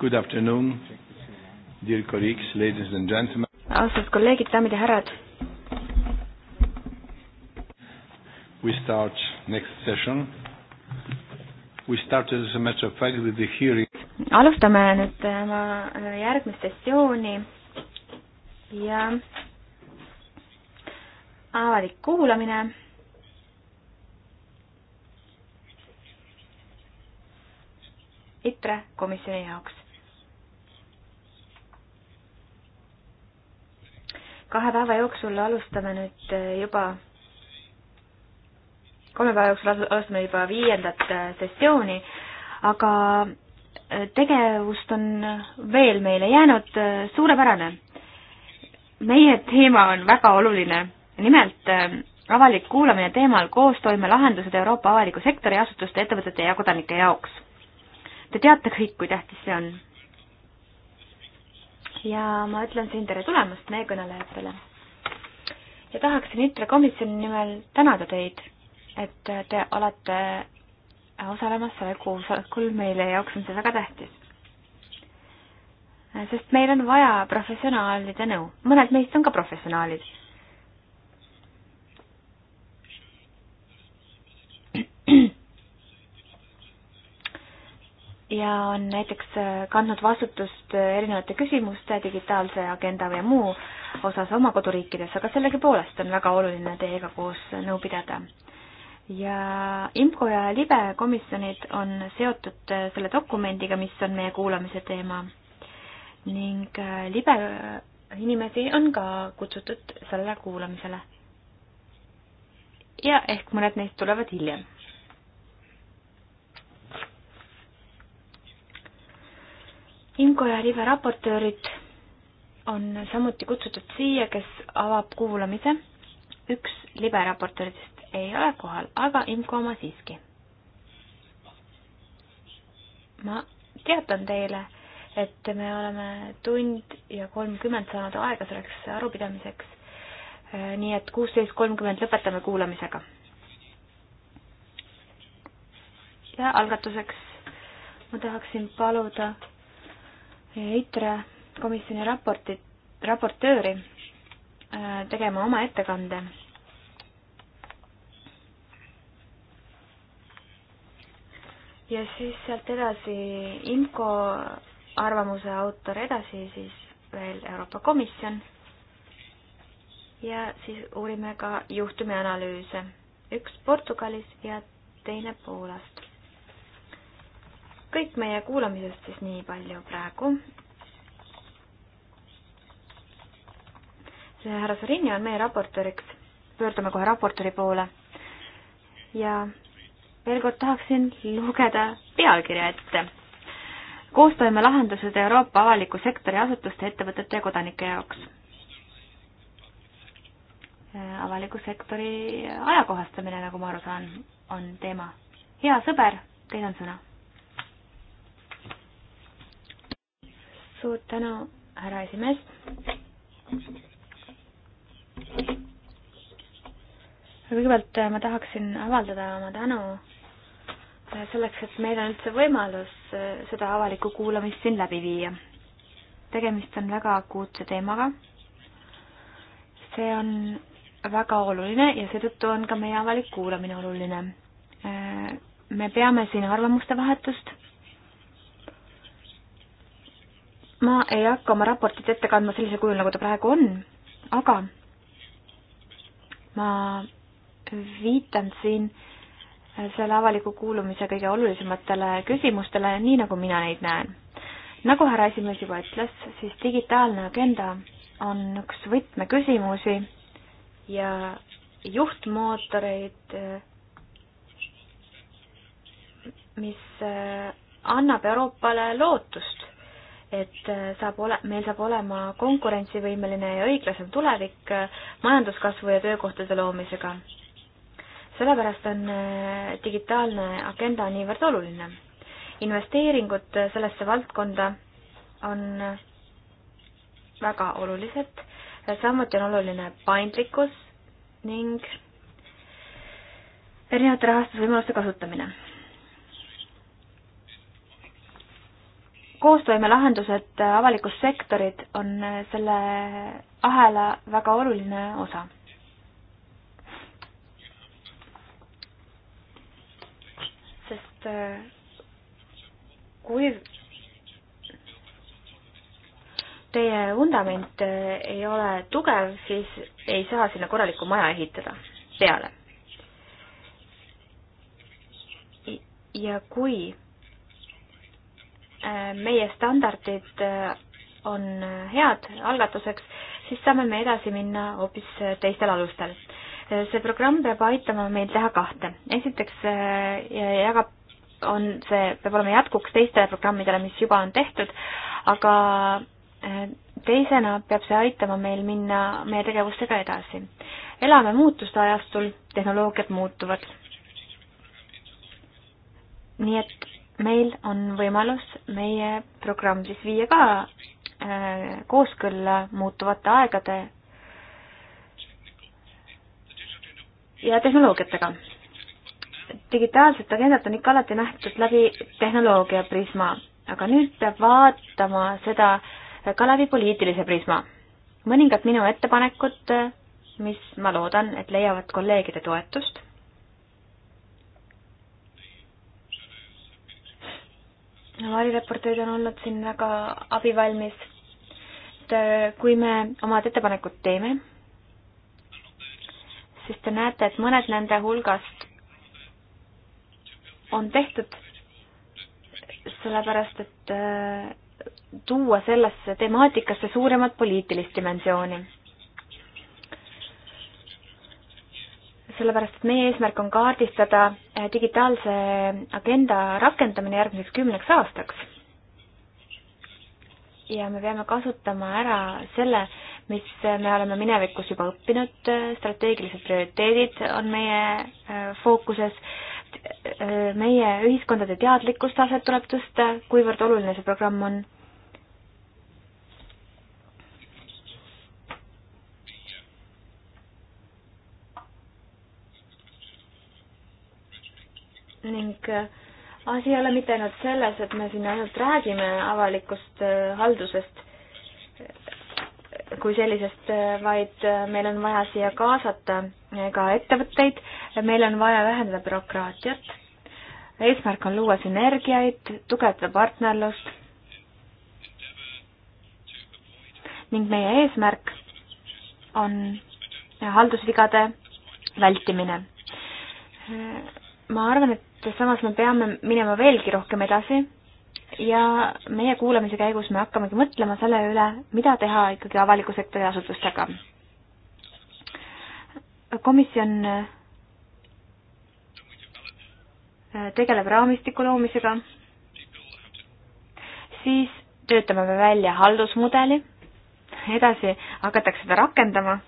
Good afternoon, dear colleagues, ladies and gentlemen. austatud kolleegid, daamid ja härrad. We start next session. We started as a matter of fact with the hearing. alustame nüüd oma järgmist sessiooni ja avalik kuulamine ITRE komisjoni jaoks. kahe päeva jooksul alustame nüüd äh, juba, kolme päeva jooksul alustame juba viiendat äh, sessiooni, aga äh, tegevust on veel meile jäänud, suurepärane. meie teema on väga oluline, nimelt avalik kuulamine teemal koostoime lahendused Euroopa avaliku sektori asutuste, ettevõtete ja kodanike jaoks Te teate kõik, kui tähtis see on. ja ma ütlen siin tere tulemast meie kõnelejatele. ja tahaksin ITRE komisjoni nimel tänada teid, et te olete osalemas sellel koosolekul, meile jaoks on see väga tähtis sest meil on vaja professionaalide nõu. mõned meist on ka professionaalid ja on näiteks äh, kandnud vastutust äh, erinevate küsimuste, digitaalse agenda või muu osas oma koduriikides, aga sellegipoolest on väga oluline teiega koos äh, nõu pidada. ja IMCO ja LIBE komisjonid on seotud selle dokumendiga, mis on meie kuulamise teema ning LIBE inimesi on ka kutsutud sellele kuulamisele. ja ehk mõned neist tulevad hiljem Inko ja Rive raportöörid on samuti kutsutud siia, kes avab kuulamise. üks libe raportööridest ei ole kohal, aga Inko oma siiski. ma teatan teile, et me oleme tund ja kolmkümmend saanud aega selleks arupidamiseks. Äh, nii et kuusteist kolmkümmend lõpetame kuulamisega. ja algatuseks ma tahaksin paluda EITRE komisjoni raportit, raportööri äh, tegema oma ettekande. ja siis sealt edasi IMCO arvamuse autor edasi, siis veel Euroopa Komisjon. ja siis uurime ka juhtumianalüüse, üks Portugalis ja teine Poolast kõik meie kuulamisest siis nii palju praegu. härra Sorini on meie raportööriks, pöördume kohe raportööri poole. ja veel kord tahaksin lugeda pealkirja ette. koostoimelahendused Euroopa avaliku sektori asutuste, ettevõtete ja kodanike jaoks. avaliku sektori ajakohastamine, nagu ma aru saan, on teema. hea sõber, teil on sõna suur tänu, härra esimees. kõigepealt äh, ma tahaksin avaldada oma tänu äh, selleks, et meil on üldse võimalus äh, seda avalikku kuulamist siin läbi viia. tegemist on väga akuutse teemaga. see on väga oluline ja seetõttu on ka meie avalik kuulamine oluline. me peame siin arvamuste vahetust ma ei hakka oma raportit ette kandma sellisel kujul, nagu ta praegu on, aga ma viitan siin selle avaliku kuulumise kõige olulisematele küsimustele, nii nagu mina neid näen. nagu härra esimees juba ütles, siis digitaalne agenda on üks võtmeküsimusi ja juhtmootoreid, mis annab Euroopale lootust et äh, saab ole, meil saab olema konkurentsivõimeline ja õiglasem tulevik äh, majanduskasvu ja töökohtade loomisega. sellepärast on äh, digitaalne agenda niivõrd oluline. investeeringud sellesse valdkonda on väga olulised, samuti on oluline paindlikkus ning erinevate rahastusvõimaluste kasutamine koostoimelahendused, äh, avalikus sektorid on äh, selle ahela väga oluline osa. sest äh, kui teie vundament ei ole tugev, siis ei saa sinna korralikku maja ehitada peale. ja kui Äh, meie standardid äh, on äh, head algatuseks, siis saame me edasi minna hoopis teistel alustel. see programm peab aitama meil teha kahte. esiteks jagab, on see, peab olema jätkuks teistele programmidele, mis juba on tehtud, aga teisena peab see aitama meil minna meie tegevustega edasi. elame muutuste ajastul, tehnoloogiad muutuvad. nii et meil on võimalus meie programm siis viia ka äh, kooskõlla muutuvate aegade ja tehnoloogiatega. digitaalset agendat on ikka alati nähtud läbi tehnoloogia prisma, aga nüüd peab vaatama seda ka läbi poliitilise prisma. mõningad minu ettepanekud, mis ma loodan, et leiavad kolleegide toetust varireportöör on olnud siin väga abivalmis. et äh, kui me omad ettepanekud teeme, siis te näete, et mõned nende hulgast on tehtud sellepärast, et äh, tuua sellesse temaatikasse suuremat poliitilist dimensiooni. sellepärast et meie eesmärk on kaardistada äh, digitaalse agenda rakendamine järgmiseks kümneks aastaks. ja me peame kasutama ära selle, mis me oleme minevikus juba õppinud, strateegilised prioriteedid on meie äh, fookuses, äh, meie ühiskondade teadlikkustaset tuleb tõsta, kuivõrd oluline see programm on ning äh, asi ei ole mitte ainult selles, et me siin ainult räägime avalikust äh, haldusest äh, kui sellisest, vaid meil on vaja siia kaasata ka ettevõtteid, meil on vaja vähendada bürokraatiat, eesmärk on luua sünergiaid, tugevdada partnerlust ning meie eesmärk on haldusvigade vältimine ma arvan, et samas me peame minema veelgi rohkem edasi ja meie kuulamise käigus me hakkamegi mõtlema selle üle, mida teha ikkagi avaliku sektori asutustega. komisjon äh, tegeleb raamistiku loomisega, siis töötame me välja haldusmudeli, edasi hakatakse seda rakendama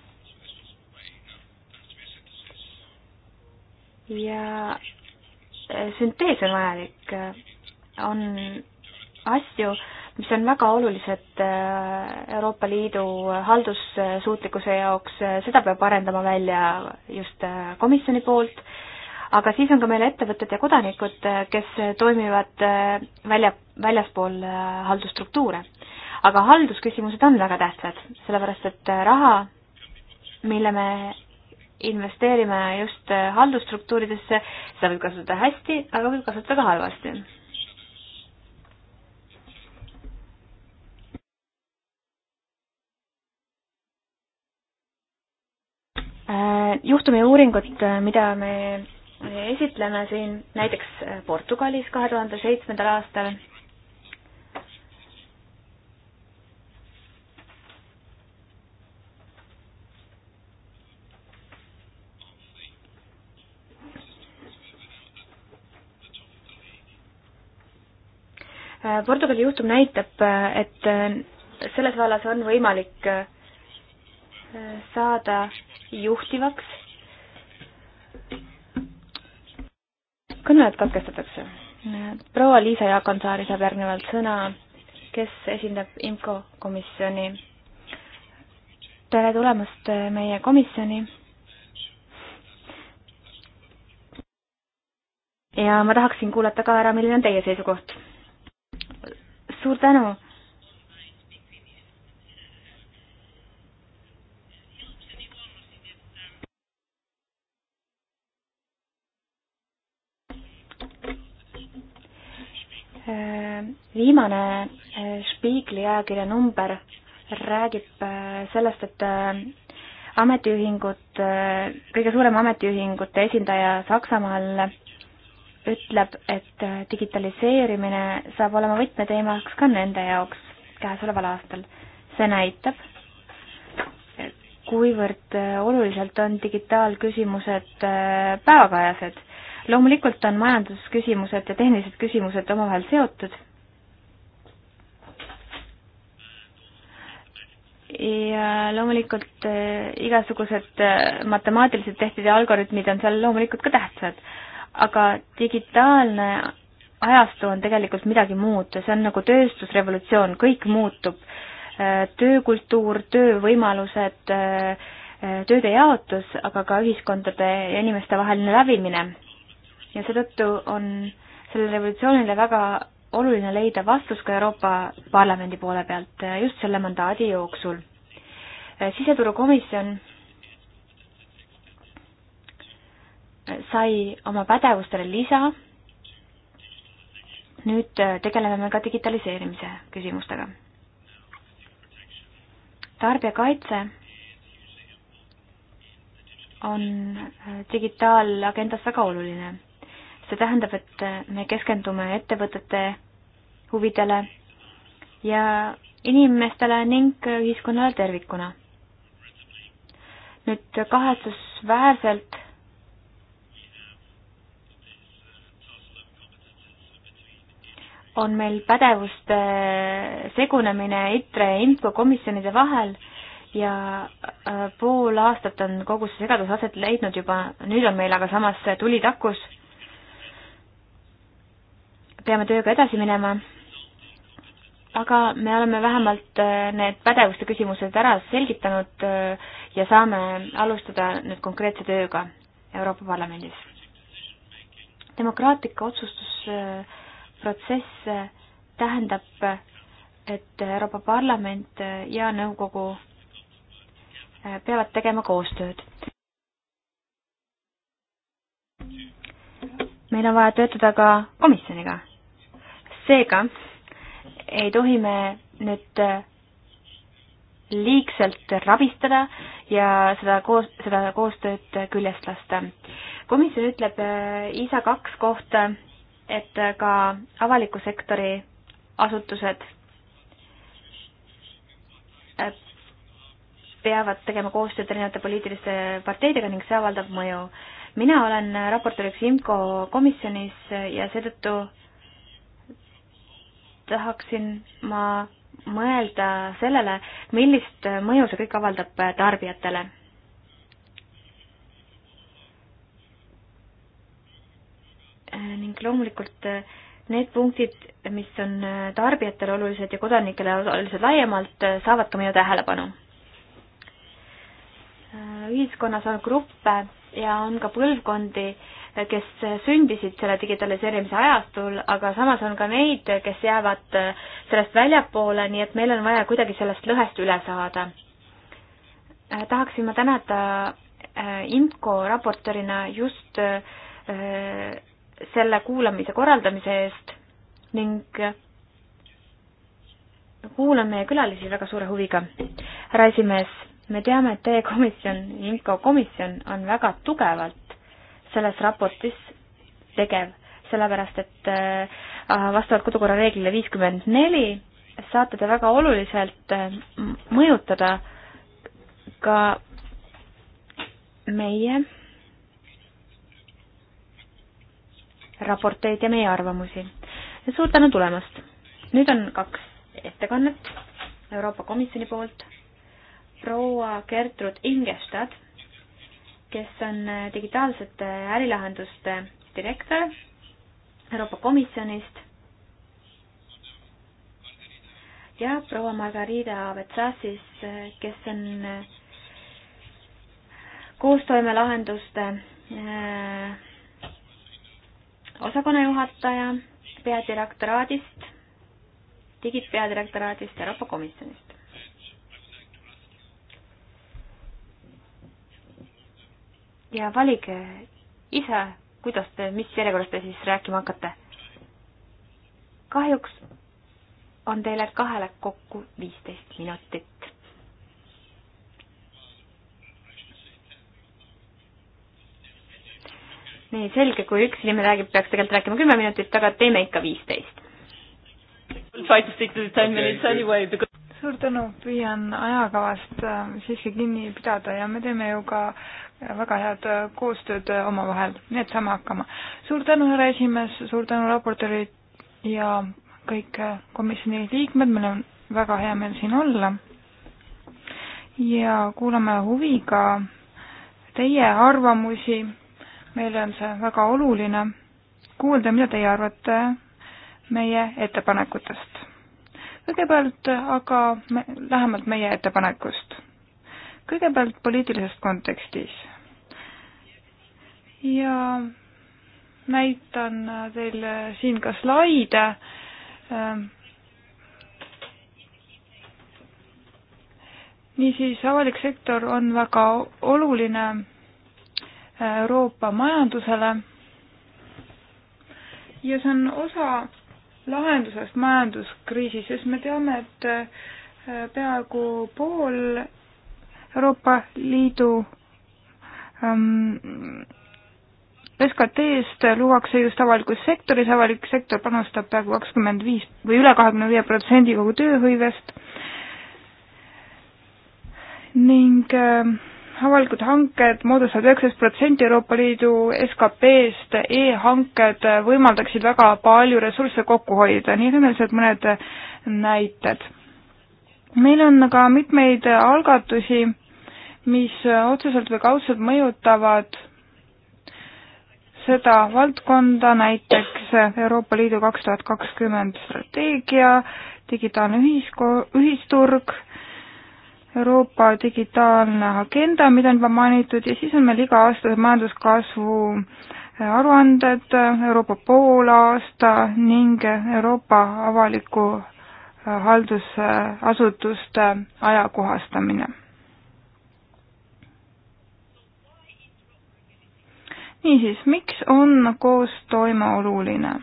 ja äh, süntees on vajalik, on asju, mis on väga olulised äh, Euroopa Liidu haldussuutlikkuse jaoks, seda peab arendama välja just äh, komisjoni poolt, aga siis on ka meil ettevõtted ja kodanikud, kes toimivad välja, väljaspool haldusstruktuure. aga haldusküsimused on väga tähtsad, sellepärast et raha, mille me investeerime just äh, haldusstruktuuridesse, seda võib kasutada hästi, aga võib kasutada ka halvasti. Äh, juhtumi uuringut, äh, mida me esitleme siin näiteks Portugalis kahe tuhande seitsmendal aastal Äh, Portugali juhtum näitab, äh, et äh, selles vallas on võimalik saada juhtivaks. kõneled katkestatakse. proua Liisa Jaakonsaari saab järgnevalt sõna, kes esindab IMCO komisjoni. tere tulemast meie komisjoni ja ma tahaksin kuulata ka ära, milline on teie seisukoht suur tänu. viimane äh, Spiegli ajakirja number räägib äh, sellest, et äh, ametiühingud, kõige suurema ametiühingute esindaja Saksamaal ütleb, et digitaliseerimine saab olema võtmeteemaks ka nende jaoks käesoleval aastal. see näitab, kuivõrd oluliselt on digitaalküsimused äh, päevakajased. loomulikult on majandusküsimused ja tehnilised küsimused omavahel seotud. ja loomulikult äh, igasugused äh, matemaatilised testid ja algoritmid on seal loomulikult ka tähtsad aga digitaalne ajastu on tegelikult midagi muud, see on nagu tööstusrevolutsioon, kõik muutub. Äh, töökultuur, töövõimalused, äh, äh, tööde jaotus, aga ka ühiskondade ja inimeste vaheline lävimine. ja seetõttu on sellele revolutsioonile väga oluline leida vastus ka Euroopa Parlamendi poole pealt just selle mandaadi jooksul. siseturukomisjon sai oma pädevustele lisa. nüüd äh, tegeleme me ka digitaliseerimise küsimustega. tarbijakaitse on äh, digitaalagendas väga oluline. see tähendab, et äh, me keskendume ettevõtete huvidele ja inimestele ning ühiskonnale tervikuna. nüüd kahetsusväärselt on meil pädevuste segunemine ITRE ja IMCO komisjonide vahel ja äh, pool aastat on kogu see segadus aset leidnud juba, nüüd on meil aga samas tuli takus. peame tööga edasi minema. aga me oleme vähemalt äh, need pädevuste küsimused ära selgitanud äh, ja saame alustada nüüd konkreetse tööga Euroopa Parlamendis. demokraatlik otsustus äh, protsess tähendab, et Euroopa Parlament ja nõukogu peavad tegema koostööd. meil on vaja töötada ka komisjoniga. seega ei tohi me nüüd liigselt rabistada ja seda koos, seda koostööd küljest lasta. komisjon ütleb äh, ISA kaks kohta et ka avaliku sektori asutused äh, peavad tegema koostööd erinevate poliitiliste parteidega ning see avaldab mõju. mina olen raportööriks IMCO komisjonis ja seetõttu tahaksin ma mõelda sellele, millist mõju see kõik avaldab tarbijatele Äh, ning loomulikult äh, need punktid, mis on äh, tarbijatele olulised ja kodanikele olulised laiemalt, saavad ka meie tähelepanu. ühiskonnas on gruppe ja on ka põlvkondi, kes sündisid selle digitaliseerimise ajastul, aga samas on ka neid, kes jäävad sellest väljapoole, nii et meil on vaja kuidagi sellest lõhest üle saada. tahaksin ma tänada IMCO raportöörina just selle kuulamise korraldamise eest ning kuulan meie külalisi väga suure huviga. härra esimees, me teame, et teie komisjon, IMCO komisjon on väga tugevalt selles raportis tegev, sellepärast et äh, vastavalt kodukorra reeglile viiskümmend neli saate te väga oluliselt äh, mõjutada ka meie raporteid ja meie arvamusi. suur tänu tulemast! nüüd on kaks ettekannet Euroopa Komisjoni poolt. proua Gertrud Ingestad, kes on digitaalsete ärilahenduste direktor Euroopa Komisjonist ja proua Margarita Vetsasis, kes on koostoimelahenduste äh, osakonnajuhataja peadirektoraadist, digipeadirektoraadist Euroopa Komisjonist. ja valige ise, kuidas te, mis järjekorras te siis rääkima hakkate. kahjuks on teile kahele kokku viisteist minutit. nii selge, kui üks inimene räägib, peaks tegelikult rääkima kümme minutit, aga teeme ikka viisteist. suur tänu, püüan ajakavast äh, siiski kinni pidada ja me teeme ju ka äh, väga head äh, koostööd omavahel, nii et saame hakkama. suur tänu, härra esimees, suur tänu, raportöörid ja kõik komisjoni liikmed, meil on väga hea meel siin olla. ja kuulame huviga teie arvamusi meile on see väga oluline kuulda, mida teie arvate meie ettepanekutest. kõigepealt aga me, lähemalt meie ettepanekust. kõigepealt poliitilisest kontekstis. ja näitan teile siin ka slaide niisiis, avalik sektor on väga oluline Euroopa majandusele. ja see on osa lahendusest majanduskriisis, sest me teame, et äh, peaaegu pool Euroopa Liidu ähm, SKT-st luuakse just avalikus sektoris, avalik sektor panustab peaaegu kakskümmend viis või üle kahekümne viie protsendi kogu tööhõivest ning äh, avalikud hanked moodustavad üheksateist protsenti Euroopa Liidu SKP-st e, e-hanked võimaldaksid väga palju ressursse kokku hoida, nii et need on lihtsalt mõned näited. meil on ka mitmeid algatusi, mis otseselt või kaudselt mõjutavad seda valdkonda, näiteks Euroopa Liidu kaks tuhat kakskümmend strateegia, digitaalne ühisko-, ühisturg Euroopa digitaalne agenda, mida on juba mainitud, ja siis on meil iga-aastased majanduskasvu eh, aruanded, eh, Euroopa poolaasta ning eh, Euroopa avaliku haldusasutuste ajakohastamine. niisiis, miks on koostoime oluline?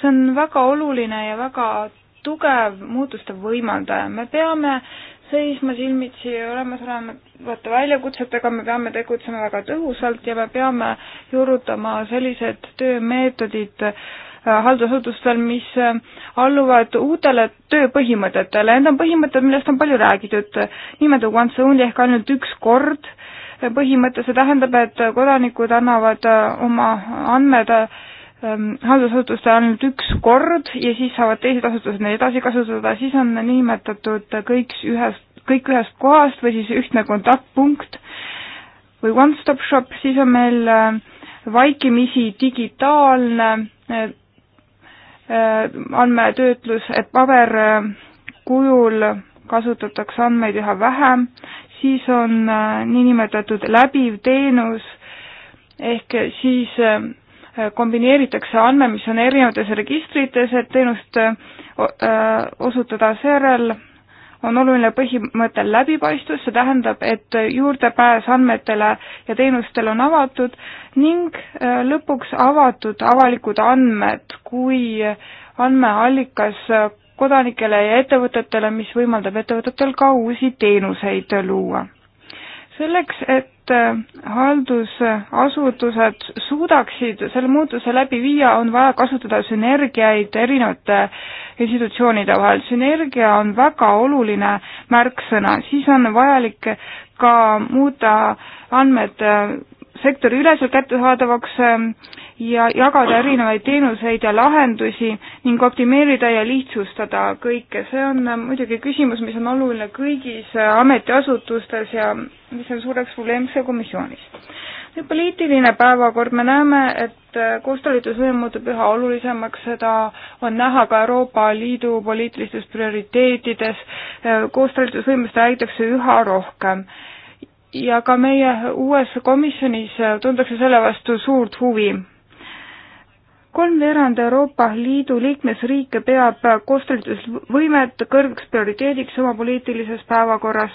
see on väga oluline ja väga tugev muutuste võimaldaja, me peame seisma silmitsi olemasolevate väljakutsetega, me peame tegutsema väga tõhusalt ja me peame juurutama sellised töömeetodid äh, haldusasutustel, mis äh, alluvad uutele tööpõhimõtetele. Need on põhimõtted, millest on palju räägitud, nimetatud once only ehk ainult üks kord äh, põhimõte, see tähendab, et kodanikud annavad oma andmed Ähm, haldusasutuste ainult üks kord ja siis saavad teised asutused neid edasi kasutada, siis on niinimetatud kõik ühest, kõik ühest kohast või siis ühtne kontaktpunkt või one-stop shop, siis on meil äh, vaikimisi digitaalne äh, andmetöötlus, et paberkujul äh, kasutatakse andmeid üha vähem, siis on niinimetatud läbiv teenus ehk siis kombineeritakse andmed, mis on erinevates registrites, et teenust äh, osutada, seejärel on oluline põhimõte läbipaistvus, see tähendab, et juurdepääs andmetele ja teenustele on avatud ning äh, lõpuks avatud avalikud andmed kui andmeallikas kodanikele ja ettevõtetele, mis võimaldab ettevõtetel ka uusi teenuseid luua. selleks, et et äh, haldusasutused suudaksid selle muutuse läbi viia, on vaja kasutada sünergiaid erinevate institutsioonide vahel. sünergia on väga oluline märksõna, siis on vajalik ka muuta andmed äh, sektoriüleselt kättesaadavaks äh, ja jagada erinevaid teenuseid ja lahendusi ning optimeerida ja lihtsustada kõike. see on äh, muidugi küsimus, mis on oluline kõigis äh, ametiasutustes ja mis on suureks probleemiks ka komisjonis. nüüd poliitiline päevakord, me näeme, et äh, koostalitusvõim muutub üha olulisemaks, seda on näha ka Euroopa Liidu poliitilistes prioriteetides, koostalitusvõimest räägitakse üha rohkem ja ka meie uues komisjonis tuntakse selle vastu suurt huvi kolmveerand Euroopa Liidu liikmesriike peab koostöövõimet kõrgeks prioriteediks oma poliitilises päevakorras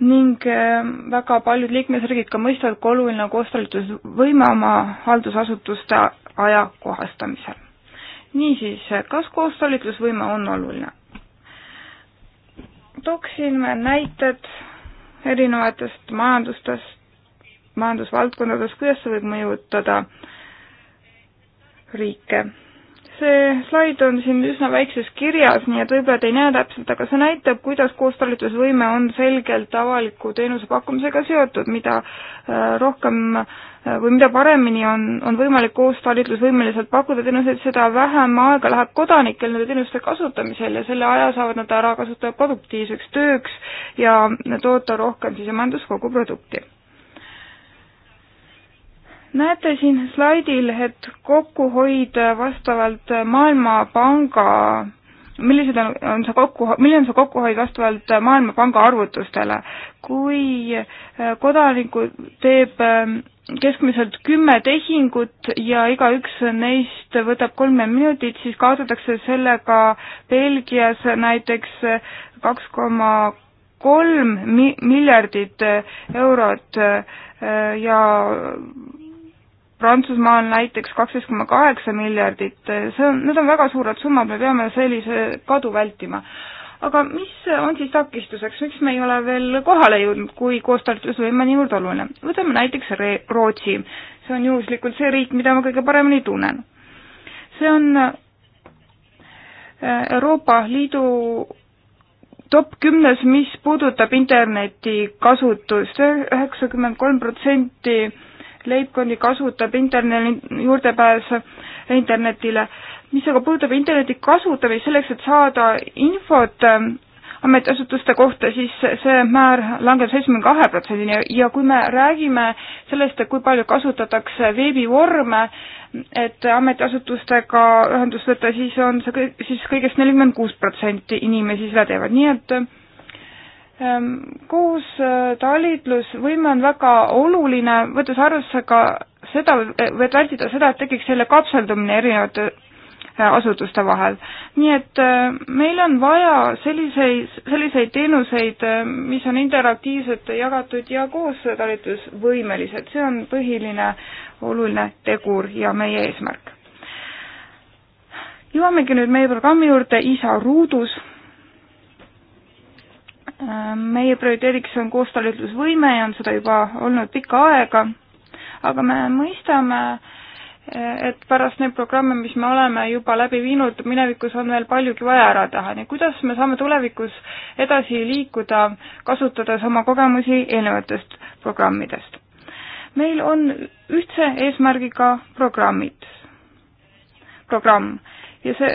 ning ähm, väga paljud liikmesriigid ka mõistavad, kui oluline on koostöövõime oma haldusasutuste ajakohastamisel. niisiis, kas koostöövõime on oluline? tooksin näited erinevatest majandustest, majandusvaldkondades, kuidas see võib mõjutada riike. see slaid on siin üsna väikses kirjas, nii et võib-olla te ei näe täpselt, aga see näitab, kuidas koostalitusvõime on selgelt avaliku teenuse pakkumisega seotud, mida äh, rohkem äh, või mida paremini on, on võimalik koostalitlusvõimeliselt pakkuda teenuseid, seda vähem aega läheb kodanikel nende teenuste kasutamisel ja selle aja saavad nad ära kasutada produktiivseks tööks ja toota rohkem sisemajandus koguprodukti näete siin slaidil, et kokkuhoid vastavalt Maailmapanga, millised on, on see kokku, milline on see kokkuhoid vastavalt Maailmapanga arvutustele. kui äh, kodanikud teeb ähm, keskmiselt kümme tehingut ja igaüks neist võtab kolme minutit, siis kaotatakse sellega Belgias näiteks kaks koma kolm miljardit eurot äh, ja Prantsusmaal näiteks kaksteist koma kaheksa miljardit, see on, need on väga suured summad, me peame sellise kadu vältima. aga mis on siis takistuseks, miks me ei ole veel kohale jõudnud, kui koostöötlusvõime on niivõrd oluline? võtame näiteks Re-, Rootsi, see on juhuslikult see riik, mida ma kõige paremini tunnen. see on äh, Euroopa Liidu top kümnes, mis puudutab interneti kasutust, üheksakümmend kolm protsenti leibkondi kasutab interneti juurdepääs internetile. mis aga puudutab interneti kasutamist selleks, et saada infot ähm, ametiasutuste kohta, siis see määr langeb seitsmekümne kahe protsendini ja kui me räägime sellest, et kui palju kasutatakse veebivorme, et ametiasutustega ühendust võtta, siis on see, siis kõigest nelikümmend kuus protsenti inimesi seda teevad, nii et Ehm, koos äh, talitlusvõime on väga oluline, võttes arvesse ka seda, et vältida seda, et tekiks selle kapseldumine erinevate äh, asutuste vahel. nii et äh, meil on vaja selliseid, selliseid teenuseid, mis on interaktiivselt jagatud ja koos talitlusvõimelised, see on põhiline oluline tegur ja meie eesmärk. jõuamegi nüüd meie programmi juurde Isa ruudus Äh, meie prioriteediks on koostalitlusvõime ja on seda juba olnud pikka aega, aga me mõistame, äh, et pärast neid programme, mis me oleme juba läbi viinud, minevikus on veel paljugi vaja ära teha, nii kuidas me saame tulevikus edasi liikuda, kasutades oma kogemusi eelnevatest programmidest? meil on ühtse eesmärgiga programmid, programm ja see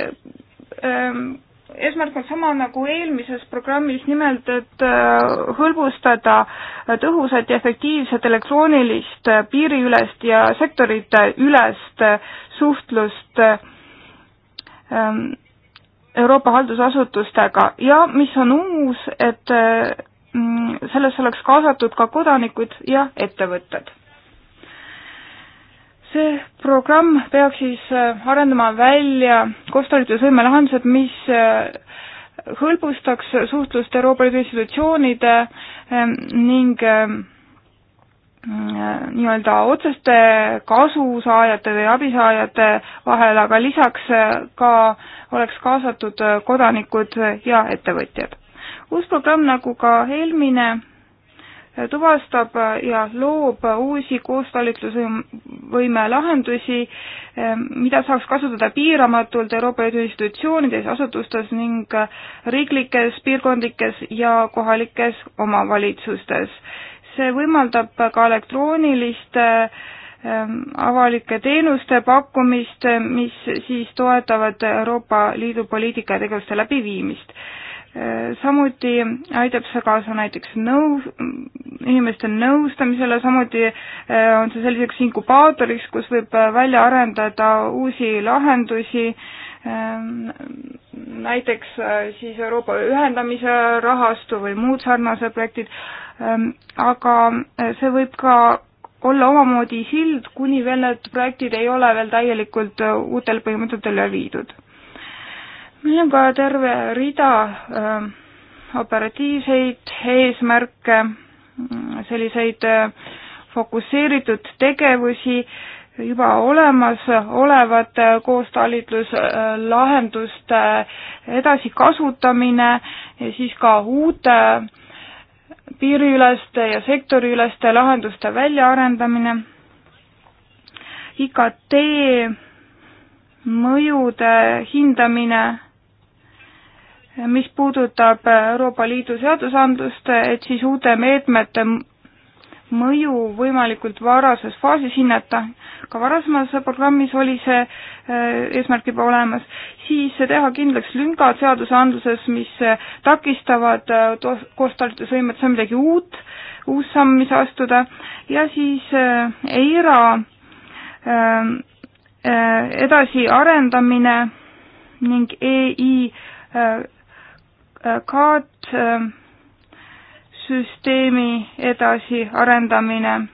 ähm, esmalt sama nagu eelmises programmis, nimelt et äh, hõlbustada äh, tõhusat ja efektiivset elektroonilist äh, piiriülest ja sektorite ülest suhtlust ähm, Euroopa haldusasutustega ja mis on uus, et mm, sellesse oleks kaasatud ka kodanikud ja ettevõtted see programm peaks siis äh, arendama välja koostööharjutusvõime lahendused, mis äh, hõlbustaks suhtlust Euroopa Liidu institutsioonide ähm, ning ähm, äh, nii-öelda otseste kasusaajate või abisaajate vahel, aga lisaks ka oleks kaasatud kodanikud ja ettevõtjad. uus programm, nagu ka eelmine, tuvastab ja loob uusi koostalitlusvõime lahendusi, mida saaks kasutada piiramatult Euroopa Liidu institutsioonides, asutustes ning riiklikes, piirkondlikes ja kohalikes omavalitsustes. see võimaldab ka elektrooniliste ähm, avalike teenuste pakkumist, mis siis toetavad Euroopa Liidu poliitika ja tegevuste läbiviimist samuti aitab see kaasa näiteks nõu, inimeste nõustamisele, samuti äh, on see selliseks inkubaatoriks, kus võib äh, välja arendada uusi lahendusi, ähm, näiteks äh, siis Euroopa ühendamise rahastu või muud sarnased projektid, ähm, aga see võib ka olla omamoodi sild, kuni veel need projektid ei ole veel täielikult uutel põhimõtetel üle viidud meil on ka terve rida öö, ähm, operatiivseid eesmärke, mm, selliseid öö, äh, fokusseeritud tegevusi juba olemasolevate äh, koostalitluslahenduste äh, edasikasutamine ja siis ka uute piiriüleste ja sektoriüleste lahenduste väljaarendamine, IKT mõjude hindamine mis puudutab Euroopa Liidu seadusandlust, et siis uute meetmete mõju võimalikult varases faasis hinnata, ka varasemas programmis oli see äh, eesmärk juba olemas, siis teha kindlaks lüngad seadusandluses, mis takistavad äh, koostalitusvõimet, see on midagi uut, uus samm, mis astuda, ja siis äh, EIRA ähm, edasiarendamine ning EI CAD äh, süsteemi edasiarendamine,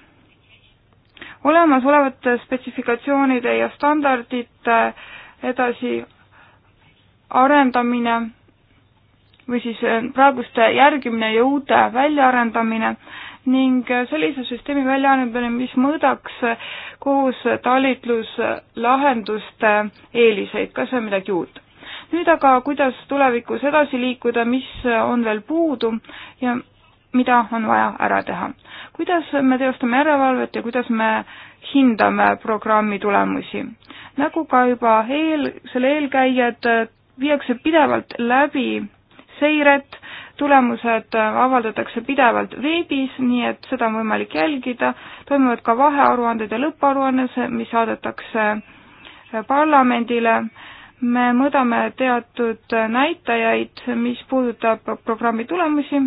olemasolevate spetsifikatsioonide ja standardite edasiarendamine või siis äh, praeguste järgimine ja uute väljaarendamine ning äh, sellise süsteemi väljaarendamine, mis mõõdaks koos talitluslahenduste eeliseid, kas see on midagi uut? nüüd aga, kuidas tulevikus edasi liikuda, mis on veel puudu ja mida on vaja ära teha. kuidas me teostame järelevalvet ja kuidas me hindame programmi tulemusi? nagu ka juba eel, selle eelkäijad, äh, viiakse pidevalt läbi seiret, tulemused äh, avaldatakse pidevalt veebis, nii et seda on võimalik jälgida, toimuvad ka vahearuanded ja lõpparuannes, mis saadetakse äh, parlamendile me mõõdame teatud näitajaid, mis puudutab programmi tulemusi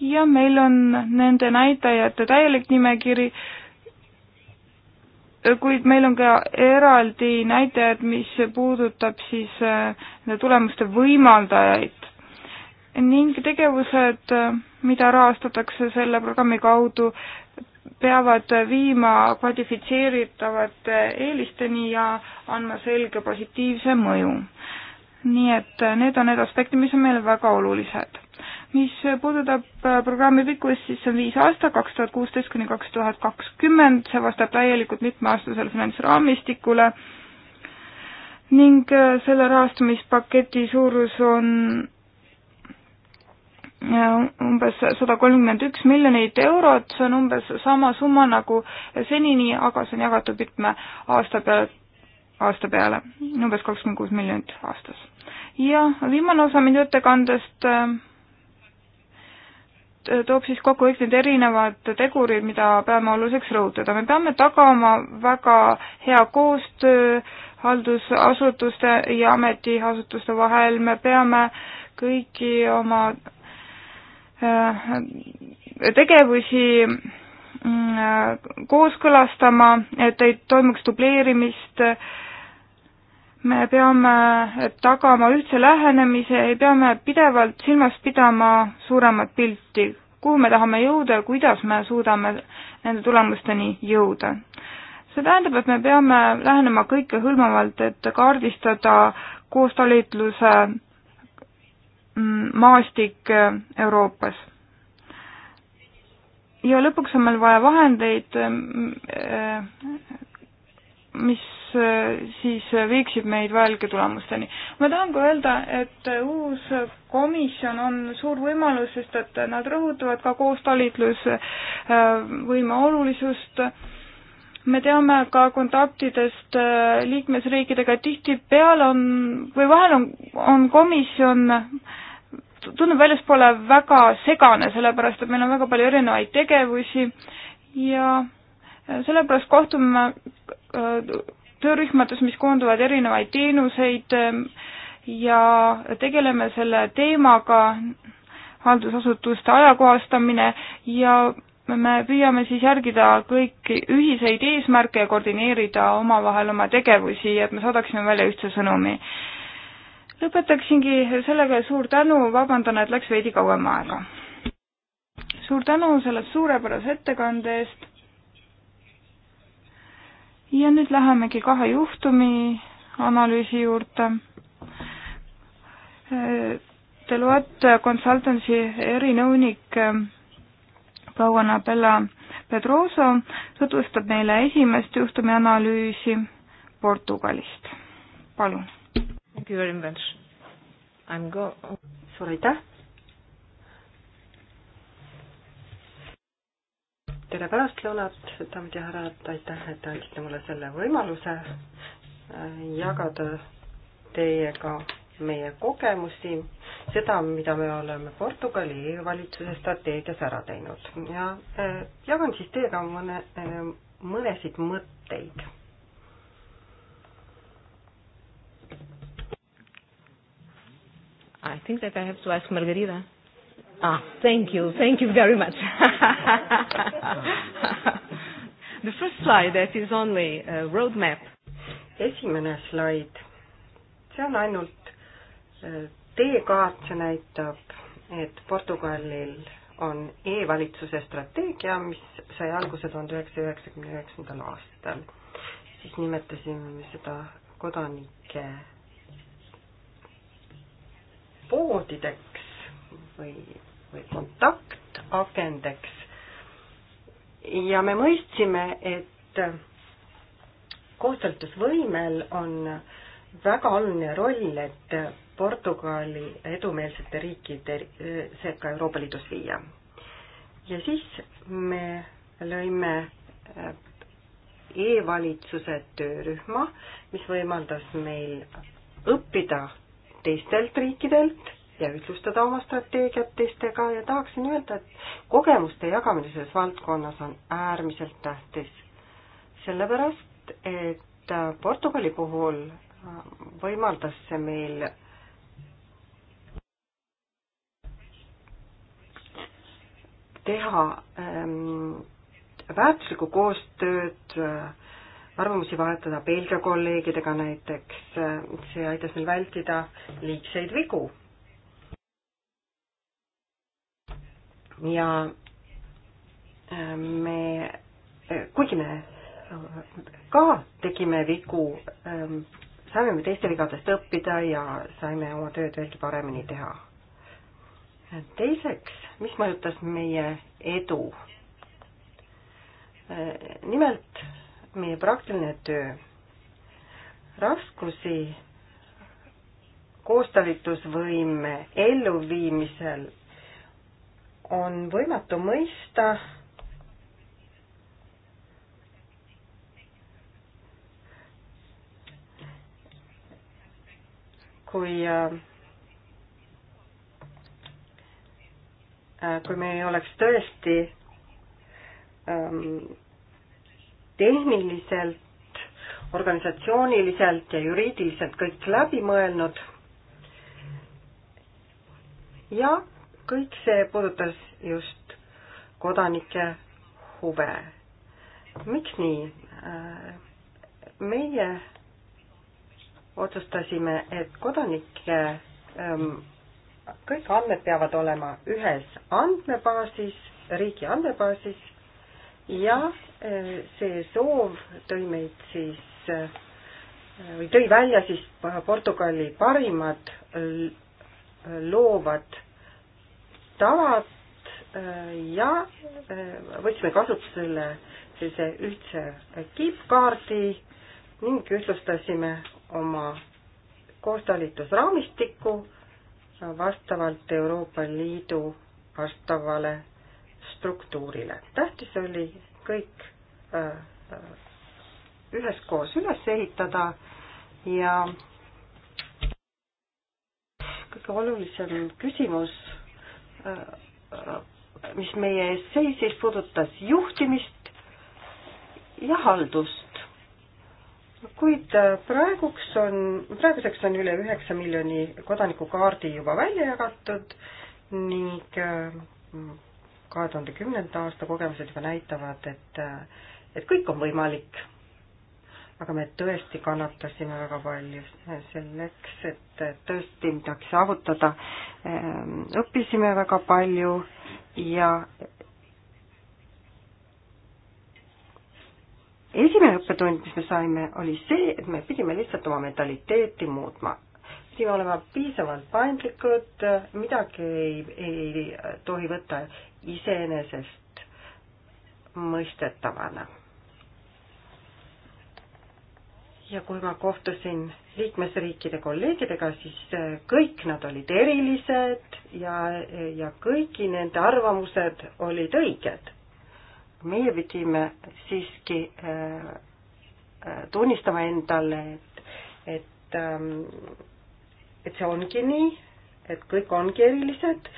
ja meil on nende näitajate täielik nimekiri, kuid meil on ka eraldi näitajad, mis puudutab siis nende äh, tulemuste võimaldajaid ning tegevused, äh, mida rahastatakse selle programmi kaudu, peavad viima kvantifitseeritavate eelisteni ja andma selge positiivse mõju. nii et need on need aspektid, mis on meile väga olulised. mis puudutab äh, programmi pikkust, siis see on viis aastat, kaks tuhat kuusteist kuni kaks tuhat kakskümmend, see vastab täielikult mitmeaastasele finantsraamistikule ning äh, selle rahastamispaketi suurus on umbes sada kolmkümmend üks miljonit eurot, see on umbes sama summa nagu senini, aga see on jagatud mitme aasta peale, aasta peale, umbes kakskümmend kuus miljonit aastas. ja viimane osa minu ettekandest äh, toob siis kokku kõik need erinevad tegurid, mida peame oluliseks rõhutada. me peame tagama väga hea koostöö haldusasutuste ja ametiasutuste vahel, me peame kõiki oma Äh, tegevusi mm, kooskõlastama, et ei toimuks dubleerimist. me peame tagama ühtse lähenemise ja peame pidevalt silmas pidama suuremat pilti, kuhu me tahame jõuda ja kuidas me suudame nende tulemusteni jõuda. see tähendab, et me peame lähenema kõikehõlmavalt, et kaardistada koostalitluse Mm, maastik äh, Euroopas. ja lõpuks on meil vaja vahendeid, äh, äh, mis siis viiksid meid vajalike tulemusteni. ma tahan ka öelda, et uus komisjon on suur võimalus, sest et nad rõhutavad ka koostalitlusvõime olulisust. me teame ka kontaktidest liikmesriikidega, et tihtipeale on või vahel on, on komisjon äh, tundub väljaspoole väga segane, sellepärast et meil on väga palju erinevaid tegevusi ja äh, sellepärast kohtume äh, töörühmades, mis koonduvad erinevaid teenuseid ähm, ja tegeleme selle teemaga, haldusasutuste ajakohastamine ja me püüame siis järgida kõiki ühiseid eesmärke ja koordineerida omavahel oma tegevusi, et me saadaksime välja ühtse sõnumi lõpetaksingi sellega suur tänu, vabandan, et läks veidi kauem aega. suur tänu selle suurepärase ettekande eest. ja nüüd lähemegi kahe juhtumi analüüsi juurde. Deloitte Consultancy erinõunik eh, proua Anabella Pedroso tutvustab meile esimest juhtumi analüüsi Portugalist. palun Thank you very much. I m go-, suur aitäh. tere pärastlõunat, daamid ja härrad, aitäh, et te andsite mulle selle võimaluse äh, jagada teiega meie kogemusi, seda, mida me oleme Portugali valitsuse strateegias ära teinud ja äh, jagan siis teiega mõne, äh, mõnesid mõtteid I think that I have to ask Margarida. Ah, thank you. Thank you very much. The first slide that is only a roadmap. esimene slaid, see on ainult e, teekaart, see näitab, et Portugalil on e-valitsuse strateegia, mis sai alguse tuhande üheksasaja üheksakümne üheksandal aastal. siis nimetasime seda kodanike poodideks või, või kontaktakendeks. ja me mõistsime, et koostalitusvõimel on väga oluline roll, et Portugali edumeelsete riikide sekka Euroopa Liidus viia. ja siis me lõime äh, e-valitsuse töörühma, mis võimaldas meil õppida teistelt riikidelt ja ühtlustada oma strateegiat teistega ja tahaksin öelda, et kogemuste jagamine selles valdkonnas on äärmiselt tähtis. sellepärast, et äh, Portugali puhul äh, võimaldas see meil teha ähm, väärtuslikku koostööd äh, arvamusi vahetada Belgia kolleegidega näiteks, see aitas meil vältida liigseid vigu. ja me, kuigi me ka tegime vigu, ähm, saime me teiste vigadest õppida ja saime oma tööd veelgi paremini teha. teiseks, mis mõjutas meie edu? Äh, nimelt meie praktiline töö. raskusi koostalitusvõime elluviimisel on võimatu mõista, kui äh, äh, kui me ei oleks tõesti ähm, tehniliselt, organisatsiooniliselt ja juriidiliselt kõik läbi mõelnud. ja kõik see puudutas just kodanike huve. miks nii? meie otsustasime, et kodanike ähm, kõik andmed peavad olema ühes andmebaasis, riigi andmebaasis ja e, see soov tõi meid siis e, või tõi välja siis Portugali parimad loovad tavad e, ja võtsime kasutusele sellise ühtse kippkaardi ning ühtlustasime oma koostalitusraamistikku vastavalt Euroopa Liidu vastavale struktuurile. tähtis oli kõik äh, äh, üheskoos üles ehitada ja kõige olulisem küsimus, äh, mis meie ees seisis, puudutas juhtimist ja haldust. kuid praeguks on, praeguseks on üle üheksa miljoni kodanikukaardi juba välja jagatud ning kahe tuhande kümnenda aasta kogemused juba näitavad, et, et kõik on võimalik. aga me tõesti kannatasime väga palju selleks, et tõesti midagi saavutada. Ehm, õppisime väga palju ja esimene õppetund, mis me saime, oli see, et me pidime lihtsalt oma mentaliteeti muutma. pidime olema piisavalt paindlikud, midagi ei, ei tohi võtta iseenesest mõistetavana. ja kui ma kohtusin liikmesriikide kolleegidega, siis eh, kõik nad olid erilised ja, eh, ja kõigi nende arvamused olid õiged. meie pidime siiski äh, tunnistama endale, et, et ähm, et see ongi nii, et kõik ongi erilised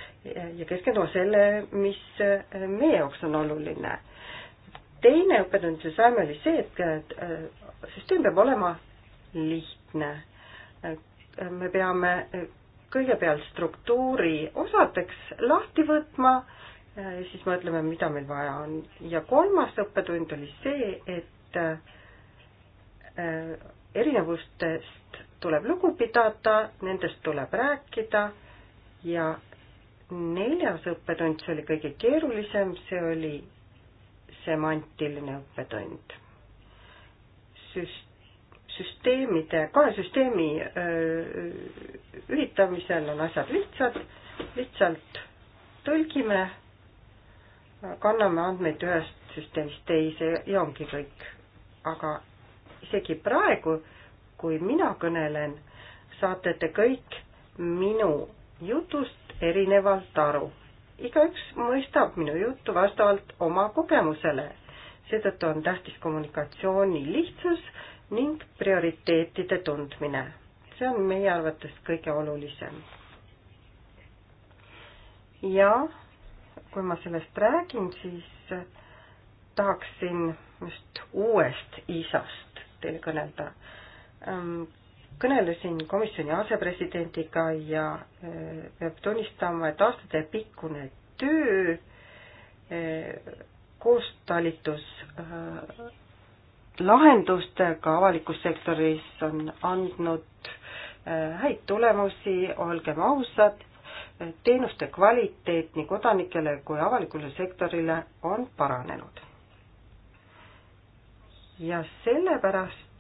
ja keskenduma selle, mis meie jaoks on oluline. teine õppetund, mis me saime, oli see, et süsteem peab olema lihtne. me peame kõigepealt struktuuri osadeks lahti võtma, siis mõtleme, mida meil vaja on. ja kolmas õppetund oli see, et äh, erinevustest tuleb lugu pidada, nendest tuleb rääkida ja neljas õppetund, see oli kõige keerulisem, see oli semantiline õppetund. Süst-, süsteemide, kahe süsteemi öö, ühitamisel on asjad lihtsad, lihtsalt tõlgime, kanname andmeid ühest süsteemist teise ja ongi kõik. aga isegi praegu, kui mina kõnelen, saate te kõik minu jutust erinevalt aru. igaüks mõistab minu juttu vastavalt oma kogemusele. seetõttu on tähtis kommunikatsiooni lihtsus ning prioriteetide tundmine. see on meie arvates kõige olulisem. ja kui ma sellest räägin, siis tahaksin just uuest isast teile kõnelda ehm, kõnelesin komisjoni asepresidendiga ja äh, peab tunnistama, et aastatepikkune töö äh, koostalitus äh, lahendustega avalikus sektoris on andnud häid tulemusi, olgem ausad, teenuste kvaliteet nii kodanikele kui avalikule sektorile on paranenud. ja sellepärast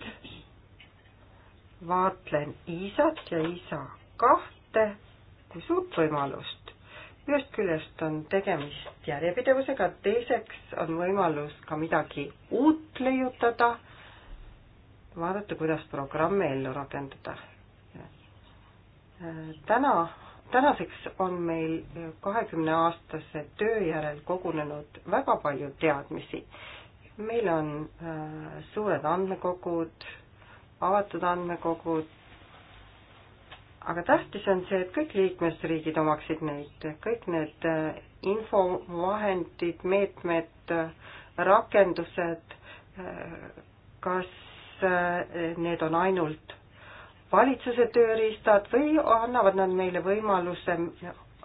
vaatlen Iisat ja Iisa kahte kui suurt võimalust. ühest küljest on tegemist järjepidevusega, teiseks on võimalus ka midagi uut leiutada, vaadata, kuidas programme ellu rakendada. täna, tänaseks on meil kahekümne aastase töö järel kogunenud väga palju teadmisi. meil on äh, suured andmekogud, avatud andmekogud. aga tähtis on see, et kõik liikmesriigid omaksid neid, kõik need äh, infovahendid, meetmed, äh, rakendused, äh, kas need on ainult valitsuse tööriistad või annavad nad meile võimaluse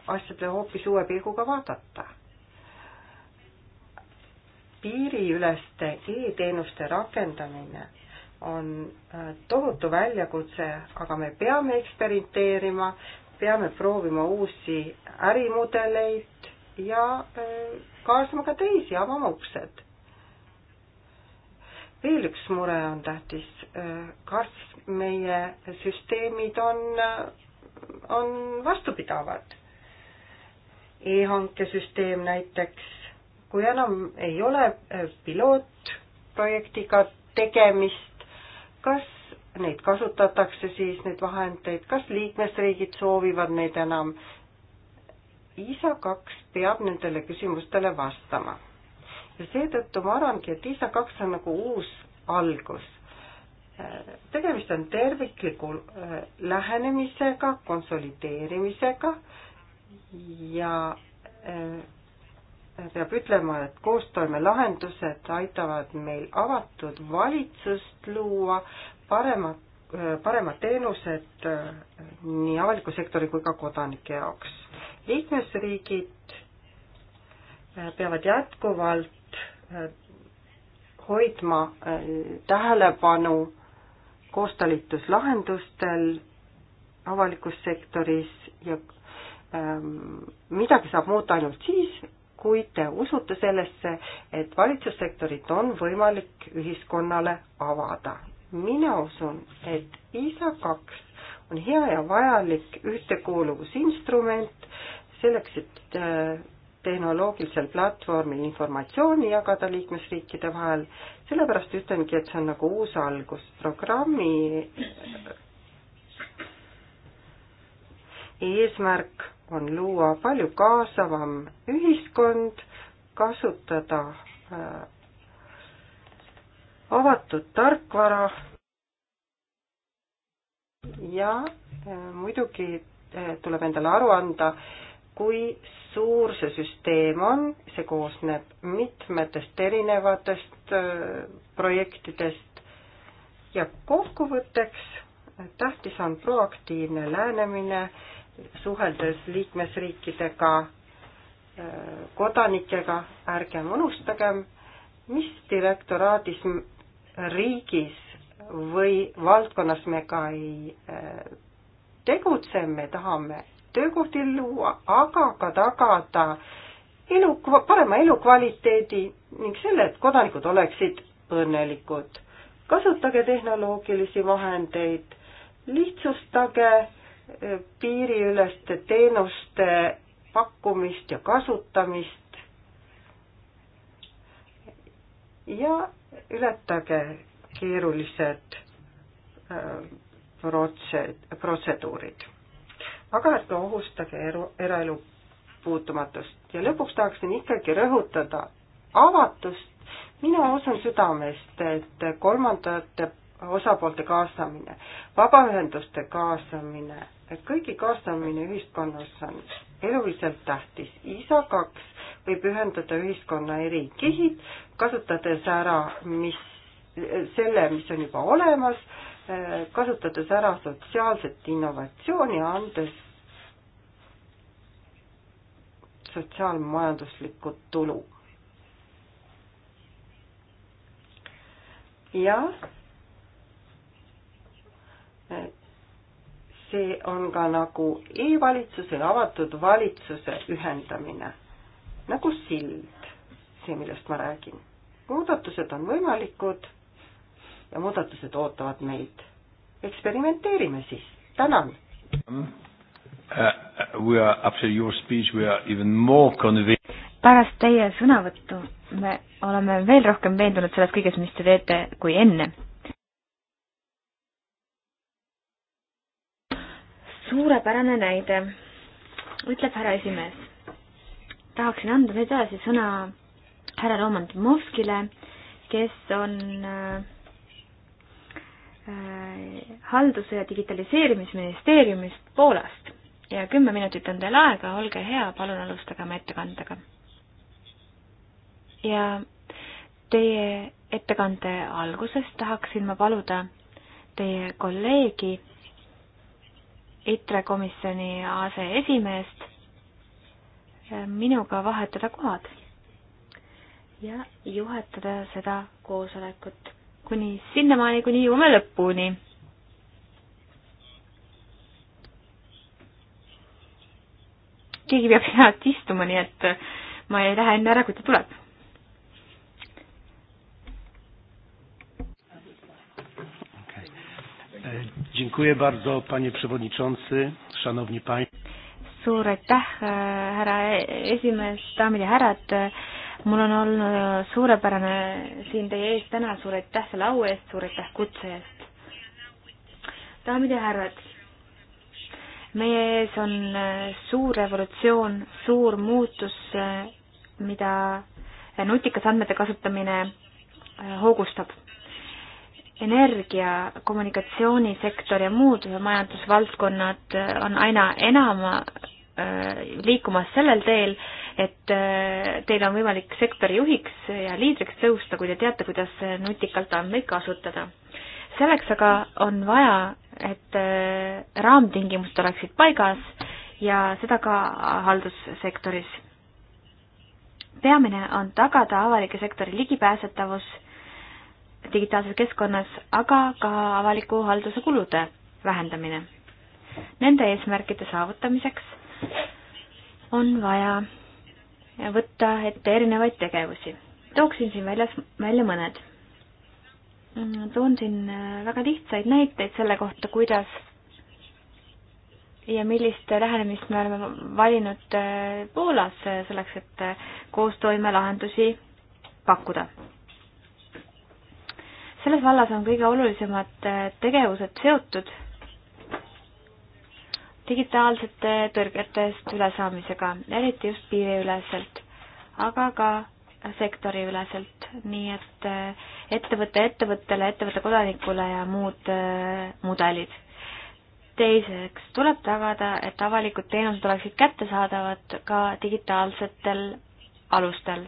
asjadele hoopis uue pilguga vaadata piiriüleste e-teenuste rakendamine on äh, tohutu väljakutse, aga me peame eksperimenteerima, peame proovima uusi ärimudeleid ja äh, kaasama ka teisi, avama uksed. veel üks mure on tähtis, äh, kas meie süsteemid on, on vastupidavad e? e-hankesüsteem näiteks, kui enam ei ole pilootprojektiga tegemist, kas neid kasutatakse siis, neid vahendeid, kas liikmesriigid soovivad neid enam. ISA kaks peab nendele küsimustele vastama. ja seetõttu ma arvangi, et ISA kaks on nagu uus algus. tegemist on tervikliku äh, lähenemisega, konsolideerimisega ja äh, peab ütlema, et koostoimelahendused aitavad meil avatud valitsust luua, paremat, paremad teenused äh, nii avaliku sektori kui ka kodanike jaoks. liikmesriigid äh, peavad jätkuvalt äh, hoidma tähelepanu koostalituslahendustel avalikus sektoris ja ähm, midagi saab muuta ainult siis, kui te usute sellesse, et valitsussektorit on võimalik ühiskonnale avada. mina usun, et ISA kaks on hea ja vajalik ühtekuuluvusinstrument selleks, et äh, tehnoloogilisel platvormil informatsiooni jagada liikmesriikide vahel, sellepärast ütlengi, et see on nagu uus algus. programmi äh, eesmärk on luua palju kaasavam ühiskond, kasutada äh, avatud tarkvara ja äh, muidugi äh, tuleb endale aru anda, kui suur see süsteem on, see koosneb mitmetest erinevatest projektidest ja kokkuvõtteks tähtis on proaktiivne lähenemine äh, suheldes liikmesriikidega, äh, kodanikega, ärgem unustagem, mis direktoraadis riigis või valdkonnas me ka ei äh, tegutse, me tahame töökohti luua, aga ka tagada elu, parema elukvaliteedi ning selle, et kodanikud oleksid õnnelikud. kasutage tehnoloogilisi vahendeid, lihtsustage piiriüleste teenuste pakkumist ja kasutamist. ja ületage keerulised äh, protse-, protseduurid. aga ärge ohustage eru, eraelu puutumatust ja lõpuks tahaksin ikkagi rõhutada avatust. mina usun südamest, et kolmandate osapoolte kaasamine, vabaühenduste kaasamine et kõigi kaasamine ühiskonnas on eluliselt tähtis. ISA kaks võib ühendada ühiskonna eri kihid, kasutades ära, mis, selle, mis on juba olemas, kasutades ära sotsiaalset innovatsiooni, andes sotsiaalmajanduslikku tulu. jah see on ka nagu e-valitsuse ja avatud valitsuse ühendamine, nagu sild, see, millest ma räägin. muudatused on võimalikud ja muudatused ootavad meid. eksperimenteerime siis, tänan mm.. Uh, we are after your speech we are even more convinced. pärast teie sõnavõttu me oleme veel rohkem veendunud selles kõiges, mis te teete, kui enne suurepärane näide, ütleb härra esimees. tahaksin anda nüüd edasi sõna härra Roman Tomovskile, kes on äh, äh, halduse ja digitaliseerimisministeeriumist Poolast ja kümme minutit on teil aega, olge hea, palun alustage oma ettekandega. ja teie ettekande alguses tahaksin ma paluda teie kolleegi ITRE komisjoni aseesimeest minuga vahetada kohad ja juhatada seda koosolekut kuni sinnamaani, kuni jõuame lõpuni. keegi peab siin alati istuma, nii et ma ei lähe enne ära, kui ta tuleb Dziękuję bardzo, panie przewodniczący, szanowni państwo. suur aitäh, äh, härra esimees, daamid ja härrad. mul on olnud äh, suurepärane siin teie ees täna, suur aitäh selle au eest, suur aitäh kutse eest. daamid ja härrad, meie ees on äh, suur revolutsioon, suur muutus, mida nutikas andmete kasutamine hoogustab energia, kommunikatsioonisektor ja muud majandusvaldkonnad on aina enam äh, liikumas sellel teel, et äh, teil on võimalik sektori juhiks ja liidriks tõusta, kui te teate, kuidas nutikalt andmeid kasutada. selleks aga on vaja, et äh, raamtingimused oleksid paigas ja seda ka haldussektoris. peamine on tagada avaliku sektori ligipääsetavus digitaalses keskkonnas, aga ka avaliku halduse kulude vähendamine. Nende eesmärkide saavutamiseks on vaja võtta ette erinevaid tegevusi. tooksin siin väljas, välja mõned. toon siin äh, väga lihtsaid näiteid selle kohta, kuidas ja millist lähenemist me oleme valinud äh, Poolas äh, selleks, et koostoimelahendusi pakkuda selles vallas on kõige olulisemad äh, tegevused seotud digitaalsete tõrgetest ülesaamisega, eriti just piiriüleselt, aga ka sektoriüleselt, nii et äh, ettevõte ettevõttele, ettevõtte kodanikule ja muud äh, mudelid. teiseks tuleb tagada, et avalikud teenused oleksid kättesaadavad ka digitaalsetel alustel.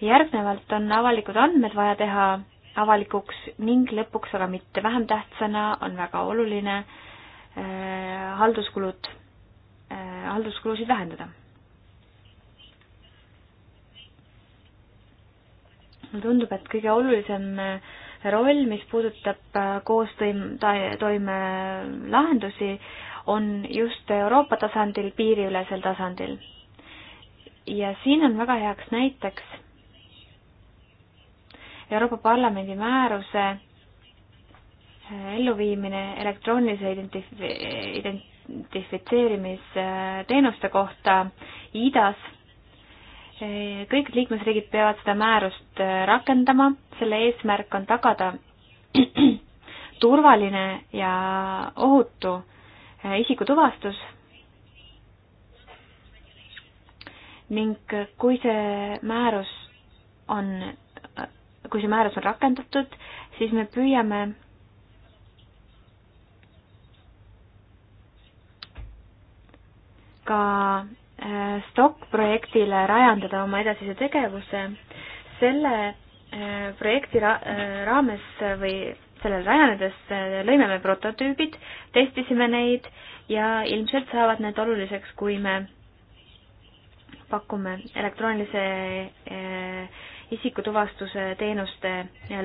järgnevalt on avalikud andmed vaja teha avalikuks ning lõpuks, aga mitte vähem tähtsana, on väga oluline äh, halduskulud, äh, halduskulusid vähendada. mulle tundub, et kõige olulisem äh, roll, mis puudutab koostoim-, toime lahendusi, on just Euroopa tasandil, piiriülesel tasandil. ja siin on väga heaks näiteks Euroopa Parlamendi määruse äh, elluviimine elektroonilise identifi-, identifitseerimisteenuste kohta IDAS. Äh, kõik liikmesriigid peavad seda määrust äh, rakendama, selle eesmärk on tagada turvaline ja ohutu isikutuvastus ning kui see määrus on kui see määrus on rakendatud, siis me püüame ka äh, STOK-projektile rajandada oma edasise tegevuse. selle äh, projekti ra äh, raames või sellel rajanedes lõime me prototüübid, testisime neid ja ilmselt saavad need oluliseks, kui me pakume elektroonilise isikutuvastuse teenuste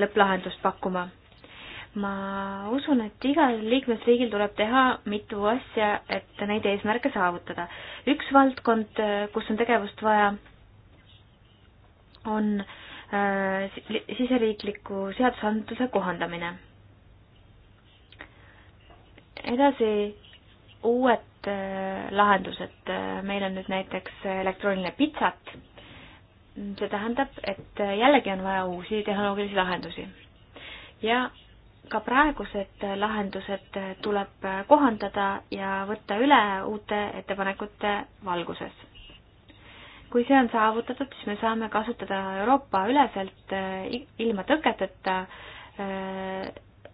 lõpplahendust pakkuma. ma usun, et igal liikmesriigil tuleb teha mitu asja, et neid eesmärke saavutada. üks valdkond, kus on tegevust vaja, on äh, siseriikliku seadusandluse kohandamine. edasi uued äh, lahendused, meil on nüüd näiteks elektrooniline pitsat see tähendab, et jällegi on vaja uusi tehnoloogilisi lahendusi. ja ka praegused lahendused tuleb kohandada ja võtta üle uute ettepanekute valguses. kui see on saavutatud, siis me saame kasutada Euroopa üleselt eh, ilma tõketeta, eh,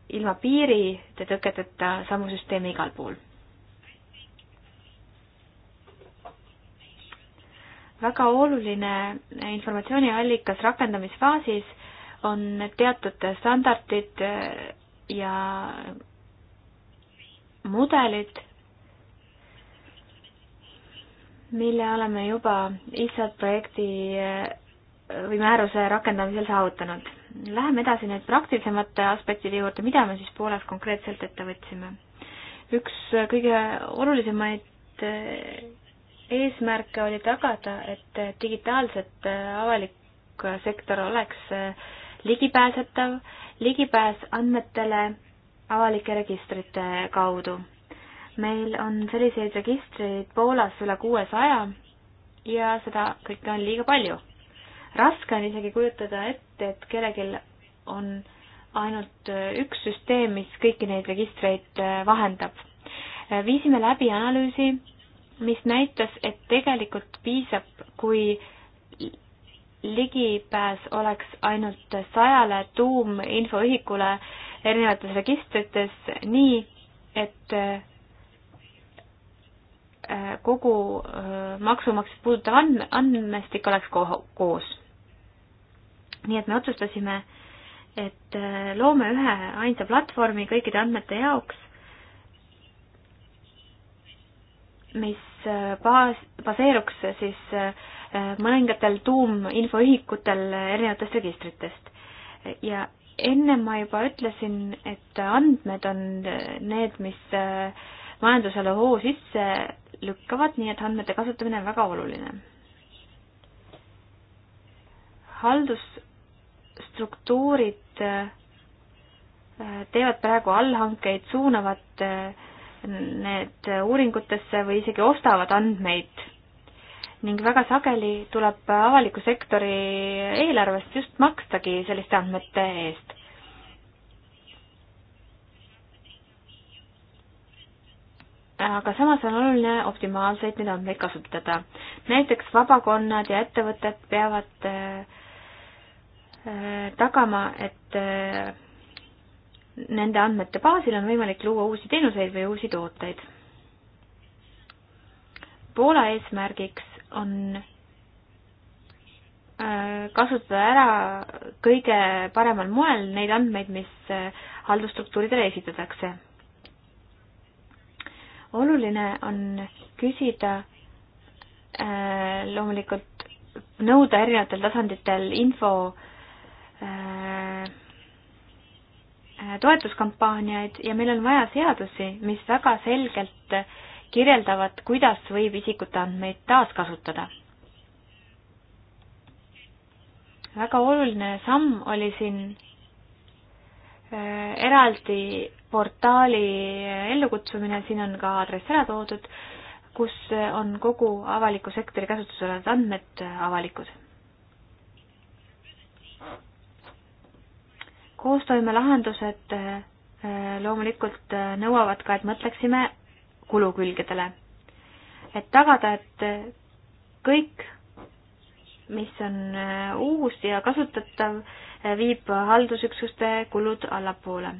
ilma piiride tõketeta samu süsteemi igal pool väga oluline informatsiooniallikas rakendamisfaasis on teatud standardid eh, ja mudelid, mille oleme juba ISAT projekti eh, või määruse rakendamisel saavutanud. Läheme edasi nüüd praktilisemate aspektide juurde, mida me siis Poolas konkreetselt ette võtsime. üks kõige olulisemaid eh, eesmärke oli tagada, et digitaalset äh, avalik äh, sektor oleks äh, ligipääsetav, ligipääs andmetele avalike registrite kaudu. meil on selliseid registreid Poolas üle kuuesaja ja seda kõike on liiga palju. raske on isegi kujutada ette, et kellelgi on ainult üks süsteem, mis kõiki neid registreid vahendab. viisime läbi analüüsi mis näitas, et tegelikult piisab, kui ligipääs oleks ainult sajale tuuminfoühikule erinevates registrites, nii et äh, kogu äh, maksumaksjat puudutav andme, andmestik oleks koos. nii et me otsustasime, et äh, loome ühe ainsa platvormi kõikide andmete jaoks mis äh, baas, baseeruks siis äh, mõningatel tuuminfoühikutel erinevatest registritest. ja enne ma juba ütlesin, et andmed on äh, need, mis majandusele hoo sisse lükkavad, nii et andmete kasutamine on väga oluline. haldusstruktuurid teevad praegu allhankeid, suunavad äh, need uuringutesse või isegi ostavad andmeid ning väga sageli tuleb avaliku sektori eelarvest just makstagi selliste andmete eest. aga samas on oluline optimaalseid neid andmeid kasutada. näiteks vabakonnad ja ettevõtted peavad äh, äh, tagama, et äh, nende andmete baasil on võimalik luua uusi teenuseid või uusi tooteid. Poola eesmärgiks on äh, kasutada ära kõige paremal moel neid andmeid, mis äh, haldusstruktuuridele esitatakse. oluline on küsida äh, loomulikult nõuda erinevatel tasanditel info Äh, toetuskampaaniaid ja meil on vaja seadusi, mis väga selgelt kirjeldavad, kuidas võib isikute andmeid taaskasutada. väga oluline samm oli siin äh, eraldi portaali ellukutsumine, siin on ka aadress ära toodud, kus on kogu avaliku sektori käsutuses olevad andmed avalikud koostoimelahendused äh, loomulikult äh, nõuavad ka, et mõtleksime kulukülgedele. et tagada, et äh, kõik, mis on uus ja kasutatav, viib haldusüksuste kulud allapoole.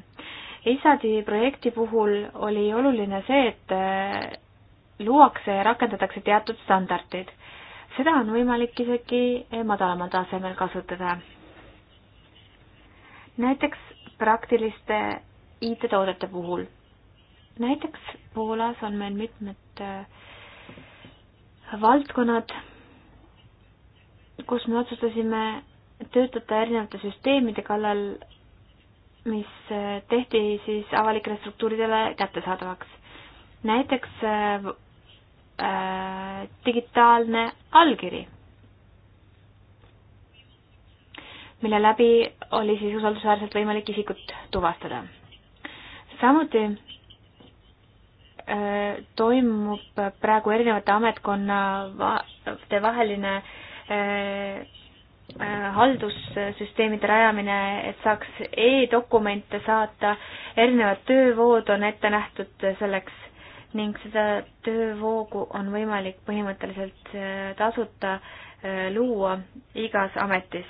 ISADi projekti puhul oli oluline see, et luuakse ja rakendatakse teatud standardid. seda on võimalik isegi madalamal tasemel kasutada näiteks praktiliste IT-toodete puhul. näiteks Poolas on meil mitmed äh, valdkonnad, kus me otsustasime töötada erinevate süsteemide kallal, mis äh, tehti siis avalikele struktuuridele kättesaadavaks. näiteks äh, äh digitaalne allkiri mille läbi oli siis usaldusväärselt võimalik isikut tuvastada. samuti äh, toimub praegu erinevate ametkonnade vaheline äh, äh, haldussüsteemide rajamine, et saaks e-dokumente saata, erinevad töövood on ette nähtud selleks ning seda töövoogu on võimalik põhimõtteliselt tasuta luua igas ametis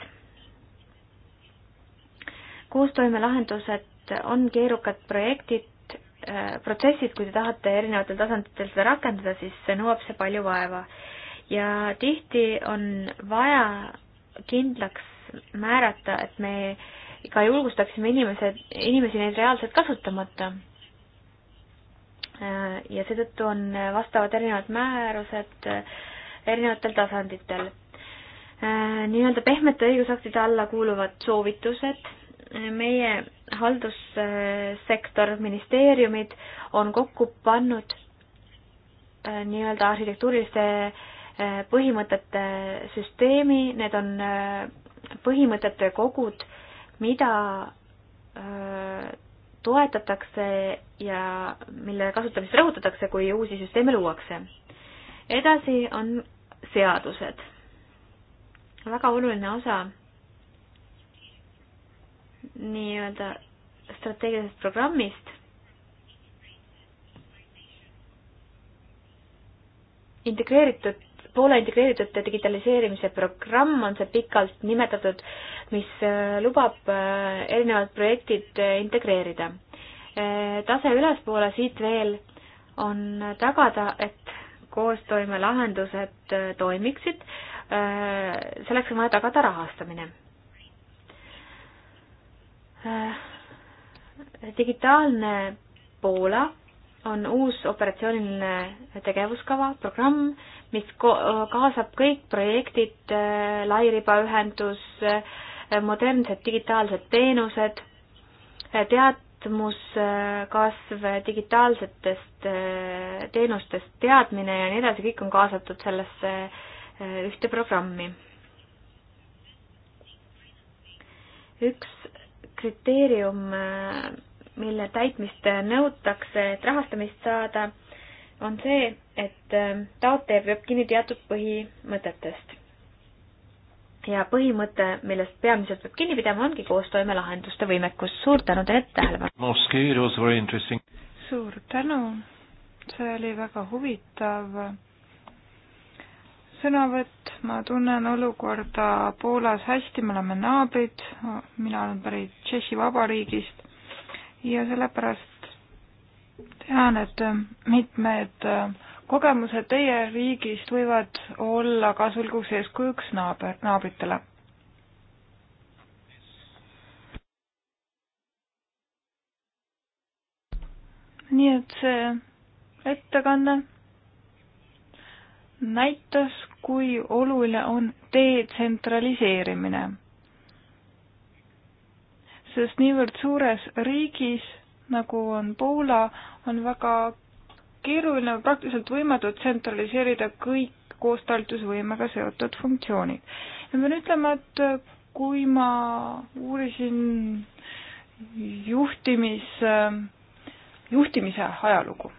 koostoimelahendused on keerukad projektid, äh, protsessid, kui te tahate erinevatel tasanditel seda rakendada, siis see nõuab see palju vaeva. ja tihti on vaja kindlaks määrata, et me ka julgustaksime inimesed, inimesi neid reaalselt kasutamata. Äh, ja seetõttu on vastavad erinevad määrused äh, erinevatel tasanditel. nii-öelda pehmete õigusaktide alla kuuluvad soovitused meie haldussektor, ministeeriumid on kokku pannud äh, nii-öelda arhitektuuriliste äh, põhimõtete süsteemi, need on äh, põhimõtete kogud, mida toetatakse ja mille kasutamist rõhutatakse, kui uusi süsteeme luuakse. edasi on seadused. väga oluline osa nii-öelda strateegilisest programmist. integreeritud, poole integreeritud digitaliseerimise programm on see pikalt nimetatud, mis äh, lubab äh, erinevad projektid äh, integreerida. tase ülespoole siit veel on tagada, et koostoimelahendused toimiksid, selleks on vaja tagada rahastamine Äh, digitaalne Poola on uus operatsiooniline tegevuskava, programm, mis kaasab kõik projektid, äh, lairibaühendus, äh, modernsed digitaalsed teenused, teadmuskasv digitaalsetest teenustest, teadmine ja nii edasi, kõik on kaasatud sellesse ühte programmi. üks kriteerium, mille täitmist nõutakse, et rahastamist saada, on see, et taotleja peab kinni teatud põhimõtetest. ja põhimõte, millest peamiselt peab kinni pidama, ongi koostoimelahenduste võimekus. suur tänu teile tähelepanu! suur tänu, see oli väga huvitav sõnavõtt, ma tunnen olukorda Poolas hästi, me oleme naabrid, mina olen pärit Tšehhi Vabariigist ja sellepärast tean, et mitmed kogemused teie riigist võivad olla kasulikuks eeskujuks naaber, naabritele nii et see ettekanne näitas, kui oluline on detsentraliseerimine. sest niivõrd suures riigis, nagu on Poola, on väga keeruline, praktiliselt võimatu tsentraliseerida kõik koostalitusvõimega seotud funktsioonid. ja pean ütlema, et kui ma uurisin juhtimis, juhtimise ajalugu,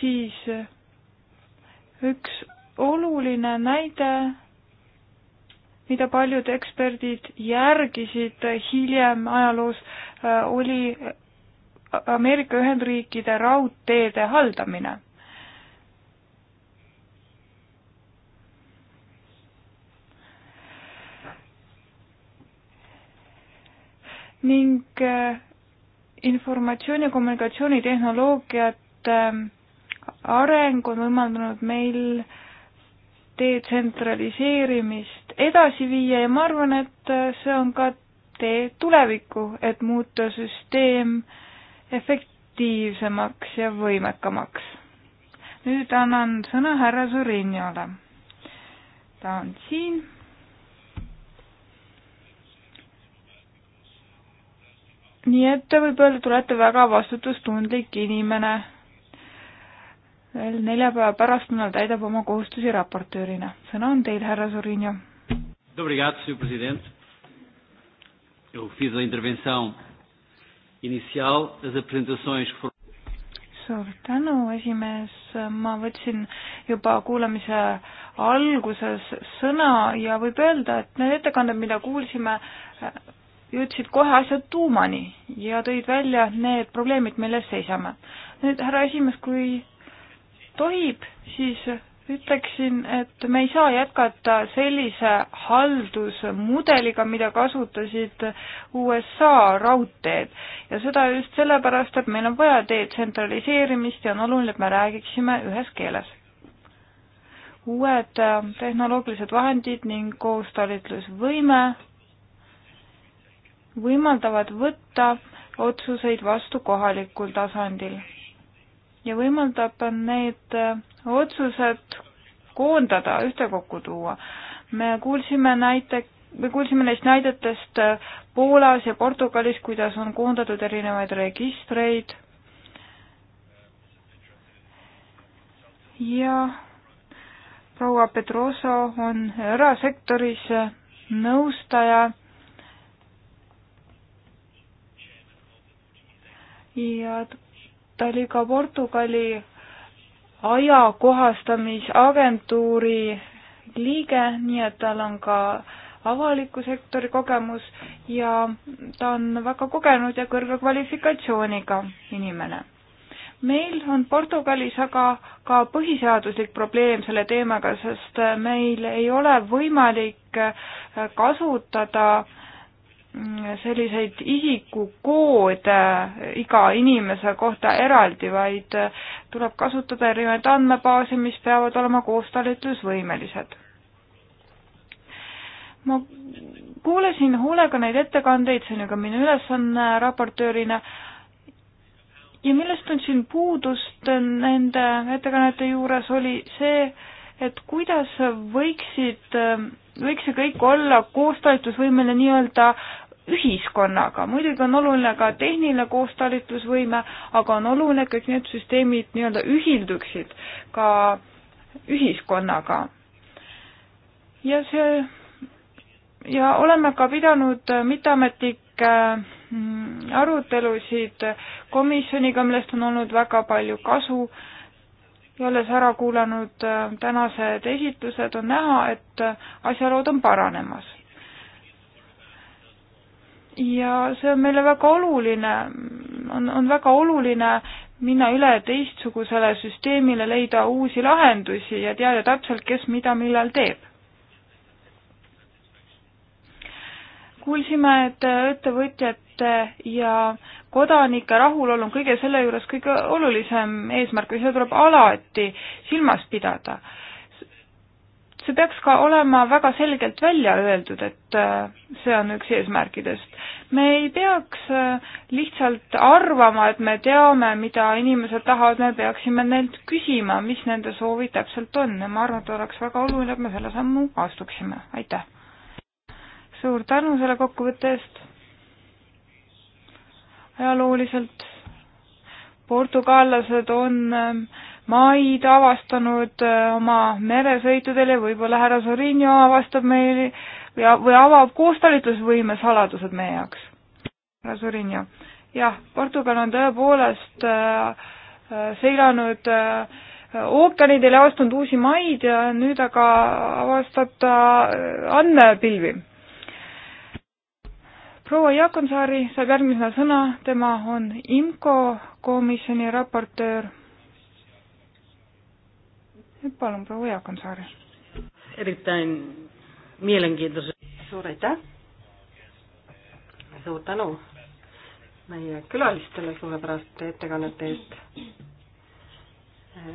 siis üks oluline näide, mida paljud eksperdid järgisid hiljem ajaloos, äh, oli Ameerika Ühendriikide raudteede haldamine ning äh, informatsiooni- ja kommunikatsioonitehnoloogiate äh, areng on võimaldanud meil detsentraliseerimist edasi viia ja ma arvan, et see on ka tee tulevikku, et muuta süsteem efektiivsemaks ja võimekamaks. nüüd annan sõna härra Sorinjole. ta on siin. nii et võib-olla te olete väga vastutustundlik inimene veel neljapäeva pärastlõunal täidab oma kohustusi raportöörina. sõna on teil, härra Sorinio. suur tänu, esimees, ma võtsin juba kuulamise alguses sõna ja võib öelda, et need ettekanded, mida kuulsime, jõudsid kohe asja tuumani ja tõid välja need probleemid, milles seisame. nüüd, härra esimees, kui tohib, siis ütleksin, et me ei saa jätkata sellise haldusmudeliga, mida kasutasid USA raudteed. ja seda just sellepärast, et meil on vaja detsentraliseerimist ja on oluline, et me räägiksime ühes keeles. uued äh, tehnoloogilised vahendid ning koostalitlusvõime võimaldavad võtta otsuseid vastu kohalikul tasandil ja võimaldab need äh, otsused koondada, ühtekokku tuua. me kuulsime näite, me kuulsime neist näidetest äh, Poolas ja Portugalis, kuidas on koondatud erinevaid registreid ja proua Pedroso on erasektoris äh, nõustaja ja Portaliga, Portugali ajakohastamisagentuuri liige, nii et tal on ka avaliku sektori kogemus ja ta on väga kogenud ja kõrge kvalifikatsiooniga inimene. meil on Portugalis aga ka põhiseaduslik probleem selle teemaga, sest meil ei ole võimalik kasutada selliseid isikukoode iga inimese kohta eraldi, vaid tuleb kasutada erinevaid andmebaase, mis peavad olema koostalitlusvõimelised. ma kuulasin hoolega neid ettekandeid, see on ju ka minu ülesanne raportöörina, ja millest tundsin puudust nende ettekannete juures, oli see, et kuidas võiksid võiks see kõik olla koostalitusvõimeline nii-öelda ühiskonnaga, muidugi on oluline ka tehniline koostalitlusvõime, aga on oluline, et kõik need süsteemid nii-öelda ühilduksid ka ühiskonnaga. ja see, ja oleme ka pidanud mitteametlikke mm, arutelusid komisjoniga, millest on olnud väga palju kasu äh, olles ära kuulanud äh, tänased esitlused, on näha, et äh, asjalood on paranemas. ja see on meile väga oluline, on, on väga oluline minna üle teistsugusele süsteemile, leida uusi lahendusi ja teada täpselt, kes mida millal teeb. kuulsime, et äh, ettevõtjate ja äh, kodanike rahulolu on kõige selle juures kõige olulisem eesmärk ja seda tuleb alati silmas pidada. see peaks ka olema väga selgelt välja öeldud, et äh, see on üks eesmärkidest. me ei peaks äh, lihtsalt arvama, et me teame, mida inimesed tahavad, me peaksime neilt küsima, mis nende soovid täpselt on ja ma arvan, et oleks väga oluline, et me selle sammu astuksime, aitäh! suur tänu selle kokkuvõtte eest ajalooliselt. portugallased on ähm, maid avastanud äh, oma meresõitudel ja võib-olla härra Sorinio avastab meil või, või avab koostalitlusvõime saladused meie jaoks. härra Sorinio, jah, Portugal on tõepoolest äh, äh seilanud äh, ookeanidel ja avastanud uusi maid ja nüüd aga avastab ta äh, andmepilvi proua Jaakonsaari saab järgmisena sõna, tema on IMCO komisjoni raportöör. palun, proua Jaakonsaar. eritain meelekindluse. suur aitäh. suur tänu meie külalistele suurepäraste ettekannete eest.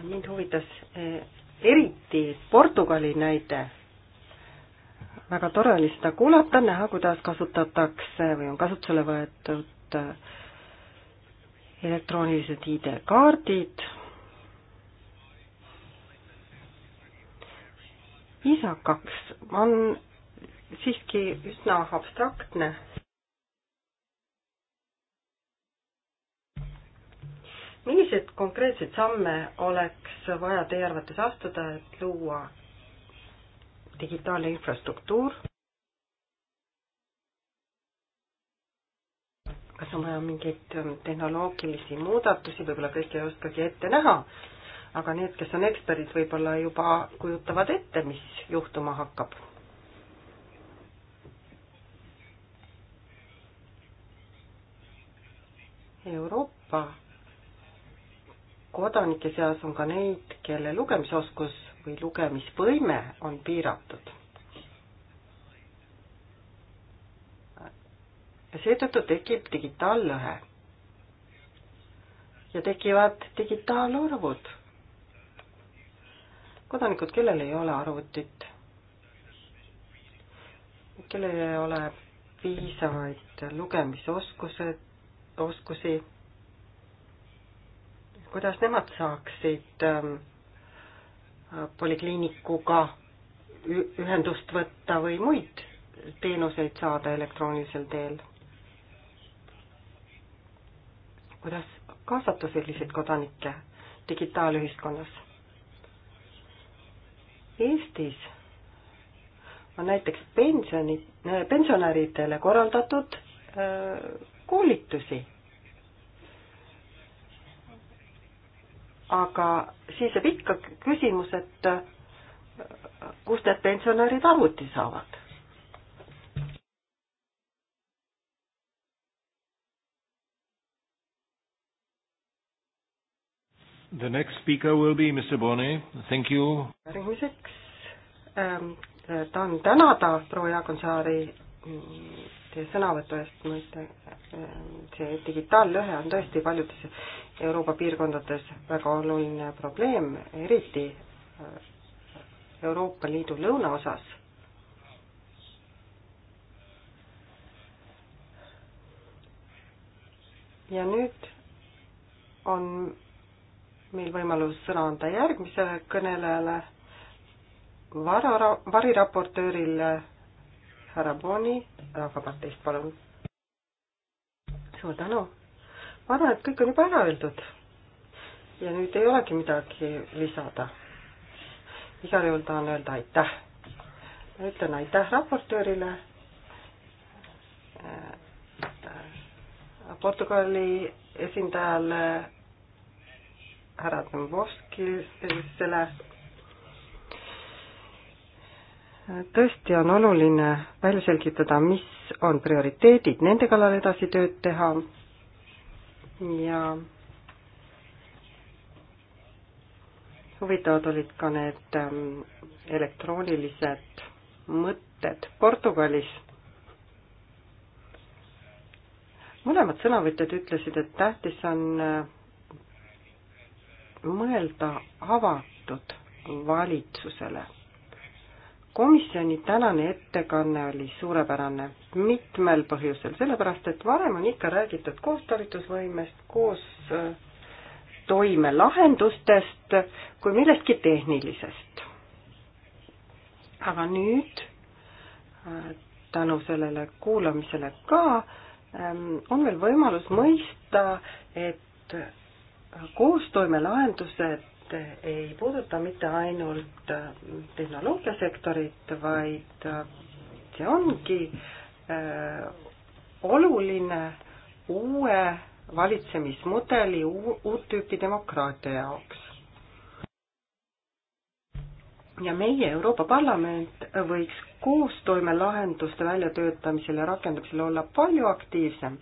mind huvitas eh, eriti Portugali näide väga tore oli seda kuulata, näha, kuidas kasutatakse või on kasutusele võetud äh, elektroonilised ID-kaardid. ISA kaks on siiski üsna abstraktne. milliseid konkreetseid samme oleks vaja teie arvates astuda, et luua digitaalne infrastruktuur. kas on vaja mingeid ähm, tehnoloogilisi muudatusi, võib-olla kõike ei oskagi ette näha, aga need, kes on eksperdid, võib-olla juba kujutavad ette, mis juhtuma hakkab. Euroopa kodanike seas on ka neid, kelle lugemisoskus või lugemisvõime on piiratud. ja seetõttu tekib digitaallõhe. ja tekivad digitaalarvud. kodanikud, kellel ei ole arvutit, kellel ei ole piisavaid lugemisoskused, oskusi, kuidas nemad saaksid ähm, polikliinikuga ühendust võtta või muid teenuseid saada elektroonilisel teel. kuidas kaasata selliseid kodanikke digitaalühiskonnas? Eestis on näiteks pensioni, pensionäridele korraldatud öö, äh, koolitusi aga siis jääb ikka küsimus, et äh, kust need pensionärid arvuti saavad? The next speaker will be Mr Bonney, thank you. järgmiseks ähm, tahan tänada proua Jaagonsaari mm, teie sõnavõtu eest, ma ütlen, eh, see digitaallõhe on tõesti paljudes Euroopa piirkondades väga oluline probleem, eriti eh, Euroopa Liidu lõunaosas ja nüüd on meil võimalus sõna anda järgmisele kõnelejale, vara, variraportöörile härra Boni Rahvaparteist, äh, palun. suur tänu. ma arvan, et kõik on juba ära öeldud. ja nüüd ei olegi midagi lisada. igal juhul tahan öelda aitäh. ma ütlen aitäh raportöörile äh, Portugali esindajale härra Dombovskisele tõesti on oluline välja selgitada, mis on prioriteedid, nende kallal edasi tööd teha ja huvitavad olid ka need ähm, elektroonilised mõtted Portugalis. mõlemad sõnavõtjad ütlesid, et tähtis on äh, mõelda avatud valitsusele komisjoni tänane ettekanne oli suurepärane mitmel põhjusel, sellepärast et varem on ikka räägitud koostalitusvõimest, koos äh, toimelahendustest kui millestki tehnilisest. aga nüüd äh, tänu sellele kuulamisele ka ähm, on veel võimalus mõista, et äh, koostoimelahendused ei puuduta mitte ainult tehnoloogiasektorit, vaid see ongi äh, oluline uue valitsemismudeli, uut tüüpi demokraatia jaoks. ja meie, Euroopa Parlament, võiks koostoime lahenduste väljatöötamisel ja rakendamisel olla palju aktiivsem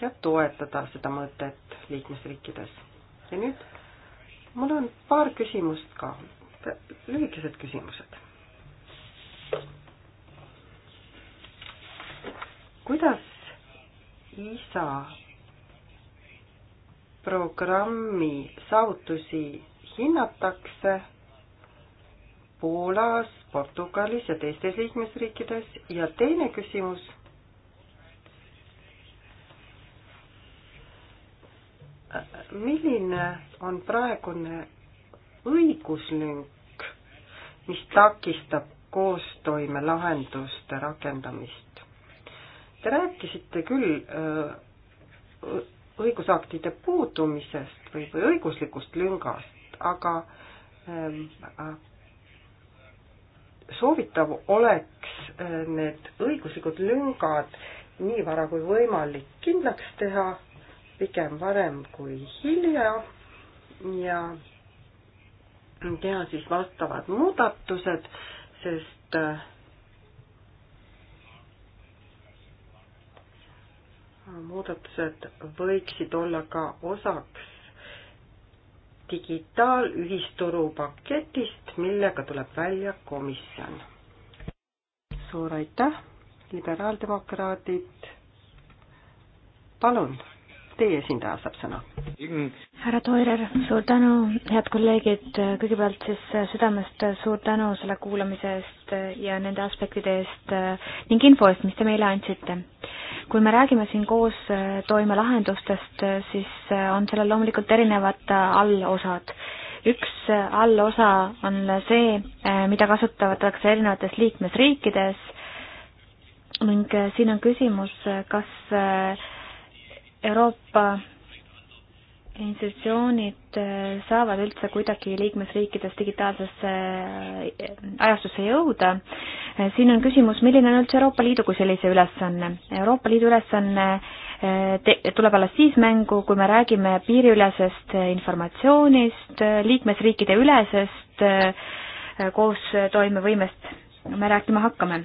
ja toetada seda mõtet liikmesriikides. ja nüüd mul on paar küsimust ka, lühikesed küsimused. kuidas ISA programmi saavutusi hinnatakse Poolas, Portugalis ja teistes liikmesriikides ja teine küsimus milline on praegune õiguslünk, mis takistab koostoime lahenduste rakendamist? Te rääkisite küll õigusaktide puudumisest või, või õiguslikust lüngast, aga ähm, soovitav oleks äh, need õiguslikud lüngad nii vara kui võimalik kindlaks teha pigem varem kui hilja ja teha siis vastavad muudatused, sest äh, muudatused võiksid olla ka osaks digitaalühisturu paketist, millega tuleb välja komisjon. suur aitäh, liberaaldemokraadid. palun teie esindaja saab sõna. härra Toirer, suur tänu, head kolleegid, kõigepealt siis südamest suur tänu selle kuulamise eest ja nende aspektide eest ning info eest, mis te meile andsite. kui me räägime siin koos toimelahendustest, siis on sellel loomulikult erinevad allosad üks allosa on see, mida kasutatakse erinevates liikmesriikides ning siin on küsimus, kas Euroopa institutsioonid eh, saavad üldse kuidagi liikmesriikides digitaalsesse eh, ajastusse jõuda. Eh, siin on küsimus, milline on üldse Euroopa Liidu kui sellise ülesanne. Euroopa Liidu ülesanne tuleb alles siis mängu, kui me räägime piiriülesest informatsioonist, liikmesriikide ülesest koostoimevõimest me rääkima hakkame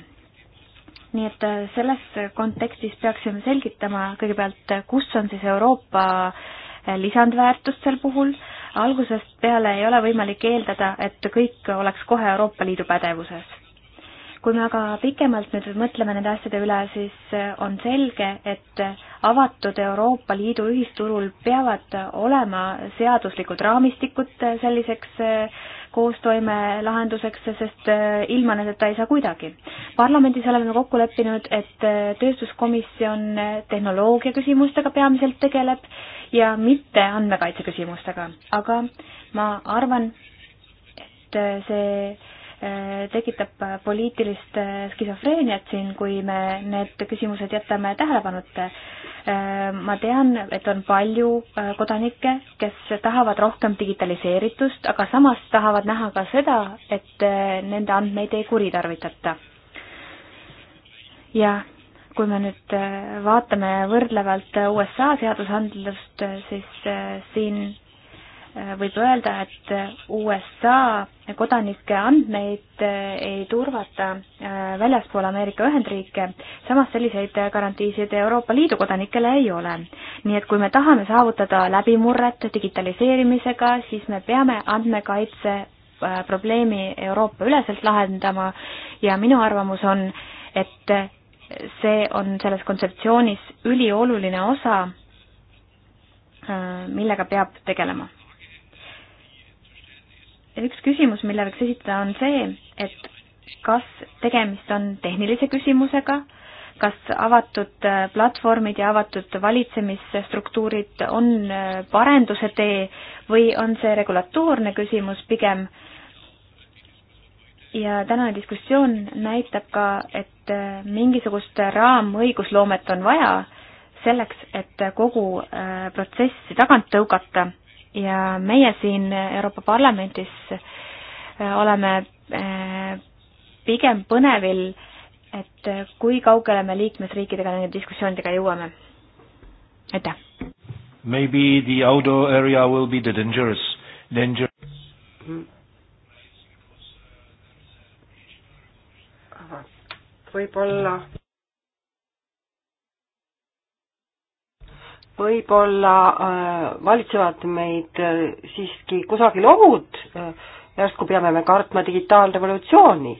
nii et äh, selles kontekstis peaksime selgitama kõigepealt, äh, kus on siis Euroopa äh, lisandväärtust sel puhul, algusest peale ei ole võimalik eeldada, et kõik oleks kohe Euroopa Liidu pädevuses. kui me aga pikemalt nüüd mõtleme nende asjade üle, siis on selge, et avatud Euroopa Liidu ühisturul peavad olema seaduslikud raamistikud selliseks äh, koostoime lahenduseks, sest äh, ilma nendeta ei saa kuidagi. parlamendis oleme kokku leppinud, et äh, tööstuskomisjon äh, tehnoloogia küsimustega peamiselt tegeleb ja mitte andmekaitse küsimustega, aga ma arvan, et see Äh, tekitab äh, poliitilist äh, skisofreeniat siin, kui me need küsimused jätame tähelepanuta. ma tean, et on palju kodanikke, kes tahavad rohkem digitaliseeritust, aga samas tahavad näha ka seda, et nende andmeid ei kuritarvitata. ja kui me nüüd vaatame võrdlevalt USA seadusandlust, siis siin Äh, võib öelda, et äh, USA kodanike andmeid äh, ei turvata väljaspool Ameerika Ühendriike, samas selliseid garantiisid Euroopa Liidu kodanikele ei ole. nii et kui me tahame saavutada läbimurret digitaliseerimisega, siis me peame andmekaitse probleemi Euroopa üleselt lahendama ja minu arvamus on, et see on selles kontseptsioonis ülioluline osa, millega peab tegelema üks küsimus, mille võiks esitada, on see, et kas tegemist on tehnilise küsimusega, kas avatud äh, platvormid ja avatud valitsemisstruktuurid on äh, parenduse tee või on see regulatoorne küsimus pigem. ja tänane diskussioon näitab ka, et äh, mingisugust raamõigusloomet on vaja selleks, et kogu protsessi tagant tõugata ja meie siin Euroopa Parlamendis äh, oleme äh, pigem põnevil, et äh, kui kaugele me liikmesriikidega nende diskussioonidega jõuame. aitäh! Maybe the outdoor area will be the dangerous, danger hmm. võib-olla võib-olla äh, valitsevad meid äh, siiski kusagil ohud, äh, järsku peame me kartma digitaalrevolutsiooni.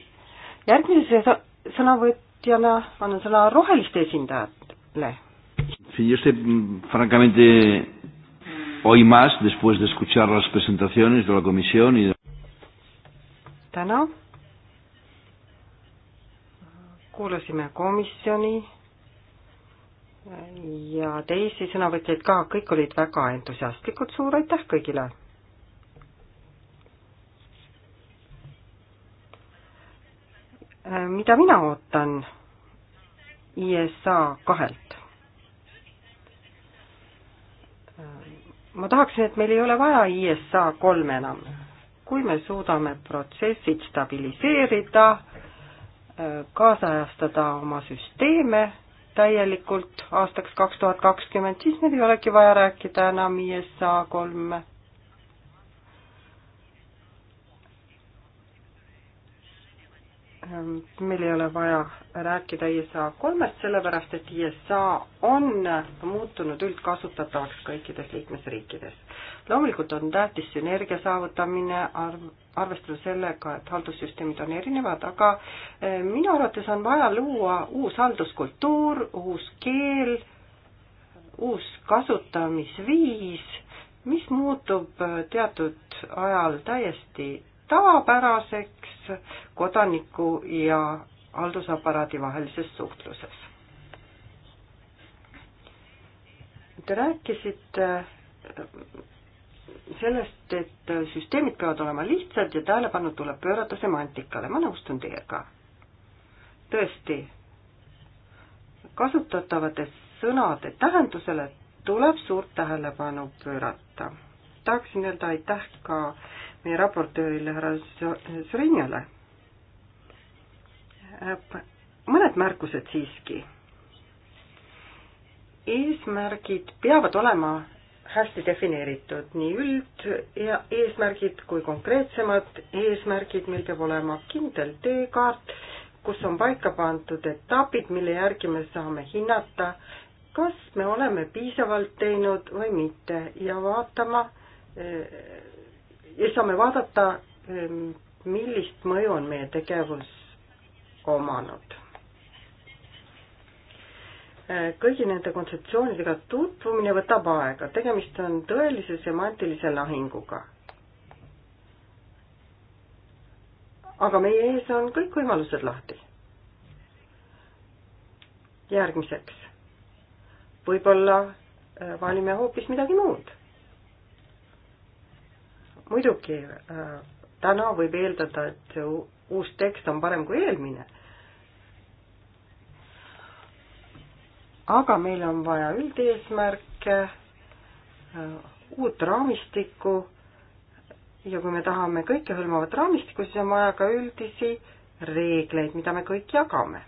järgmise sõnavõtjana annan sõna roheliste esindajatele. Sí, yo sé, mm, francamente, hoy más, después de escuchar las presentaciones de la comisión y de... Täna kuulasime komisjoni ja teisi sõnavõtjaid ka, kõik olid väga entusiastlikud, suur aitäh kõigile! mida mina ootan ISA kahelt? ma tahaksin, et meil ei ole vaja ISA kolme enam. kui me suudame protsessid stabiliseerida, kaasajastada oma süsteeme täielikult aastaks kaks tuhat kakskümmend, siis meil ei olegi vaja rääkida enam ISA e kolme meil ei ole vaja rääkida ISA e kolmest, sellepärast et ISA e on muutunud üldkasutatavaks kõikides liikmesriikides. loomulikult on tähtis sünergia saavutamine, arv, arvestada sellega, et haldussüsteemid on erinevad, aga eh, minu arvates on vaja luua uus halduskultuur, uus keel, uus kasutamisviis, mis muutub eh, teatud ajal täiesti tavapäraseks kodaniku ja haldusaparaadi vahelises suhtluses. Te rääkisite äh, sellest, et süsteemid peavad olema lihtsad ja tähelepanu tuleb pöörata semantikale, ma nõustun teiega. tõesti, kasutatavate sõnade tähendusele tuleb suurt tähelepanu pöörata. tahaksin öelda aitäh ka meie raportöörile härra Sõrinjale. mõned märkused siiski. eesmärgid peavad olema hästi defineeritud, nii üld- ja eesmärgid kui konkreetsemad eesmärgid, meil peab olema kindel teekaart, kus on paika pandud etapid, mille järgi me saame hinnata, kas me oleme piisavalt teinud või mitte ja vaatama, eh, ja saame vaadata, ähm, millist mõju on meie tegevus omanud. Äh, kõigi nende kontseptsioonidega tutvumine võtab aega, tegemist on tõelise semantilise lahinguga. aga meie ees on kõik võimalused lahti. järgmiseks, võib-olla äh, valime hoopis midagi muud muidugi äh, täna võib eeldada, et see uus tekst on parem kui eelmine. aga meil on vaja üldeesmärke, äh, uut raamistikku ja kui me tahame kõikehõlmavat raamistikku, siis on vaja ka üldisi reegleid, mida me kõik jagame.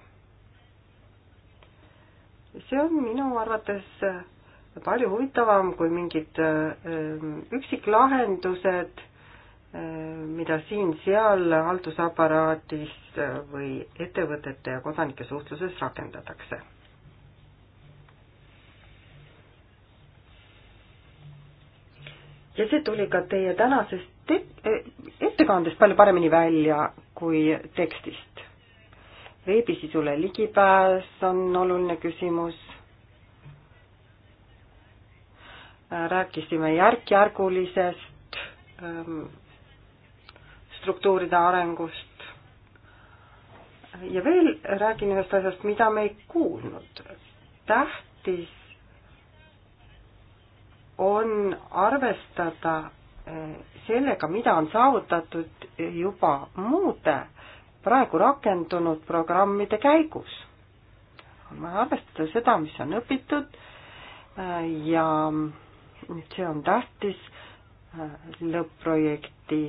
see on minu arvates äh, palju huvitavam kui mingid äh, äh, üksiklahendused, äh, mida siin-seal haldusaparaadis või ettevõtete ja kodanike suhtluses rakendatakse. ja see tuli ka teie tänasest ettekandest palju paremini välja kui tekstist. veebisisule ligipääs on oluline küsimus rääkisime järk-järgulisest ähm, struktuuride arengust ja veel räägin ühest asjast, mida me ei kuulnud. tähtis on arvestada äh, sellega, mida on saavutatud juba muude praegu rakendunud programmide käigus. on vaja arvestada seda, mis on õpitud äh, ja see on tähtis lõpp-projekti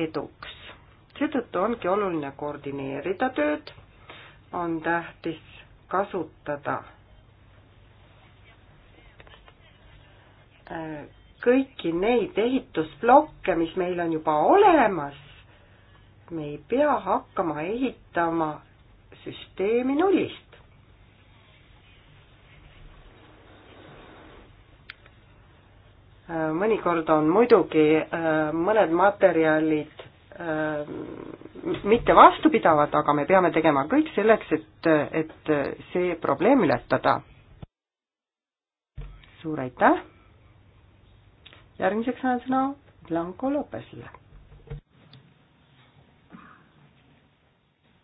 eduks. seetõttu ongi oluline koordineerida tööd, on tähtis kasutada äh, kõiki neid ehitusplokke, mis meil on juba olemas, me ei pea hakkama ehitama süsteemi nullist. mõnikord on muidugi äh, mõned materjalid äh, mitte vastupidavad, aga me peame tegema kõik selleks, et, et see probleem ületada. suur aitäh! järgmiseks annan sõna Blanco Lopesile.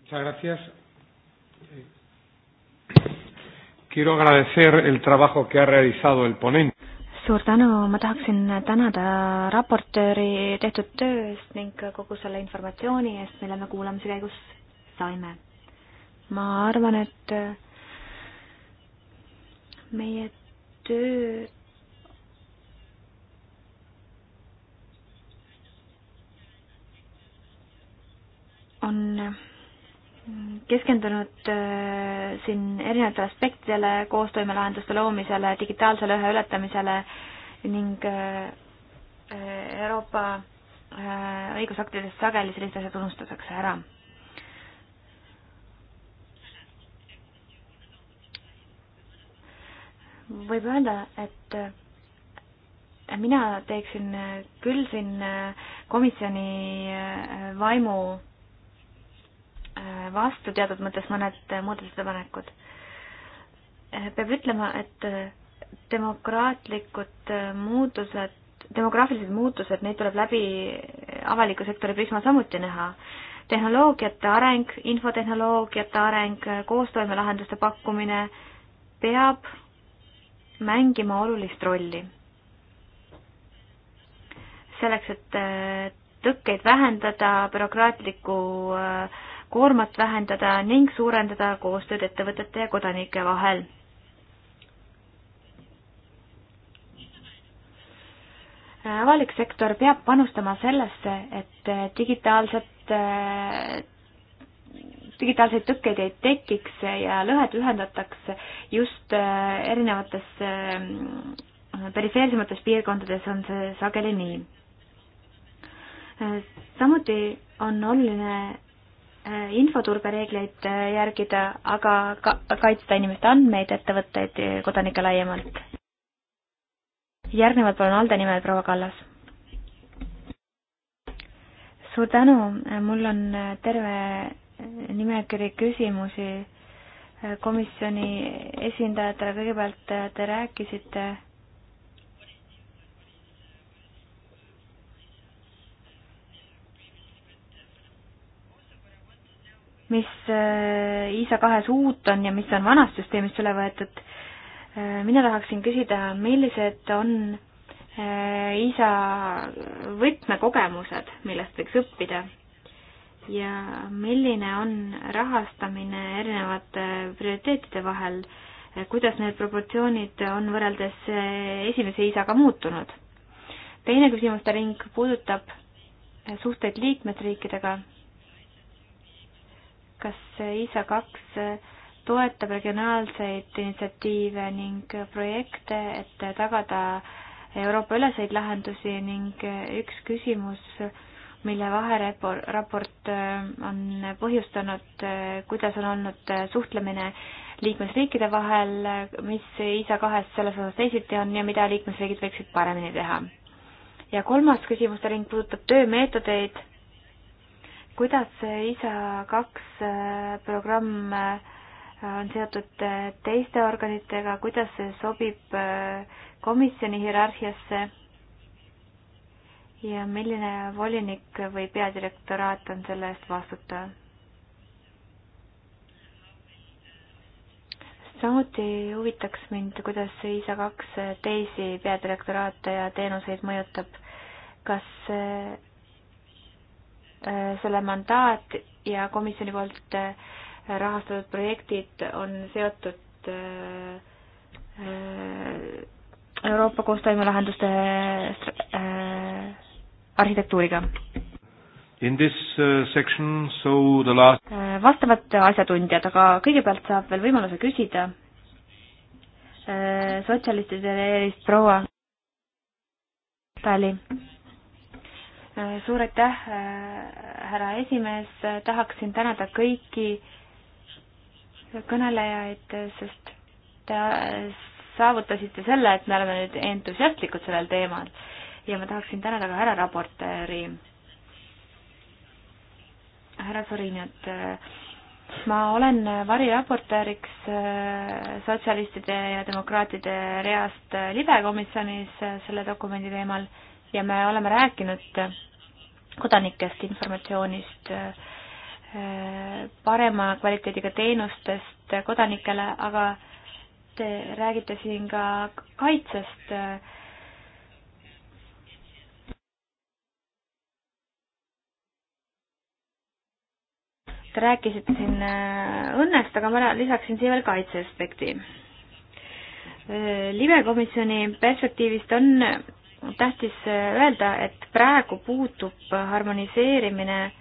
Muchas gracias. Quiero agradecer el trabajo que ha realizado el ponente suur tänu, ma tahaksin tänada raportööri tehtud töö eest ning kogu selle informatsiooni eest, mille me kuulamise käigus saime. ma arvan, et meie töö on keskendunud äh, siin erinevatele aspektidele, koostoimelahenduste loomisele, digitaalsele ühe ületamisele ning äh, äh, Euroopa õigusaktides sageli sellised asjad unustatakse ära. võib öelda, et mina teeksin küll siin komisjoni vaimu Äh, vastu teatud mõttes mõned äh, muudatusettepanekud. Äh, peab ütlema, et demokraatlikud muutused, demograafilised muutused, neid tuleb läbi avaliku sektori prisma samuti näha. tehnoloogiate areng, infotehnoloogiate areng, koostoimelahenduste pakkumine peab mängima olulist rolli. selleks, et tõkkeid vähendada, bürokraatlikku äh, koormat vähendada ning suurendada koostööd ettevõtete ja kodanike vahel. avalik sektor peab panustama sellesse, et digitaalset, digitaalseid tõkkeid ei tekiks ja lõhed ühendataks just äh, erinevates äh, perifeersemates piirkondades on see sageli nii. Äh, samuti on oluline Äh, infoturbereegleid äh, järgida, aga ka kaitsta inimeste andmeid, ettevõtteid, kodanikke laiemalt. järgnevalt palun Alde nimel proua Kallas. suur tänu, mul on äh, terve nimekiri küsimusi komisjoni esindajatele, kõigepealt te rääkisite mis äh, ISA kahes uut on ja mis on vanast süsteemist üle võetud. Äh, mina tahaksin küsida, millised on äh, ISA võtmekogemused, millest võiks õppida ja milline on rahastamine erinevate prioriteetide vahel, kuidas need proportsioonid on võrreldes esimese ISA-ga muutunud? teine küsimuste ring puudutab suhteid liikmesriikidega kas ISA kaks toetab regionaalseid initsiatiive ning projekte, et tagada Euroopa üleseid lahendusi ning üks küsimus, mille vaheraport äh, on põhjustanud, äh, kuidas on olnud äh, suhtlemine liikmesriikide vahel, mis ISA kahes selles osas teisiti on ja mida liikmesriigid võiksid paremini teha. ja kolmas küsimuste ring puudutab töömeetodeid kuidas see ISA kaks äh, programm äh, on seotud äh, teiste organitega, kuidas see sobib komisjoni hierarhiasse ja milline volinik või peadirektoraat on selle eest vastutav? samuti huvitaks mind, kuidas see ISA kaks teisi peadirektoraate ja teenuseid mõjutab. kas Äh, selle mandaat ja komisjoni poolt äh, rahastatud projektid on seotud äh, Euroopa koostoimelahenduste arhitektuuriga. In this section so the last vastavad asjatundjad, aga kõigepealt saab veel võimaluse küsida sotsialistide eest proua Tali suur aitäh, äh, härra esimees, tahaksin tänada kõiki kõnelejaid, sest te äh, saavutasite selle, et me oleme nüüd entusiastlikud sellel teemal ja ma tahaksin tänada ka härra raportööri, härra Sorinat. ma olen variraportööriks äh, sotsialistide ja demokraatide reast libekomisjonis selle dokumendi teemal ja me oleme rääkinud kodanikest, informatsioonist, parema kvaliteediga teenustest kodanikele, aga te räägite siin ka kaitsest. Te rääkisite siin õnnest, aga ma lisaksin siia veel kaitseaspekti libekomisjoni perspektiivist on on tähtis öelda, et praegu puudub harmoniseerimine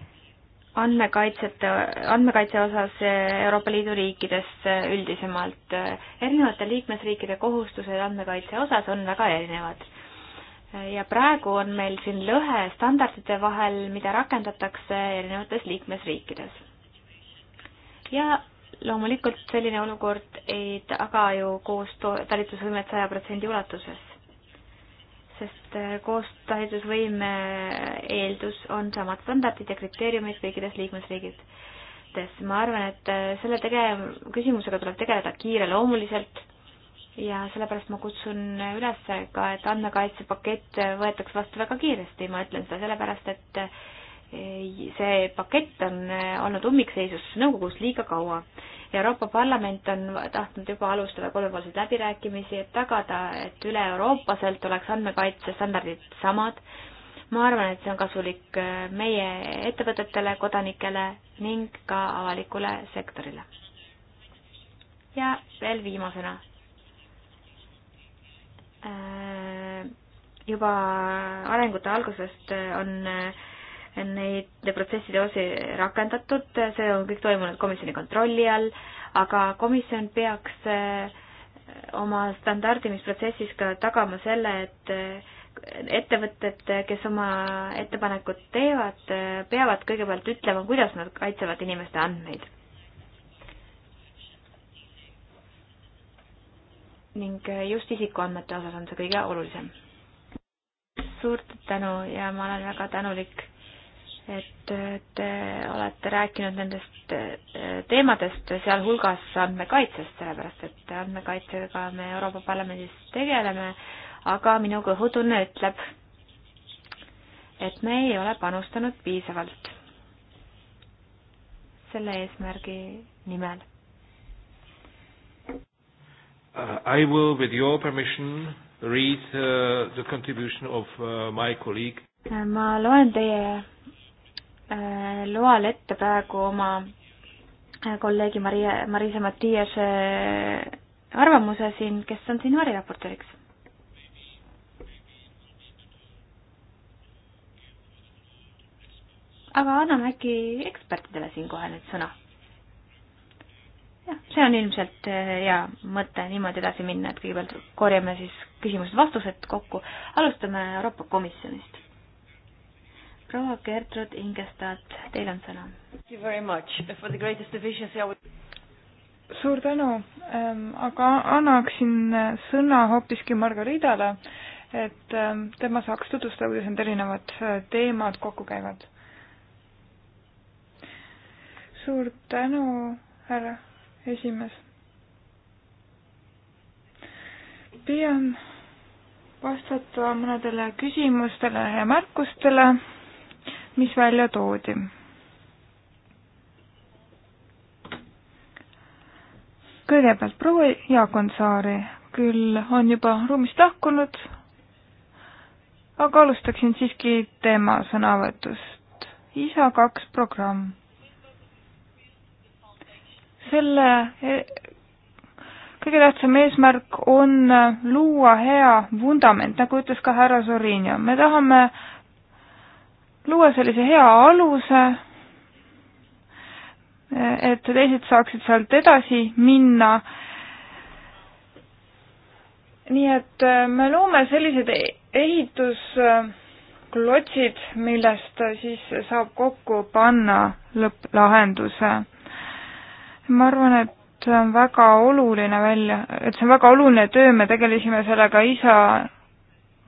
andmekaitsete, andmekaitse osas Euroopa Liidu riikides üldisemalt. erinevate liikmesriikide kohustused andmekaitse osas on väga erinevad. ja praegu on meil siin lõhe standardite vahel, mida rakendatakse erinevates liikmesriikides. ja loomulikult selline olukord ei taga ju koos talitusvõimet saja protsendi ulatuses sest äh, koostalitusvõime eeldus on samad standardid ja kriteeriumid kõikides liikmesriigides. ma arvan, et äh, selle tege-, küsimusega tuleb tegeleda kiireloomuliselt ja sellepärast ma kutsun üles ka, et andmekaitsepakett võetaks vastu väga kiiresti, ma ütlen seda sellepärast, et see pakett on äh, olnud ummikseisus nõukogus liiga kaua. Euroopa Parlament on tahtnud juba alustada kolmepoolseid läbirääkimisi, et tagada, et üle-euroopaselt oleks andmekaitsestandardid samad. ma arvan, et see on kasulik äh, meie ettevõtetele, kodanikele ning ka avalikule sektorile. ja veel viimasena äh, juba arengute algusest on neid protsesside osi rakendatud, see on kõik toimunud komisjoni kontrolli all, aga komisjon peaks eh, oma standardimisprotsessis ka tagama selle, et eh, ettevõtted, kes oma ettepanekut teevad, eh, peavad kõigepealt ütlema, kuidas nad kaitsevad inimeste andmeid. ning just isikuandmete osas on see kõige olulisem. suur tänu ja ma olen väga tänulik et te olete rääkinud nendest eh, teemadest, sealhulgas andmekaitsest, sellepärast et andmekaitsega me Euroopa Parlamendis tegeleme, aga minu kõhutunne ütleb, et me ei ole panustanud piisavalt selle eesmärgi nimel. Uh, I will, with your permission, read uh, the contribution of uh, my colleague. ma loen teie Äh, loal ette praegu oma äh, kolleegi Maria, Marisa Matiase äh, arvamuse siin, kes on siin variraportööriks. aga anname äkki ekspertidele siinkohal nüüd sõna. jah, see on ilmselt hea mõte niimoodi edasi minna, et kõigepealt korjame siis küsimused-vastused kokku. alustame Euroopa Komisjonist proua Gertrud Ingestad, teil on sõna. suur tänu ähm,, aga annaksin äh, sõna hoopiski Margaritale, et ähm, tema saaks tutvustada, kuidas need erinevad äh, teemad kokku käivad. suur tänu, härra esimees. püüan vastata mõnedele küsimustele ja märkustele mis välja toodi. kõigepealt proua Jaakonsaari küll on juba ruumist lahkunud, aga alustaksin siiski tema sõnavõtust. isa kaks programm. selle e-, kõige tähtsam eesmärk on luua hea vundament, nagu ütles ka härra Sorinio. me tahame äh, luua sellise hea aluse, et teised saaksid sealt edasi minna. nii et äh, me loome sellised e-, ehitusklotsid, millest siis saab kokku panna lõpplahenduse. ma arvan, et see on väga oluline välja, et see on väga oluline töö, me tegelesime sellega isa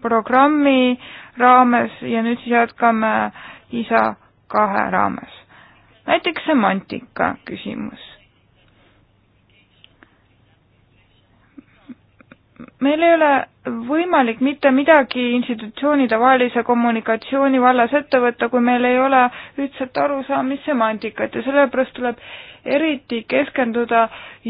programmi raames ja nüüd siis jätkame ISA kahe raames. näiteks semantika küsimus. meil ei ole võimalik mitte midagi institutsioonide vahelise kommunikatsiooni vallas ette võtta, kui meil ei ole ühtset arusaamist semantikat ja sellepärast tuleb eriti keskenduda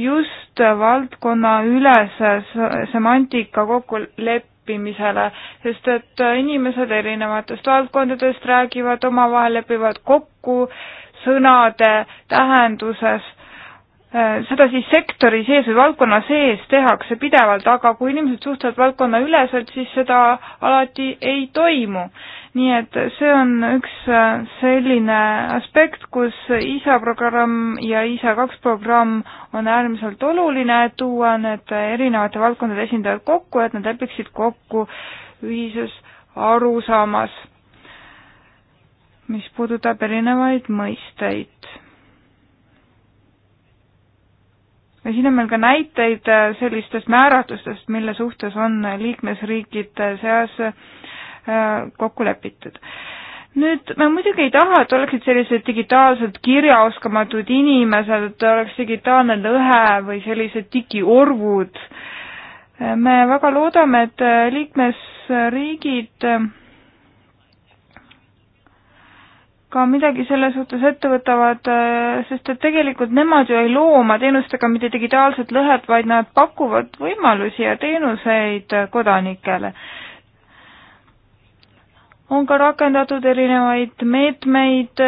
just valdkonnaüleses semantika kokkulepp-, õppimisele, sest et inimesed erinevatest valdkondadest räägivad omavahel, lepivad kokku sõnade tähenduses, seda siis sektori sees või valdkonna sees tehakse pidevalt, aga kui inimesed suhtlevad valdkonnaüleselt, siis seda alati ei toimu nii et see on üks äh, selline aspekt, kus ISA programm ja ISA kaks programm on äärmiselt oluline, et tuua need erinevate valdkondade esindajad kokku, et nad lepiksid kokku ühises arusaamas, mis puudutab erinevaid mõisteid. ja siin on meil ka näiteid sellistest määratlustest, mille suhtes on liikmesriikide seas Äh, kokku lepitud nüüd me muidugi ei taha, et oleksid sellised digitaalselt kirjaoskamatud inimesed, et oleks digitaalne lõhe või sellised digiorvud. Äh, me väga loodame, et äh, liikmesriigid ka midagi selle suhtes ette võtavad, sest et tegelikult nemad ju ei loo oma teenustega mitte digitaalset lõhet, vaid nad pakuvad võimalusi ja teenuseid kodanikele on ka rakendatud erinevaid meetmeid,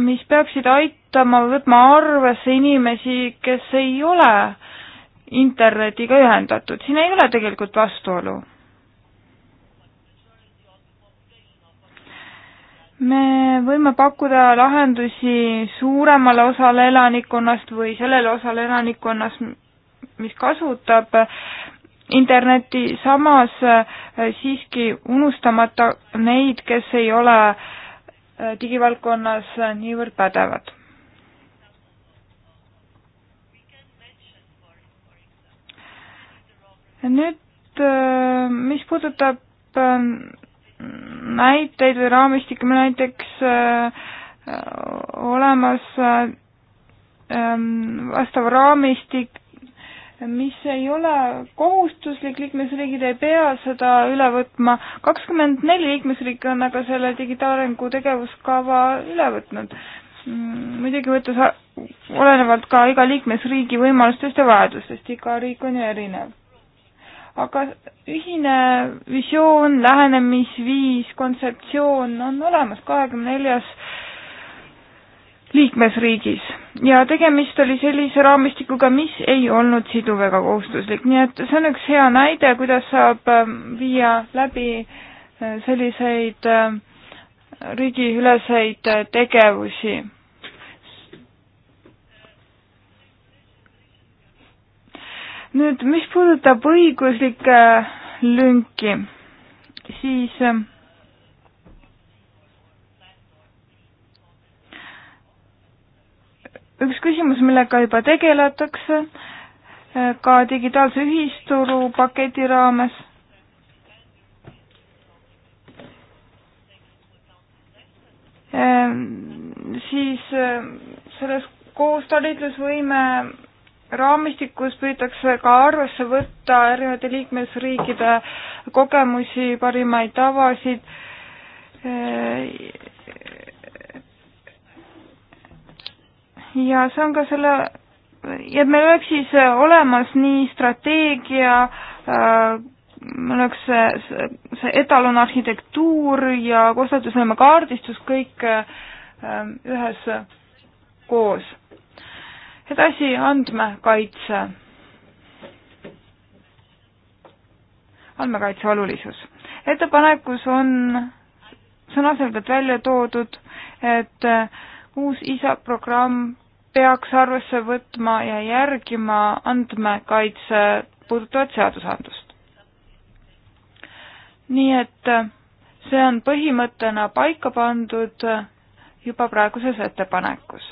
mis peaksid aitama võtma arvesse inimesi, kes ei ole internetiga ühendatud, siin ei ole tegelikult vastuolu. me võime pakkuda lahendusi suuremale osale elanikkonnast või sellele osale elanikkonnast, mis kasutab Internetti, samas äh, siiski unustamata neid, kes ei ole äh, digivaldkonnas äh, niivõrd pädevad. nüüd, mis puudutab näiteid või raamistikke, meil näiteks olemas vastav raamistik mis ei ole kohustuslik, liikmesriigid ei pea seda üle võtma. kakskümmend neli liikmesriiki on aga selle digitaalarengu tegevuskava üle võtnud. Mm, muidugi võttes olenevalt ka iga liikmesriigi võimalustest ja vajadustest, iga riik on ju erinev. aga ühine visioon, lähenemisviis, kontseptsioon on olemas, kahekümne neljas liikmesriigis ja tegemist oli sellise raamistikuga, mis ei olnud siduv ega kohustuslik, nii et see on üks hea näide, kuidas saab ähm, viia läbi äh, selliseid ähm, riigiüleseid äh, tegevusi. nüüd, mis puudutab õiguslikke lünki, siis ähm, üks küsimus, millega juba tegeletakse eh, ka digitaalse ühisturu paketi raames. Eh, siis eh, selles koos talitlusvõime raamistikus püütakse ka arvesse võtta erinevate liikmesriikide kogemusi, parimaid tavasid ja see on ka selle, et meil oleks siis äh, olemas nii strateegia, äh, meil oleks see, see etalonarhitektuur ja koostatud selline kaardistus kõik äh, ühes koos. edasi andmekaitse. andmekaitse olulisus. ettepanekus on sõnaselgelt välja toodud, et uus isa programm peaks arvesse võtma ja järgima andmekaitse puudutavat seadusandlust. nii et äh, see on põhimõttena paika pandud äh, juba praeguses ettepanekus.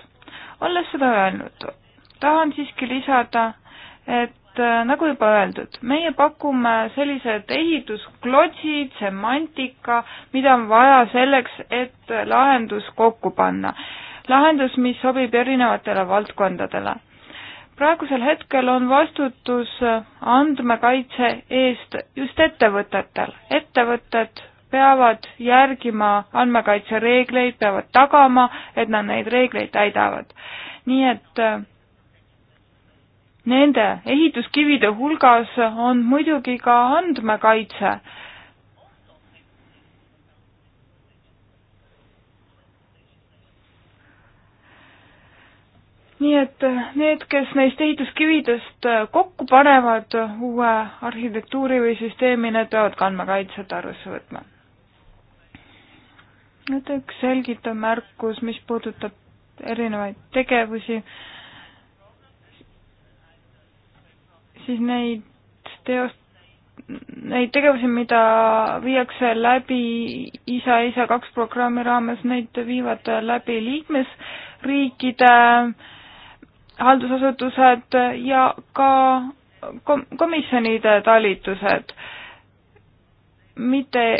olles seda öelnud, tahan siiski lisada, et äh, nagu juba öeldud, meie pakume sellised ehitusklotsid, semantika, mida on vaja selleks, et lahendus kokku panna lahendus, mis sobib erinevatele valdkondadele. praegusel hetkel on vastutus andmekaitse eest just ettevõtetel. ettevõtted peavad järgima andmekaitsereegleid, peavad tagama, et nad neid reegleid täidavad. nii et äh, nende ehituskivide hulgas on muidugi ka andmekaitse nii et äh, need, kes neist ehituskividest äh, kokku panevad äh, uue arhitektuuri või süsteemi, need peavad ka andmekaitset arvesse võtma. nüüd üks selgitav märkus, mis puudutab erinevaid tegevusi, siis neid teost-, neid tegevusi, mida viiakse läbi Isa isa kaks programmi raames, neid viivad läbi liikmesriikide äh, haldusasutused ja ka kom-, komisjonide talitused. mitte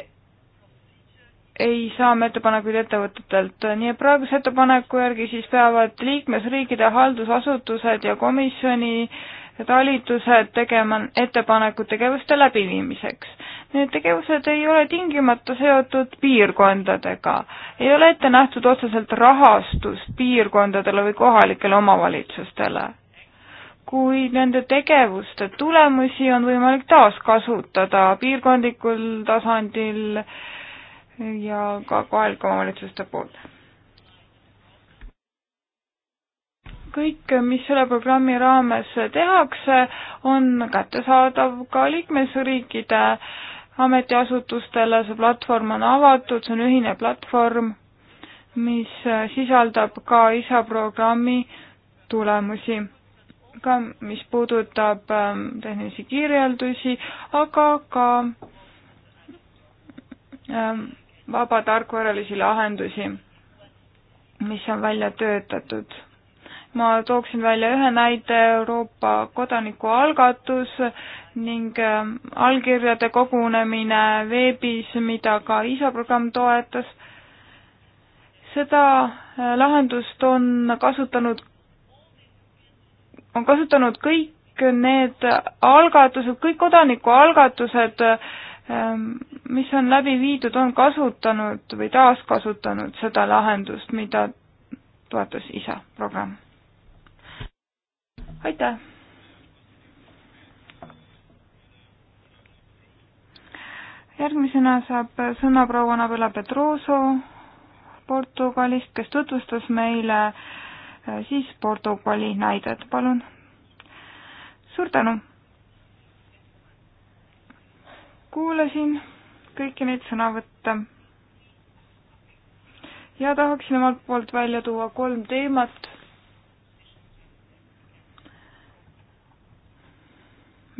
ei saa me ettepanekuid ettevõtetelt, nii et praeguse ettepaneku järgi siis peavad liikmesriikide haldusasutused ja komisjoni talitused tegema ettepanekud tegevuste läbiviimiseks. Need tegevused ei ole tingimata seotud piirkondadega, ei ole ette nähtud otseselt rahastust piirkondadele või kohalikele omavalitsustele. kuid nende tegevuste tulemusi on võimalik taaskasutada piirkondlikul tasandil ja ka kohalike omavalitsuste poolt. kõik, mis selle programmi raames tehakse, on kättesaadav ka liikmesriikide äh, ametiasutustele, see platvorm on avatud, see on ühine platvorm, mis äh, sisaldab ka ISA programmi tulemusi, ka mis puudutab ähm, tehnilisi kirjeldusi, aga ka ähm, vabatarkvaralisi lahendusi, mis on välja töötatud ma tooksin välja ühe näite, Euroopa kodanikualgatus ning ähm, allkirjade kogunemine veebis, mida ka ISA programm toetas. seda äh, lahendust on kasutanud, on kasutanud kõik need algatused, kõik kodanikualgatused, ähm, mis on läbi viidud, on kasutanud või taaskasutanud seda lahendust, mida toetas ISA programm aitäh! järgmisena saab sõna proua Anabela Pedroso Portugalist, kes tutvustas meile äh, siis Portugali näidet, palun. suur tänu! kuulasin kõiki neid sõnavõtte ja tahaksin omalt poolt välja tuua kolm teemat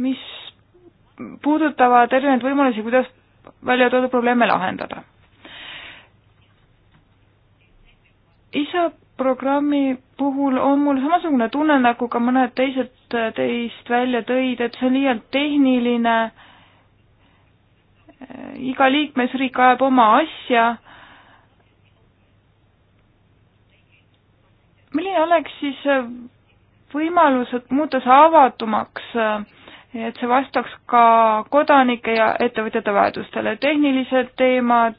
mis puudutavad erinevaid võimalusi, kuidas välja toodud probleeme lahendada. isa programmi puhul on mul samasugune tunne, nagu ka mõned teised teist välja tõid, et see on liialt tehniline, iga liikmesriik ajab oma asja milline oleks siis võimalus, et muuta see avatumaks nii et see vastaks ka kodanike ja ettevõtjate vajadustele. tehnilised teemad,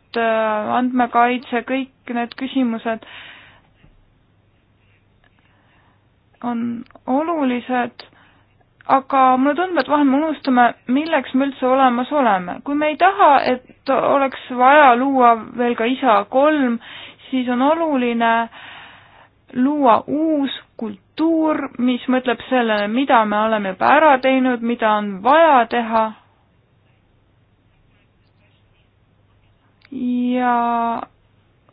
andmekaitse, kõik need küsimused on olulised, aga mulle tundub, et vahel me unustame, milleks me üldse olemas oleme. kui me ei taha, et oleks vaja luua veel ka isa kolm, siis on oluline äh, luua uus kultuur, mis mõtleb sellele, mida me oleme juba ära teinud, mida on vaja teha. ja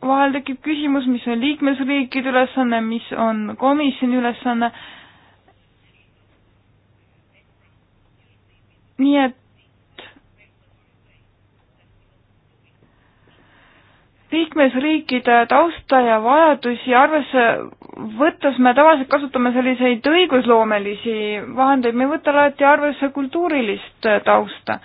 vahel tekib küsimus, mis on liikmesriikide ülesanne, mis on komisjoni ülesanne. nii et liikmesriikide tausta ja vajadusi arvesse võttes me tavaliselt kasutame selliseid õigusloomelisi vahendeid, me ei võta alati arvesse kultuurilist tausta.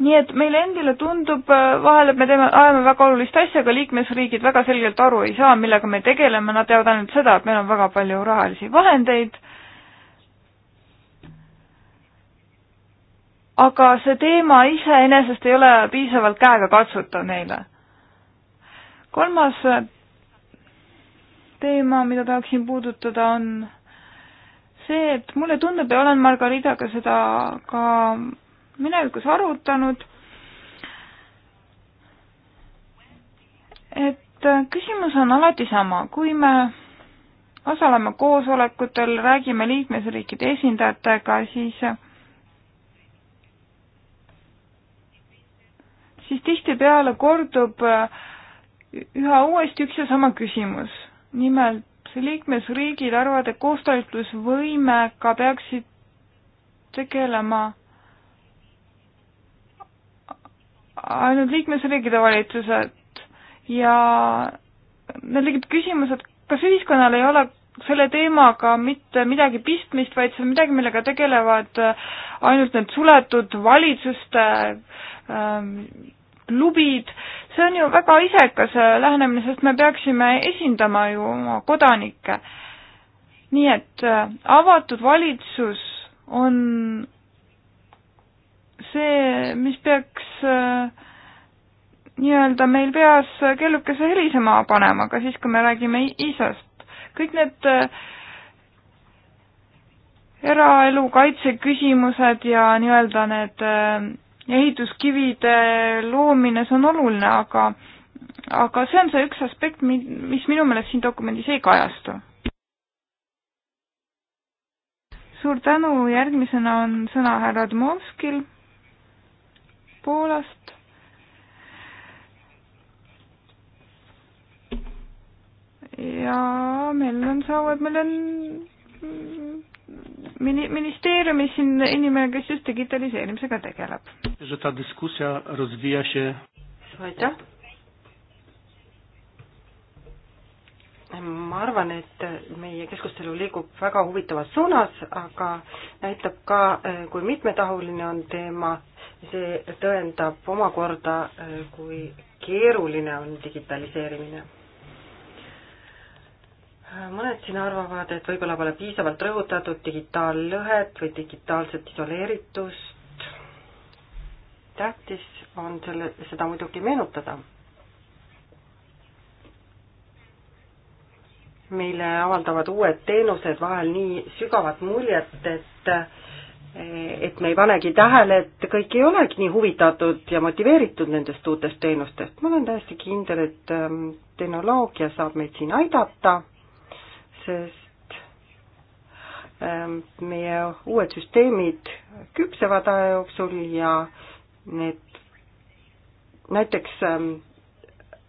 nii et meile endile tundub vahel, et me teeme, ajame väga olulist asja, aga liikmesriigid väga selgelt aru ei saa, millega me tegeleme, nad teavad ainult seda, et meil on väga palju rahalisi vahendeid aga see teema iseenesest ei ole piisavalt käegakatsutav neile. kolmas teema, mida tahaksin puudutada, on see, et mulle tundub ja olen Margaritaga seda ka minevikus arutanud, et küsimus on alati sama, kui me osaleme koosolekutel, räägime liikmesriikide esindajatega, siis siis tihtipeale kordub äh, üha uuesti üks ja sama küsimus. nimelt liikmesriigid arvavad, et koostalitlusvõimega peaksid tegelema ainult liikmesriikide valitsused ja need tegid küsimused, kas ühiskonnal ei ole selle teemaga mitte midagi pistmist, vaid see on midagi, millega tegelevad ainult need suletud valitsuste ähm, klubid, see on ju väga isekas äh, lähenemine, sest me peaksime esindama ju oma kodanikke. nii et äh, avatud valitsus on see, mis peaks äh, nii-öelda meil peas kellukese helisema panema, ka siis, kui me räägime isast. kõik need eraelu kaitse küsimused ja nii-öelda need ehituskivide loomine, see on oluline, aga, aga see on see üks aspekt, mis minu meelest siin dokumendis ei kajastu. suur tänu, järgmisena on sõna härra Dmovskil Poolast. ja meil on, saavad, meil on mini-, ministeeriumis siin inimene, kes just digitaliseerimisega tegeleb. aitäh. ma arvan, et meie keskustelu liigub väga huvitavas suunas, aga näitab ka, kui mitmetahuline on teema, see tõendab omakorda, kui keeruline on digitaliseerimine mõned siin arvavad, et võib-olla pole piisavalt rõhutatud digitaallõhet või digitaalset isoleeritust. tähtis on selle, seda muidugi meenutada. meile avaldavad uued teenused vahel nii sügavat muljet, et et me ei panegi tähele, et kõik ei olegi nii huvitatud ja motiveeritud nendest uutest teenustest. ma olen täiesti kindel, et ähm, tehnoloogia saab meid siin aidata sest ähm, meie uued süsteemid küpsevad aja jooksul ja need näiteks ähm,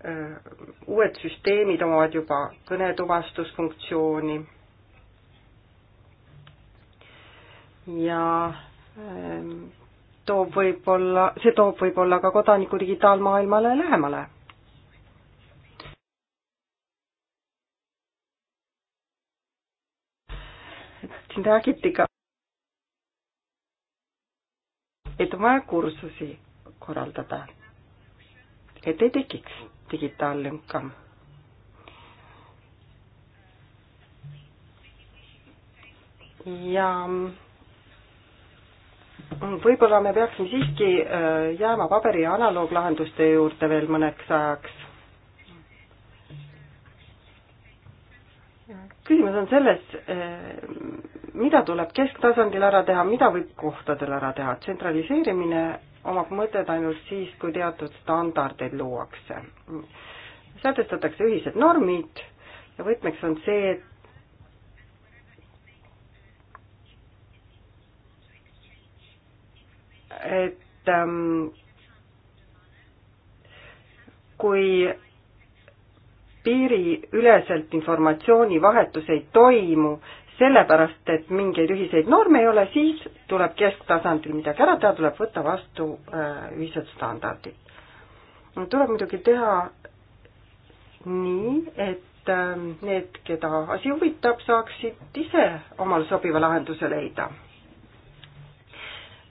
äh, uued süsteemid omavad juba kõnetuvastusfunktsiooni ja ähm, toob võib-olla, see toob võib-olla ka kodaniku digitaalmaailmale lähemale siin räägiti ka, et on vaja kursusi korraldada, et ei tekiks digitaallünka. ja võib-olla me peaksime siiski äh, jääma paberi ja analooglahenduste juurde veel mõneks ajaks. küsimus on selles, eh, mida tuleb kesktasandil ära teha, mida võib kohtadel ära teha, tsentraliseerimine omab mõtet ainult siis, kui teatud standardeid luuakse. sätestatakse ühised normid ja võtmeks on see, et et ähm, kui piiriüleselt informatsioonivahetus ei toimu, sellepärast et mingeid ühiseid norme ei ole, siis tuleb kesktasandil midagi ära teha, tuleb võtta vastu äh, ühised standardid. tuleb muidugi teha nii, et ähm, need, keda asi huvitab, saaksid ise omale sobiva lahenduse leida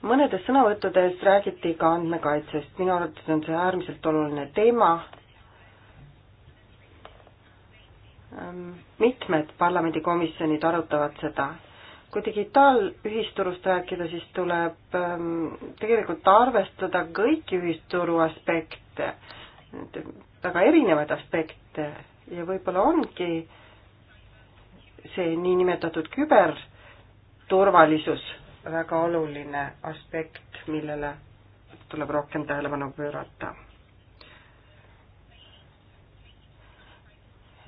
mõnedes sõnavõttudes räägiti ka andmekaitsest, minu arvates on see äärmiselt oluline teema, Ähm, mitmed parlamendikomisjonid arutavad seda. kui digitaalühisturust rääkida, siis tuleb ähm, tegelikult arvestada kõiki ühisturu aspekte, väga erinevaid aspekte ja võib-olla ongi see niinimetatud küberturvalisus väga oluline aspekt, millele tuleb rohkem tähelepanu pöörata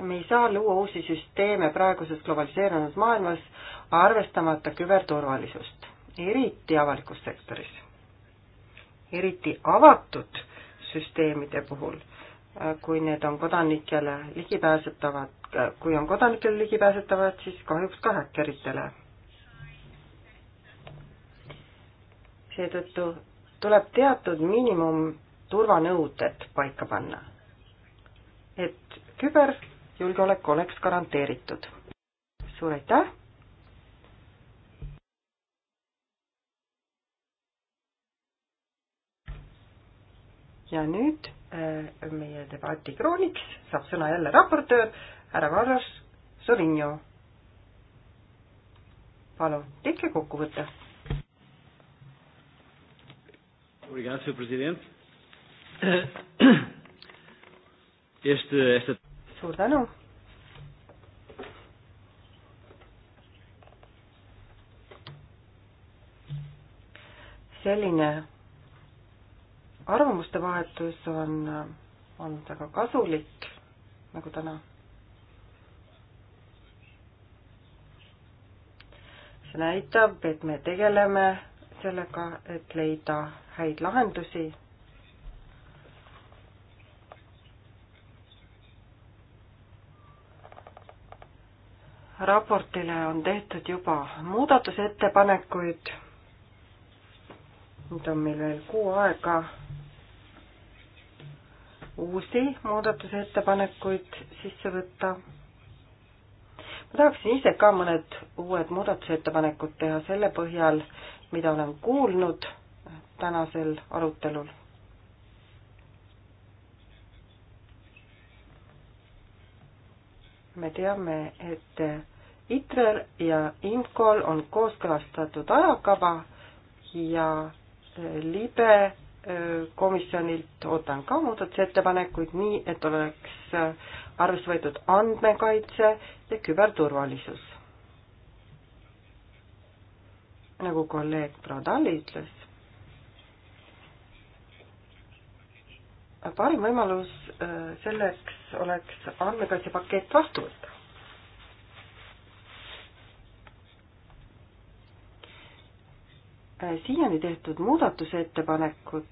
me ei saa luua uusi süsteeme praeguses globaliseerunud maailmas, arvestamata küberturvalisust, eriti avalikus sektoris. eriti avatud süsteemide puhul, kui need on kodanikele ligipääsetavad, kui on kodanikele ligipääsetavad, siis kahjuks ka häkkeritele. seetõttu tuleb teatud miinimum turvanõuded paika panna. et küber julgeolek oleks garanteeritud. suur aitäh! ja nüüd äh, meie debati krooniks saab sõna jälle raportöör härra Varras Sorinio. palun, tehke kokkuvõte. Obrigado, senhor presidente. Este, esta suur tänu. selline arvamuste vahetus on olnud väga kasulik, nagu täna. see näitab, et me tegeleme sellega, et leida häid lahendusi raportile on tehtud juba muudatusettepanekuid. nüüd on meil veel kuu aega uusi muudatusettepanekuid sisse võtta. ma tahaksin ise ka mõned uued muudatusettepanekud teha selle põhjal, mida olen kuulnud tänasel arutelul. me teame, et ITRER ja IMCOL on kooskõlastatud ajakava ja äh, libe äh, komisjonilt ootan ka muudatusettepanekuid nii, et oleks äh, arvesse võetud andmekaitse ja küberturvalisus. nagu kolleeg Prodali ütles, parim võimalus selleks oleks andmekaitsepakett vastu võtta. siiani tehtud muudatusettepanekud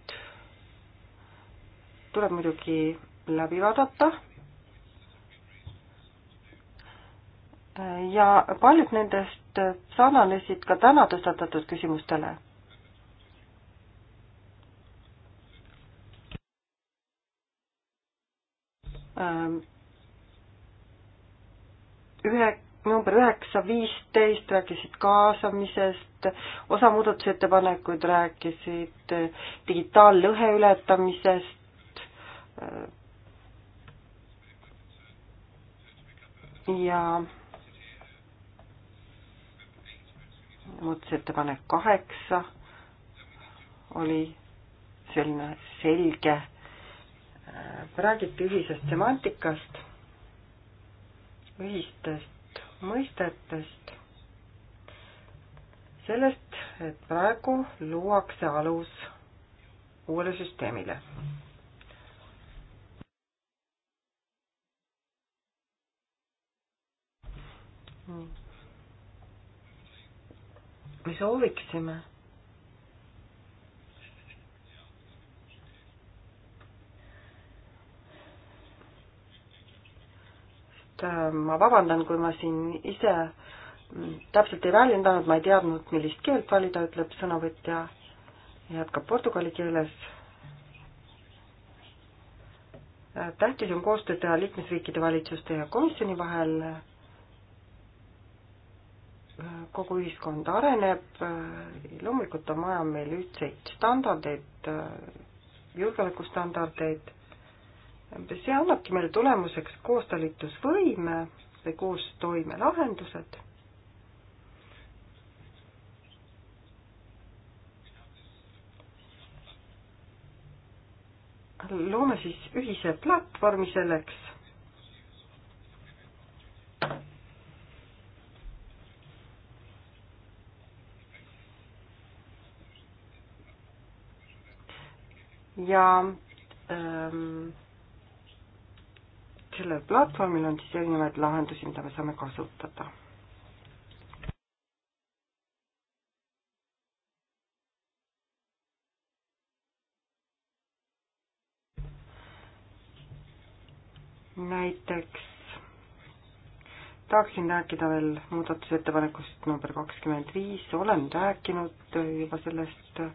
tuleb muidugi läbi vaadata. ja paljud nendest sarnanesid ka täna tõstatatud küsimustele. ühe number üheksa, viisteist rääkisid kaasamisest, osa muudatusettepanekuid rääkisid äh, digitaallõhe ületamisest äh, ja muudatusettepanek kaheksa oli selline selge, äh, räägiti ühisest semantikast, ühistest mõistetest, sellest, et praegu luuakse alus uuele süsteemile. me sooviksime Äh, ma vabandan, kui ma siin ise täpselt ei väljendanud, ma ei teadnud, millist keelt valida, ütleb sõnavõtja, jätkab portugali keeles. Äh, tähtis on koostööd teha liikmesriikide valitsuste ja komisjoni vahel. Äh, kogu ühiskond areneb, loomulikult on vaja meil ühtseid standardeid, julgeolekustandardeid see annabki meile tulemuseks koostalitusvõime või koostoime lahendused. loome siis ühise platvormi selleks. ja ähm, sellel platvormil on siis erinevaid lahendusi, mida me saame kasutada. näiteks tahaksin rääkida veel muudatusettepanekust number kakskümmend viis, olen rääkinud juba sellest äh,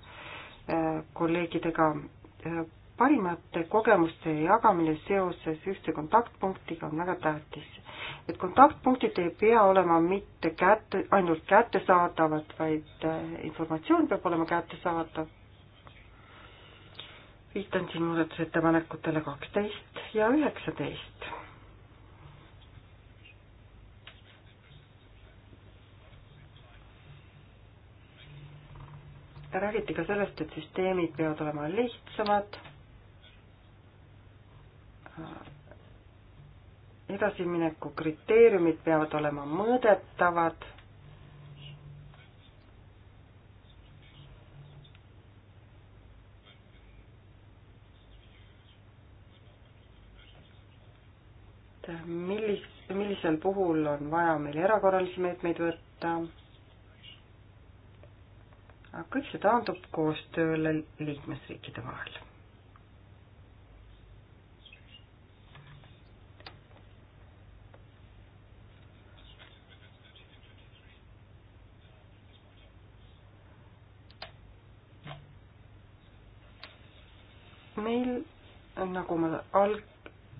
kolleegidega äh, parimate kogemuste jagamine seoses ühtse kontaktpunktiga on väga tähtis. et kontaktpunktid ei pea olema mitte kätte, ainult kättesaadavad, vaid äh, informatsioon peab olema kättesaadav. viitan siin muudatusettepanekutele kaksteist ja üheksateist. räägiti ka sellest, et süsteemid peavad olema lihtsamad edasimineku kriteeriumid peavad olema mõõdetavad. millis, millisel puhul on vaja meil erakorralisi meetmeid võtta. aga kõik see taandub koostööle liikmesriikide vahel nagu ma alg-,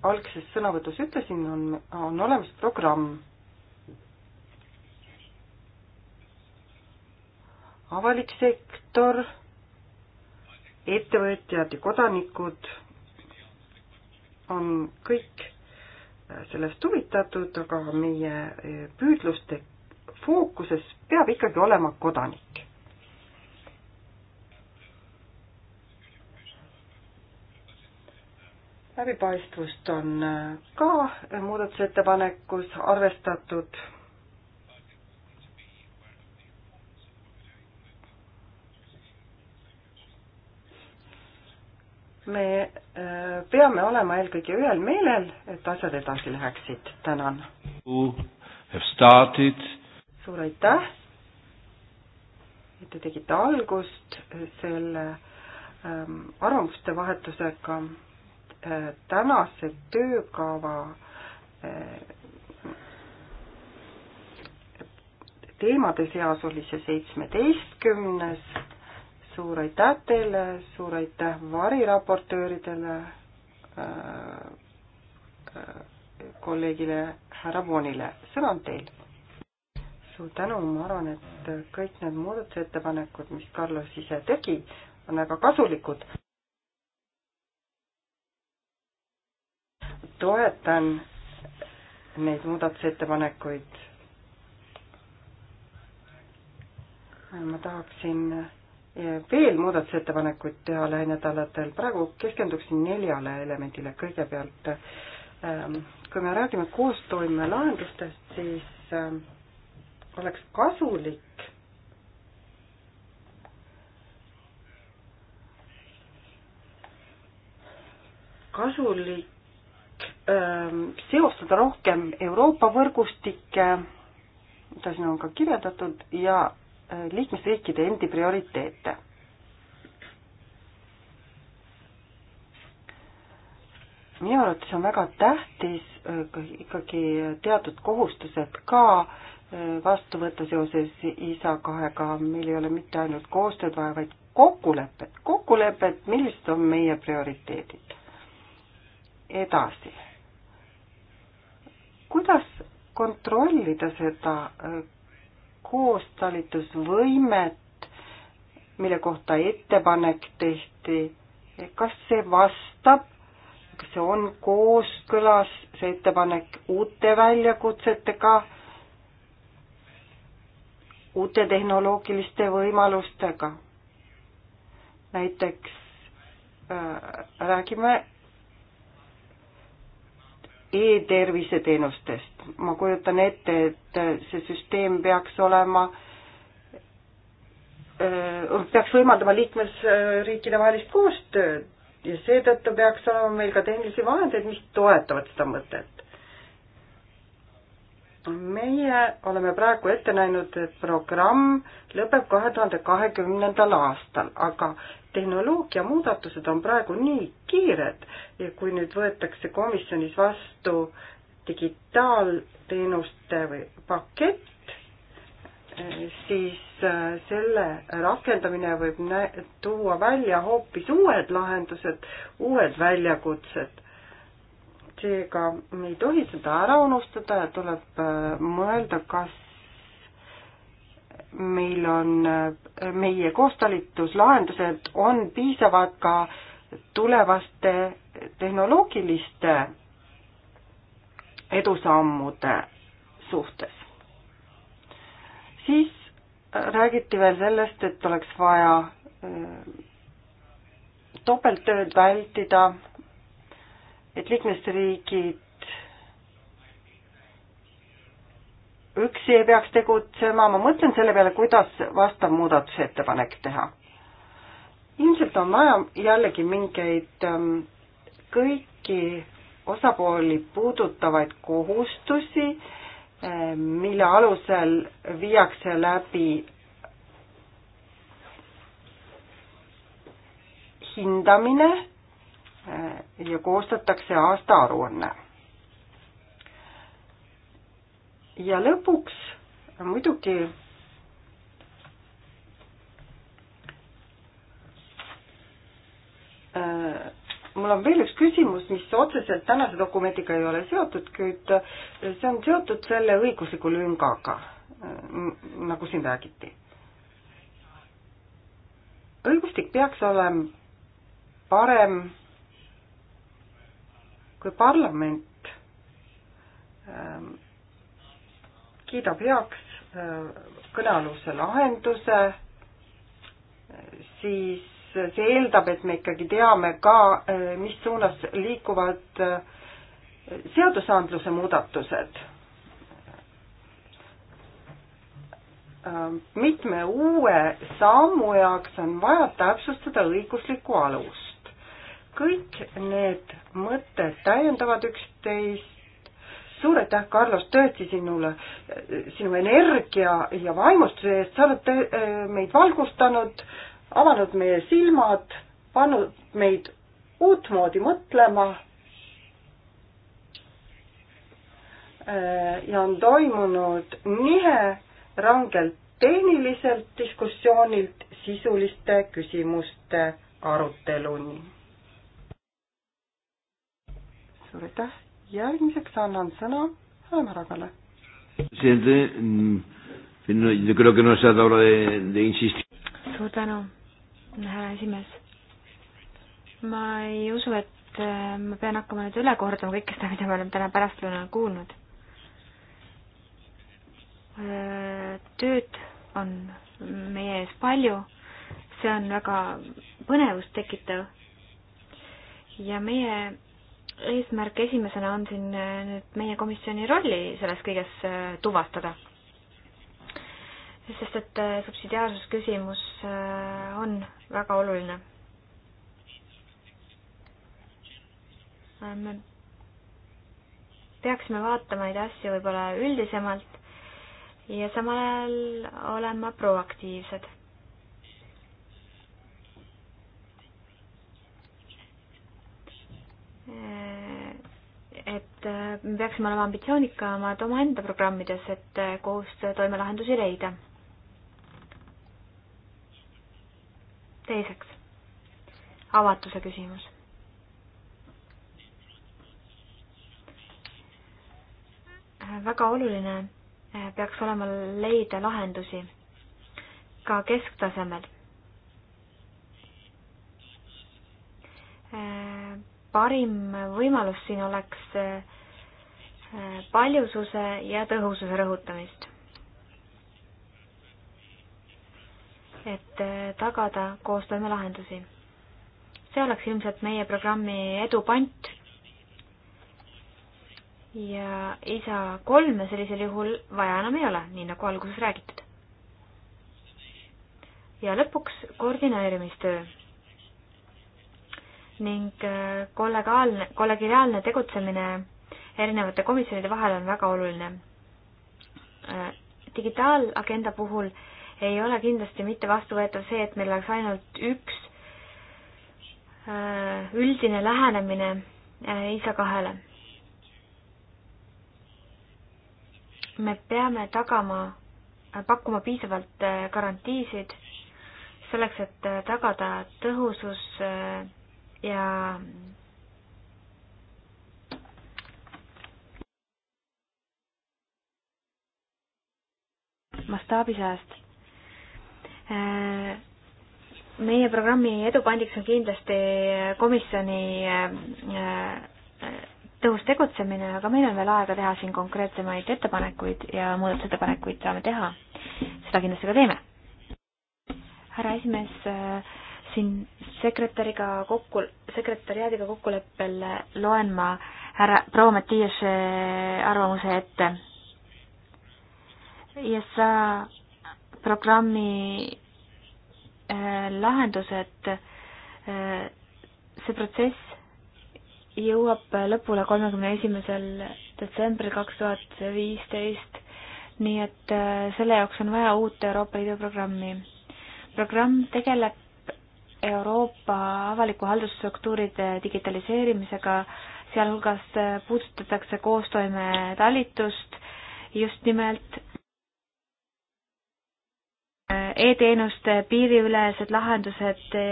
algses sõnavõtus ütlesin, on, on olemas programm. avalik sektor, ettevõtjad ja kodanikud on kõik sellest huvitatud, aga meie püüdluste fookuses peab ikkagi olema kodanik läbipaistvust on äh, ka muudatusettepanekus arvestatud. me äh, peame olema eelkõige ühel meelel, et asjad edasi läheksid. tänan. suur aitäh, et te tegite algust selle ähm, arvamuste vahetusega Äh, tänase töökava äh, teemade seas oli see seitsmeteistkümnes. suur aitäh teile, suur aitäh variraportööridele, äh, kolleegile härra Voonile, sõna on teil. suur tänu, ma arvan, et kõik need muudatusettepanekud, mis Carlos ise tegi, on väga kasulikud. toetan neid muudatusettepanekuid. ma tahaksin veel muudatusettepanekuid teha lähinädalatel, praegu keskenduksin neljale elemendile, kõigepealt ähm, kui me räägime koostoime lahendustest, siis ähm, oleks kasulik kasulik Ähm, seostada rohkem Euroopa võrgustikke, mida siin on ka kirjeldatud, ja äh, liikmesriikide endi prioriteete. minu arvates on väga tähtis äh, ikkagi teatud kohustused ka äh, vastu võtta seoses isa kahega, meil ei ole mitte ainult koostööd vaja, vaid kokkulepet, kokkulepet, millised on meie prioriteedid. edasi kuidas kontrollida seda äh, koostalitusvõimet, mille kohta ettepanek tehti, kas see vastab, kas see on kooskõlas, see ettepanek uute väljakutsetega, uute tehnoloogiliste võimalustega? näiteks äh, räägime e-tervise teenustest. ma kujutan ette, et see süsteem peaks olema, äh, peaks võimaldama liikmesriikide vahelist koostööd ja seetõttu peaks olema meil ka tehnilisi vahendeid, mis toetavad seda mõtet. meie oleme praegu ette näinud, et programm lõpeb kahe tuhande kahekümnendal aastal, aga tehnoloogia muudatused on praegu nii kiired ja kui nüüd võetakse komisjonis vastu digitaalteenuste või pakett, siis äh, selle rakendamine võib nä-, tuua välja hoopis uued lahendused, uued väljakutsed. seega me ei tohi seda ära unustada ja tuleb äh, mõelda, kas meil on meie koostalitluslahendused on piisavad ka tulevaste tehnoloogiliste edusammude suhtes. siis räägiti veel sellest, et oleks vaja äh, topelttööd vältida, et liikmesriigid üksi ei peaks tegutsema, ma mõtlen selle peale, kuidas vastav muudatusettepanek teha. ilmselt on vaja jällegi mingeid ähm, kõiki osapooli puudutavaid kohustusi, äh, mille alusel viiakse läbi hindamine äh, ja koostatakse aastaaruanne ja lõpuks muidugi äh, mul on veel üks küsimus, mis otseselt tänase dokumendiga ei ole seotud, kuid äh, see on seotud selle õigusliku lüngaga, äh, nagu siin räägiti. õigustik peaks olema parem, kui parlament ähm, kiidab heaks äh, kõnealuse lahenduse, siis see eeldab, et me ikkagi teame ka, äh, mis suunas liikuvad äh, seadusandluse muudatused. mitme uue sammu jaoks on vaja täpsustada õiguslikku alust. kõik need mõtted täiendavad üksteist suur aitäh, Carlos, tõesti sinule, sinu energia ja vaimustuse eest, sa oled äh, meid valgustanud, avanud meie silmad, pannud meid uutmoodi mõtlema. Äh, ja on toimunud nihe rangelt tehniliselt diskussioonilt sisuliste küsimuste aruteluni. suur aitäh järgmiseks annan sõna Hämaragale. Mm, suur tänu, härra esimees. ma ei usu, et äh, ma pean hakkama nüüd üle kordama kõike seda, mida me oleme täna pärastlõunal kuulnud. Äh, tööd on meie ees palju, see on väga põnevust tekitav ja meie eesmärk esimesena on siin äh, nüüd meie komisjoni rolli selles kõiges äh, tuvastada. sest et äh, subsidiaarsusküsimus on väga oluline. me peaksime vaatama neid asju võib-olla üldisemalt ja samal ajal olema proaktiivsed et äh, me peaksime olema ambitsioonikamad omaenda programmides, et äh, koos toimelahendusi leida. teiseks, avatuse küsimus. väga oluline äh, peaks olema leida lahendusi ka kesktasemel parim võimalus siin oleks eh, paljususe ja tõhususe rõhutamist. et eh, tagada koostoime lahendusi. see oleks ilmselt meie programmi edu pant. ja isa kolme sellisel juhul vaja enam ei ole, nii nagu alguses räägitud. ja lõpuks koordineerimistöö ning äh, kollegaalne, kollegiaalne tegutsemine erinevate komisjonide vahel on väga oluline. Äh, digitaalagenda puhul ei ole kindlasti mitte vastuvõetav see, et meil oleks ainult üks äh, üldine lähenemine ISA kahele. me peame tagama, pakkuma piisavalt garantiisid selleks, et tagada tõhusus ja mastaabisääst. Äh, meie programmi edupandiks on kindlasti komisjoni äh, äh, tõhus tegutsemine, aga meil on veel aega teha siin konkreetsemaid ettepanekuid ja muudatusettepanekuid saame teha. seda kindlasti ka teeme. härra esimees äh,, siin sekretäriga kokku, sekretäriaadiga kokkuleppel loen ma härra proua Mattiase arvamuse ette. ISA programmi äh, lahendused, äh, see protsess jõuab lõpule kolmekümne esimesel detsembril kaks tuhat viisteist, nii et äh, selle jaoks on vaja uut Euroopa Liidu programmi. programm tegeleb Euroopa avaliku haldusstruktuuride digitaliseerimisega, sealhulgas puudutatakse koostoime talitust just nimelt e-teenuste piiriülesed lahendused e,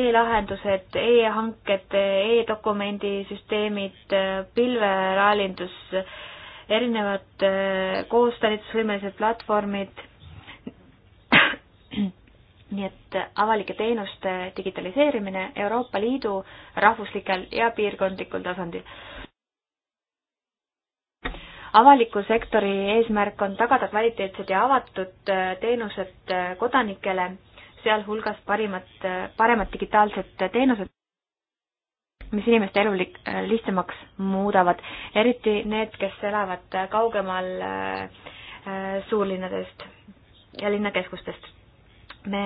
e-lahendused e, e-hanked e, e-dokumendisüsteemid, pilveraalindus, erinevad äh, koostalitusvõimelised platvormid nii et avalike teenuste digitaliseerimine Euroopa Liidu rahvuslikel ja piirkondlikul tasandil. avaliku sektori eesmärk on tagada kvaliteetsed ja avatud äh, teenused äh, kodanikele, sealhulgas parimad, äh, paremad digitaalsed teenused, mis inimeste elu lihtsamaks muudavad, eriti need, kes elavad kaugemal suurlinnadest ja linnakeskustest me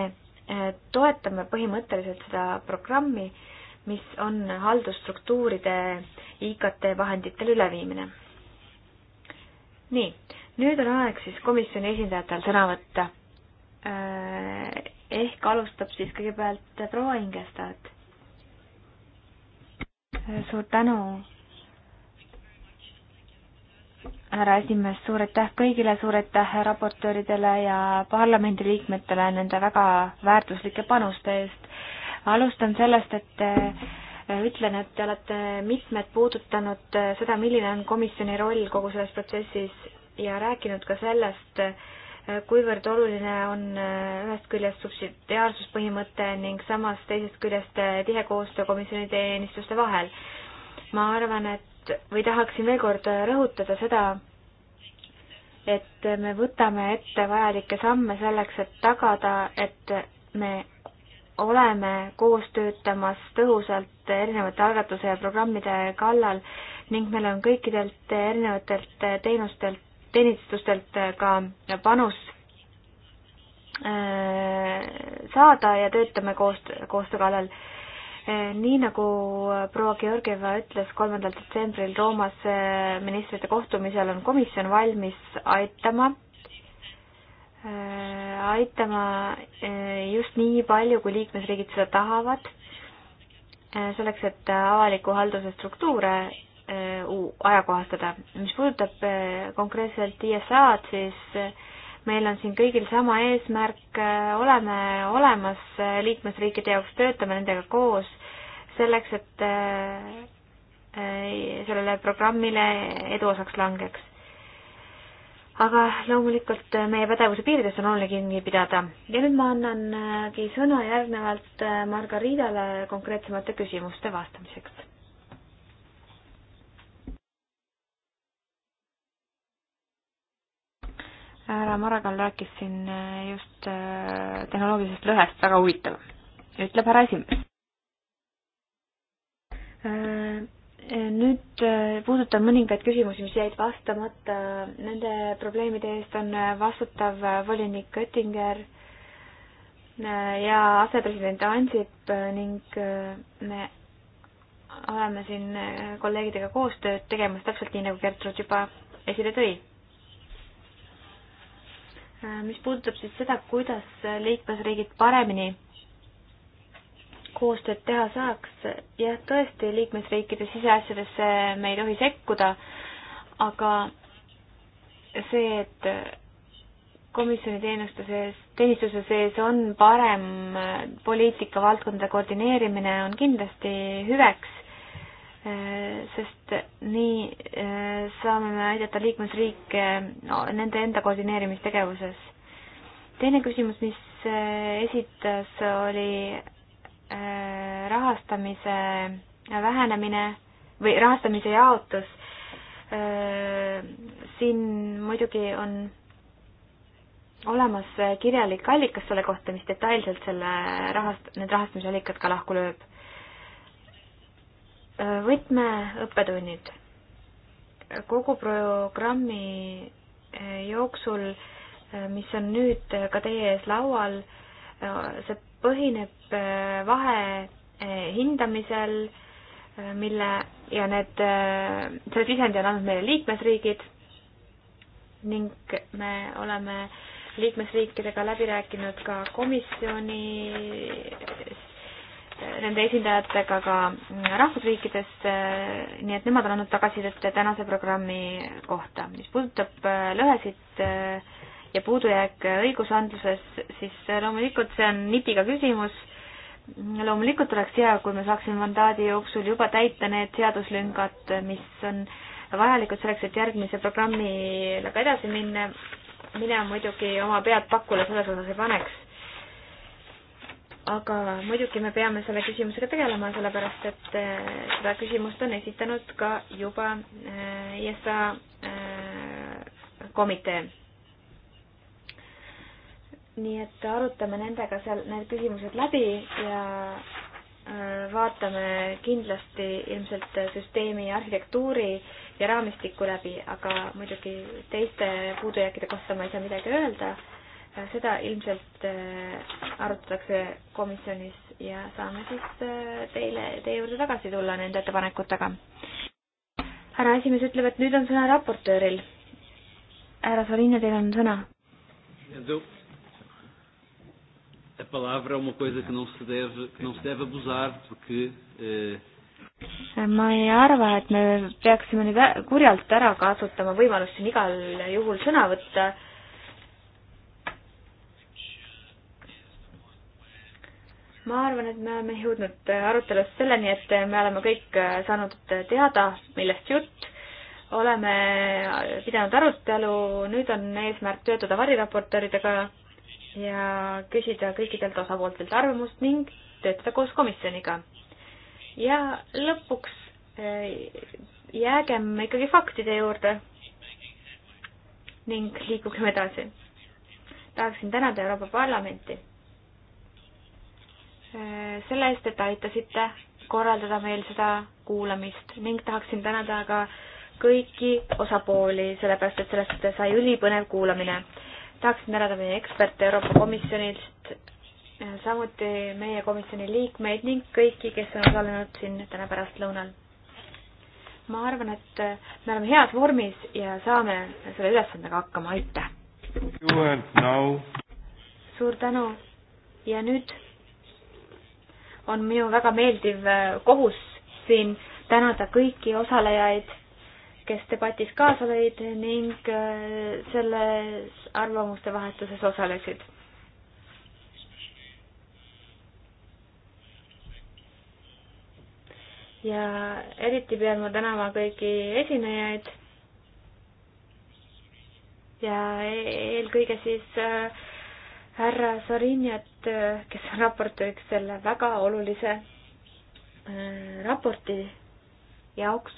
äh, toetame põhimõtteliselt seda programmi, mis on haldusstruktuuride IKT vahenditele üleviimine. nii, nüüd on aeg siis komisjoni esindajatel sõna võtta. Äh, ehk alustab siis kõigepealt proua Ingestad. suur tänu, härra esimees, suur aitäh kõigile, suur aitäh raportööridele ja parlamendiliikmetele nende väga väärtuslike panuste eest. alustan sellest, et äh, ütlen, et te olete mitmed puudutanud äh, seda, milline on komisjoni roll kogu selles protsessis ja rääkinud ka sellest, äh, kuivõrd oluline on ühest küljest subsidiaarsuspõhimõte ning samas teisest küljest tihe koostöö komisjoni teenistuste vahel. ma arvan, et või tahaksin veel kord rõhutada seda, et me võtame ette vajalikke samme selleks, et tagada, et me oleme koos töötamas tõhusalt erinevate algatuse ja programmide kallal ning meil on kõikidelt erinevatelt teenustelt, teenistustelt ka panus äh, saada ja töötame koos, koostöö kallal Eh, nii nagu eh, proua Georgieva ütles kolmandal detsembril Roomas eh, ministrite kohtumisel, on komisjon valmis aitama, aitama just nii palju, kui liikmesriigid seda tahavad, selleks, et avaliku halduse struktuure ajakohastada. mis puudutab konkreetselt ISA-d, siis meil on siin kõigil sama eesmärk, oleme olemas liikmesriikide jaoks, töötame nendega koos selleks, et äh, sellele programmile edu osaks langeks. aga loomulikult meie pädevuse piirides on oluline kinni pidada. ja nüüd ma annangi sõna järgnevalt Margaritale konkreetsemate küsimuste vastamiseks härra Maragall rääkis siin äh, just äh, tehnoloogilisest lõhest, väga huvitav, ütleb härra esimees. Äh, nüüd puudutan mõningaid küsimusi, mis jäid vastamata. Nende probleemide eest on vastutav volinik Oettinger ja asepresident Ansip ning me oleme siin kolleegidega koostööd tegemas, täpselt nii, nagu Gertrud juba esile tõi Äh, mis puudutab siis seda, kuidas liikmesriigid paremini koostööd teha saaks, jah, tõesti, liikmesriikide siseasjadesse me ei tohi sekkuda, aga see, et komisjoni teenuste sees, teenistuse sees on parem poliitikavaldkondade koordineerimine, on kindlasti hüveks Äh, sest nii äh, saame me aidata liikmesriike no, nende enda koordineerimistegevuses. teine küsimus, mis äh, esitas, oli rahastamise vähenemine või rahastamise jaotus. siin muidugi on olemas kirjalik allikas selle kohta, mis detailselt selle rahast-, need rahastamisallikad ka lahku lööb võtmeõppetunnid. kogu programmi eh, jooksul, eh, mis on nüüd eh, ka teie ees laual, see põhineb vahe hindamisel, mille ja need, selle sisendi on andnud meile liikmesriigid ning me oleme liikmesriikidega läbi rääkinud ka komisjoni nende esindajatega ka rahvusriikidest, nii et nemad on andnud tagasisidet tänase programmi kohta. mis puudutab äh, lõhesid äh, ja puudujääk õigusandluses, siis äh, loomulikult see on nipiga küsimus. loomulikult oleks hea, kui me saaksime mandaadi jooksul juba täita need seaduslüngad, mis on vajalikud selleks, et järgmise programmiga edasi minna. mina muidugi oma pead pakule selles osas ei paneks aga muidugi me peame selle küsimusega tegelema, sellepärast et eh, seda küsimust on esitanud ka juba eh, ISA eh, komitee. nii et arutame nendega seal need küsimused läbi ja vaatame kindlasti ilmselt süsteemi arhitektuuri ja raamistiku läbi, aga muidugi teiste puudujääkide kohta ma ei saa midagi öelda seda ilmselt äh, arutatakse komisjonis ja saame siis äh, teile, teie juurde tagasi tulla nende ettepanekutega. härra esimees ütleb, et nüüd on sõna raportööril. härra Solina, teil on sõna. A palavra é uma coisa que não se deve, que não se deve abusar, porque eh... ma ei arva, et me peaksime nüüd kurjalt ära kasutama võimalust siin igal juhul sõna võtta eh, ma arvan, et me oleme jõudnud äh, arutelus selleni, et äh, me oleme kõik äh, saanud teada, millest jutt. oleme pidanud arutelu, nüüd on eesmärk töötada variraportööridega ja küsida kõikidelt osapooltelt arvamust ning töötada koos komisjoniga. ja lõpuks jäägem ikkagi faktide juurde ning liikugem edasi. tahaksin tänada Euroopa Parlamenti Äh, selle eest, et aitasite korraldada meil seda kuulamist ning tahaksin tänada ka kõiki osapooli, sellepärast et sellest sai ülipõnev kuulamine. tahaksin tänada meie eksperte Euroopa Komisjonist, äh, samuti meie komisjoni liikmeid ning kõiki, kes on osalenud siin täna pärastlõunal. ma arvan, et äh, me oleme heas vormis ja saame selle ülesandega hakkama, aitäh! suur tänu ja nüüd on minu väga meeldiv äh, kohus siin tänada kõiki osalejaid, kes debatis kaasa lõid ning äh, selles arvamuste vahetuses osalesid. ja eriti pean ma tänama kõiki esinejaid ja e-, eelkõige siis äh, härra Sorinjat, kes on raportööriks selle väga olulise äh, raporti jaoks.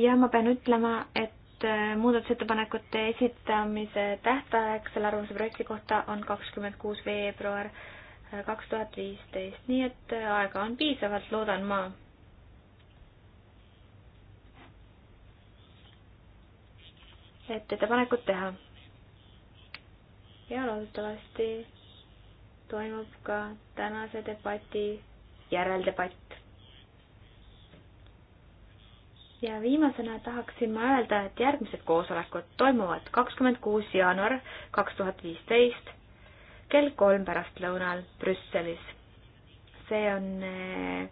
ja ma pean ütlema, et äh, muudatusettepanekute esitamise tähtaeg selle arvamuse projekti kohta on kakskümmend kuus veebruar äh, kaks tuhat viisteist, nii et aega on piisavalt, loodan ma et ettepanekut teha ja loodetavasti toimub ka tänase debati järeldebatt. ja viimasena tahaksin ma öelda, et järgmised koosolekud toimuvad kakskümmend kuus jaanuar kaks tuhat viisteist kell kolm pärastlõunal Brüsselis. see on eh,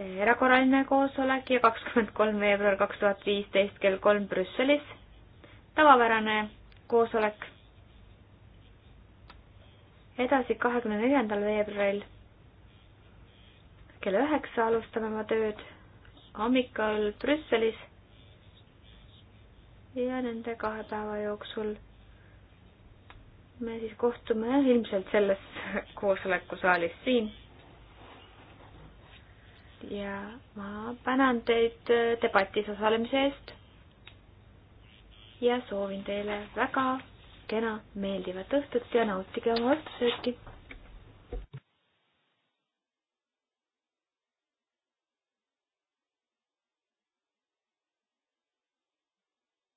erakorraline koosolek ja kakskümmend kolm veebruar kaks tuhat viisteist kell kolm Brüsselis. tavapärane koosolek edasi, kahekümne neljandal veebruaril kell üheksa alustame oma tööd hommikul Brüsselis ja nende kahe päeva jooksul me siis kohtume ilmselt selles koosolekusaalis siin. ja ma tänan teid debatis osalemise eest ja soovin teile väga kena meeldivat õhtut ja nautige oma õhtusööki!